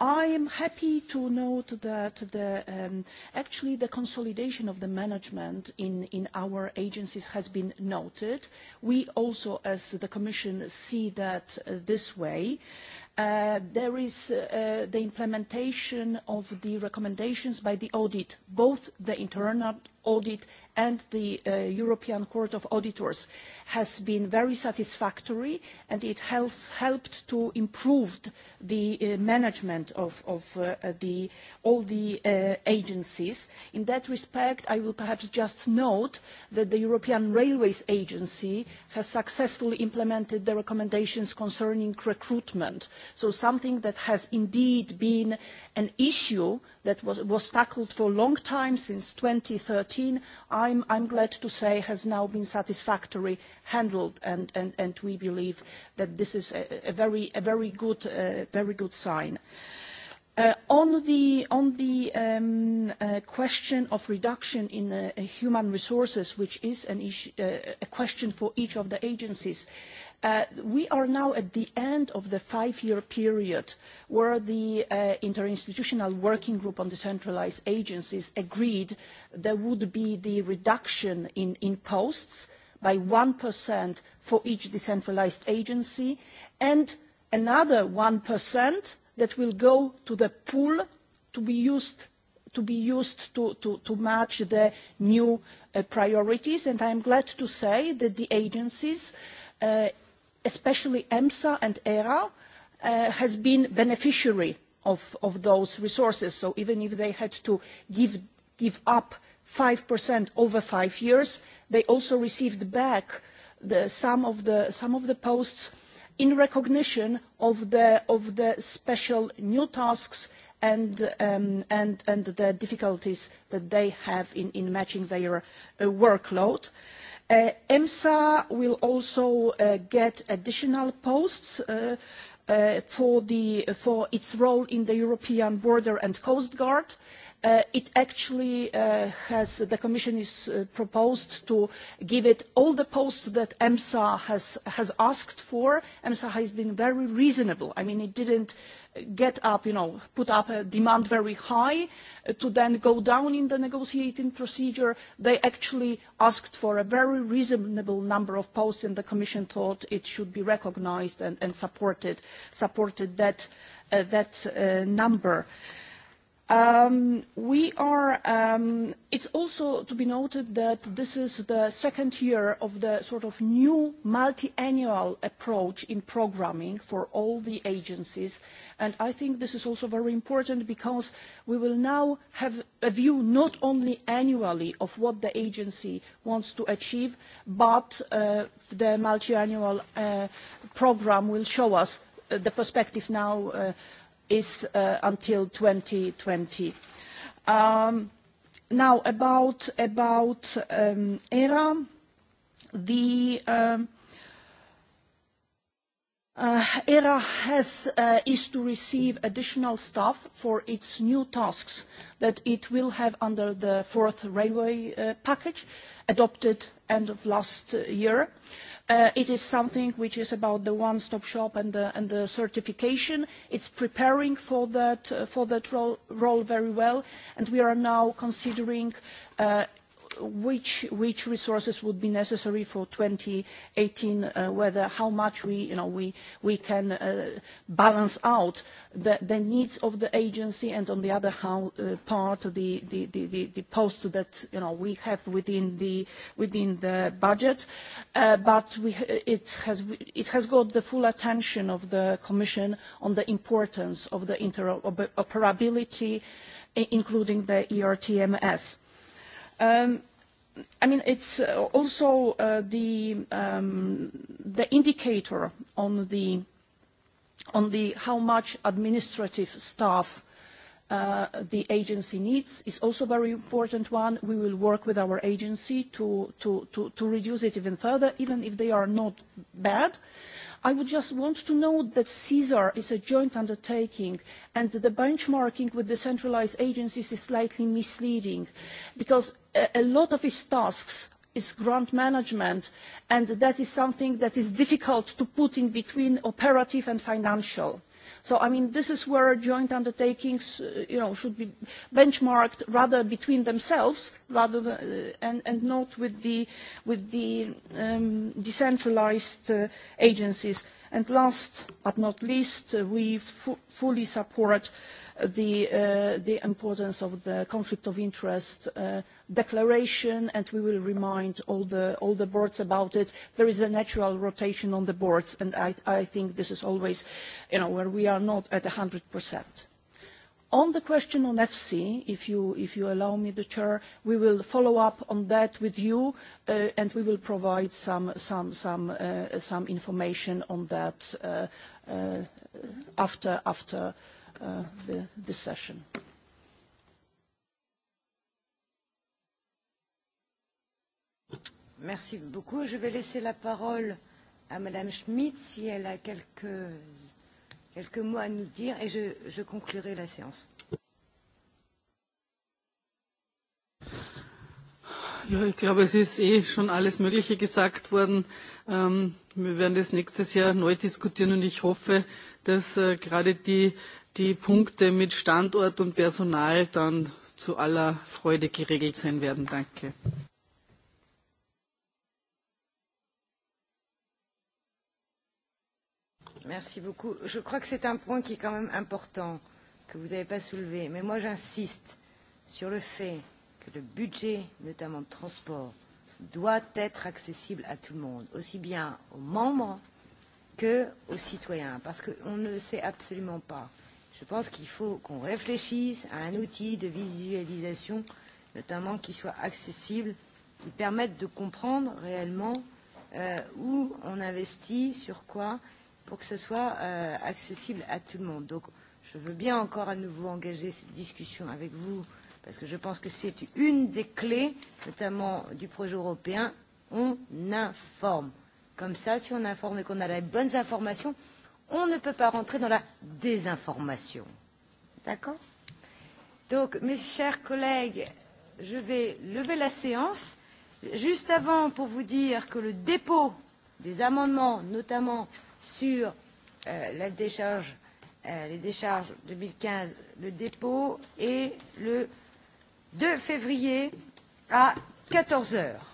I am happy to note that the, um, actually the consolidation of the management in, in our agencies has been noted. We also, as the Commission, see that uh, this way. Uh, Uh, there is uh, uh, the implementation of the recommendations by the audit, both the internal audit and the uh, European Court of Auditors has been very satisfactory and it has helped to improve the uh, management of, of uh, the, all the uh, agencies. In that respect, I will perhaps just note that the European Railways Agency has successfully implemented the recommendations concerning recruitment, so something that has indeed been an issue uh, that was, was tackled for a long time, since 2013, I'm, I'm glad to say has now been satisfactorily handled, and, and, and we believe that this is a, a, very, a very, good, uh, very good sign. Uh, Uh, on the, on the um, uh, question of reduction in uh, human resources, which is an issue, uh, a question for each of the agencies, uh, we are now at the end of the five-year period where the uh, interinstitutional working group on decentralized agencies agreed there would be the reduction in, in posts by 1% for each decentralized agency and another 1% that will go to the pool to be used to be used to, to, to match the new uh, priorities. And I'm glad to say that the agencies, uh, especially EMSA and ERA, uh, has been beneficiary of, of those resources. So even if they had to give, give up 5% over five years, they also received back the, some, of the, some of the posts in recognition of the, of the special new tasks and, um, and, and the difficulties that they have in, in matching their uh, workload. Uh, EMSA will also uh, get additional posts uh, uh, for, the, for its role in the European Border and Coast Guard. Uh, Uh, it actually uh, has, the Commission is uh, proposed to give it all the posts that EMSA has, has asked for. EMSA has been very reasonable. I mean, it didn't get up, you know, put up a demand very high uh, to then go down in the negotiating procedure. They actually asked for a very reasonable number of posts and the Commission thought it should be recognized and, and supported, supported that, uh, that uh, number. Uh, Um, we are, um, it's also to be noted that this is the second year of the sort of new multi-annual approach in programming for all the agencies. And I think this is also very important because we will now have a view not only annually of what the agency wants to achieve, but uh, the multi-annual uh, program will show us uh, the perspective now uh, is uh, until 2020. Um, now about, um, ERA, the um, uh, ERA has, uh, is to receive additional staff for its new tasks that it will have under the fourth railway uh, package adopted end of last uh, year. Uh, it is something which is about the one-stop shop and the, and the certification. It's preparing for that, uh, for that role, role very well, and we are now considering uh, which, which resources would be necessary for 2018, uh, whether how much we, you know, we, we can uh, balance out the, the needs of the agency and on the other how, uh, part the, the, the, the, the posts that you know, we have within the, within the budget. Uh, but we, it, has, it has got the full attention of the Commission on the importance of the interoperability, including the ERTMS. Um, I mean, it's uh, also uh, the, um, the indicator on the, on the how much administrative staff uh, the agency needs is also a very important one. We will work with our agency to, to, to, to reduce it even further, even if they are not bad. I would just want to note that CSAR is a joint undertaking and the benchmarking with the centralised agencies is slightly misleading because a, a lot of its tasks is grant management and that is something that is difficult to put in between operative and financial. So, I mean, this is where joint undertakings, uh, you know, should be benchmarked rather between themselves rather than, uh, and, and not with the, with the um, decentralized uh, agencies. And last but not least, uh, we fu fully support uh, the, uh, the importance of the conflict of interest uh, declaration and we will remind all the, all the boards about it. There is a natural rotation on the boards and I, I think this is always you know, where we are not at 100%. On the question on FC, if you, if you allow me the chair, we will follow up on that with you uh, and we will provide some, some, some, uh, some information on that uh, uh, after, after uh, uh, the, this session. Merci beaucoup. Je vais laisser la parole à Madame Schmidt si elle a quelques, quelques mots à nous dire et je, je conclurai la séance. Ja, ich glaube, es ist eh schon alles Mögliche gesagt worden. Ähm, wir werden das nächstes Jahr neu diskutieren und ich hoffe, dass äh, gerade die die Punkte mit Standort und Personal dann zu aller Freude geregelt sein werden. Danke. Merci beaucoup. Je crois que c'est un point qui est quand même important, que vous n'avez pas soulevé. Mais moi, j'insiste sur le fait que le budget, notamment de transport, doit être accessible à tout le monde, aussi bien aux membres qu'aux citoyens, parce qu'on ne sait absolument pas Je pense qu'il faut qu'on réfléchisse à un outil de visualisation, notamment qui soit accessible, qui permette de comprendre réellement euh, où on investit, sur quoi, pour que ce soit euh, accessible à tout le monde. Donc, je veux bien encore à nouveau engager cette discussion avec vous, parce que je pense que c'est une des clés, notamment du projet européen, on informe. Comme ça, si on informe et qu'on a les bonnes informations, on ne peut pas rentrer dans la désinformation. D'accord Donc, mes chers collègues, je vais lever la séance. Juste avant, pour vous dire que le dépôt des amendements, notamment sur euh, la décharge, euh, les décharges 2015, le dépôt est le 2 février à 14 heures.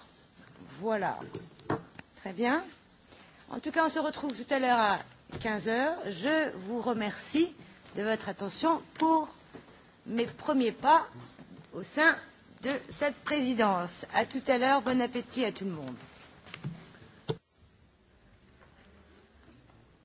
Voilà. Très bien. En tout cas, on se retrouve tout à l'heure à 15 heures. Je vous remercie de votre attention pour mes premiers pas au sein de cette présidence. À tout à l'heure, bon appétit à tout le monde.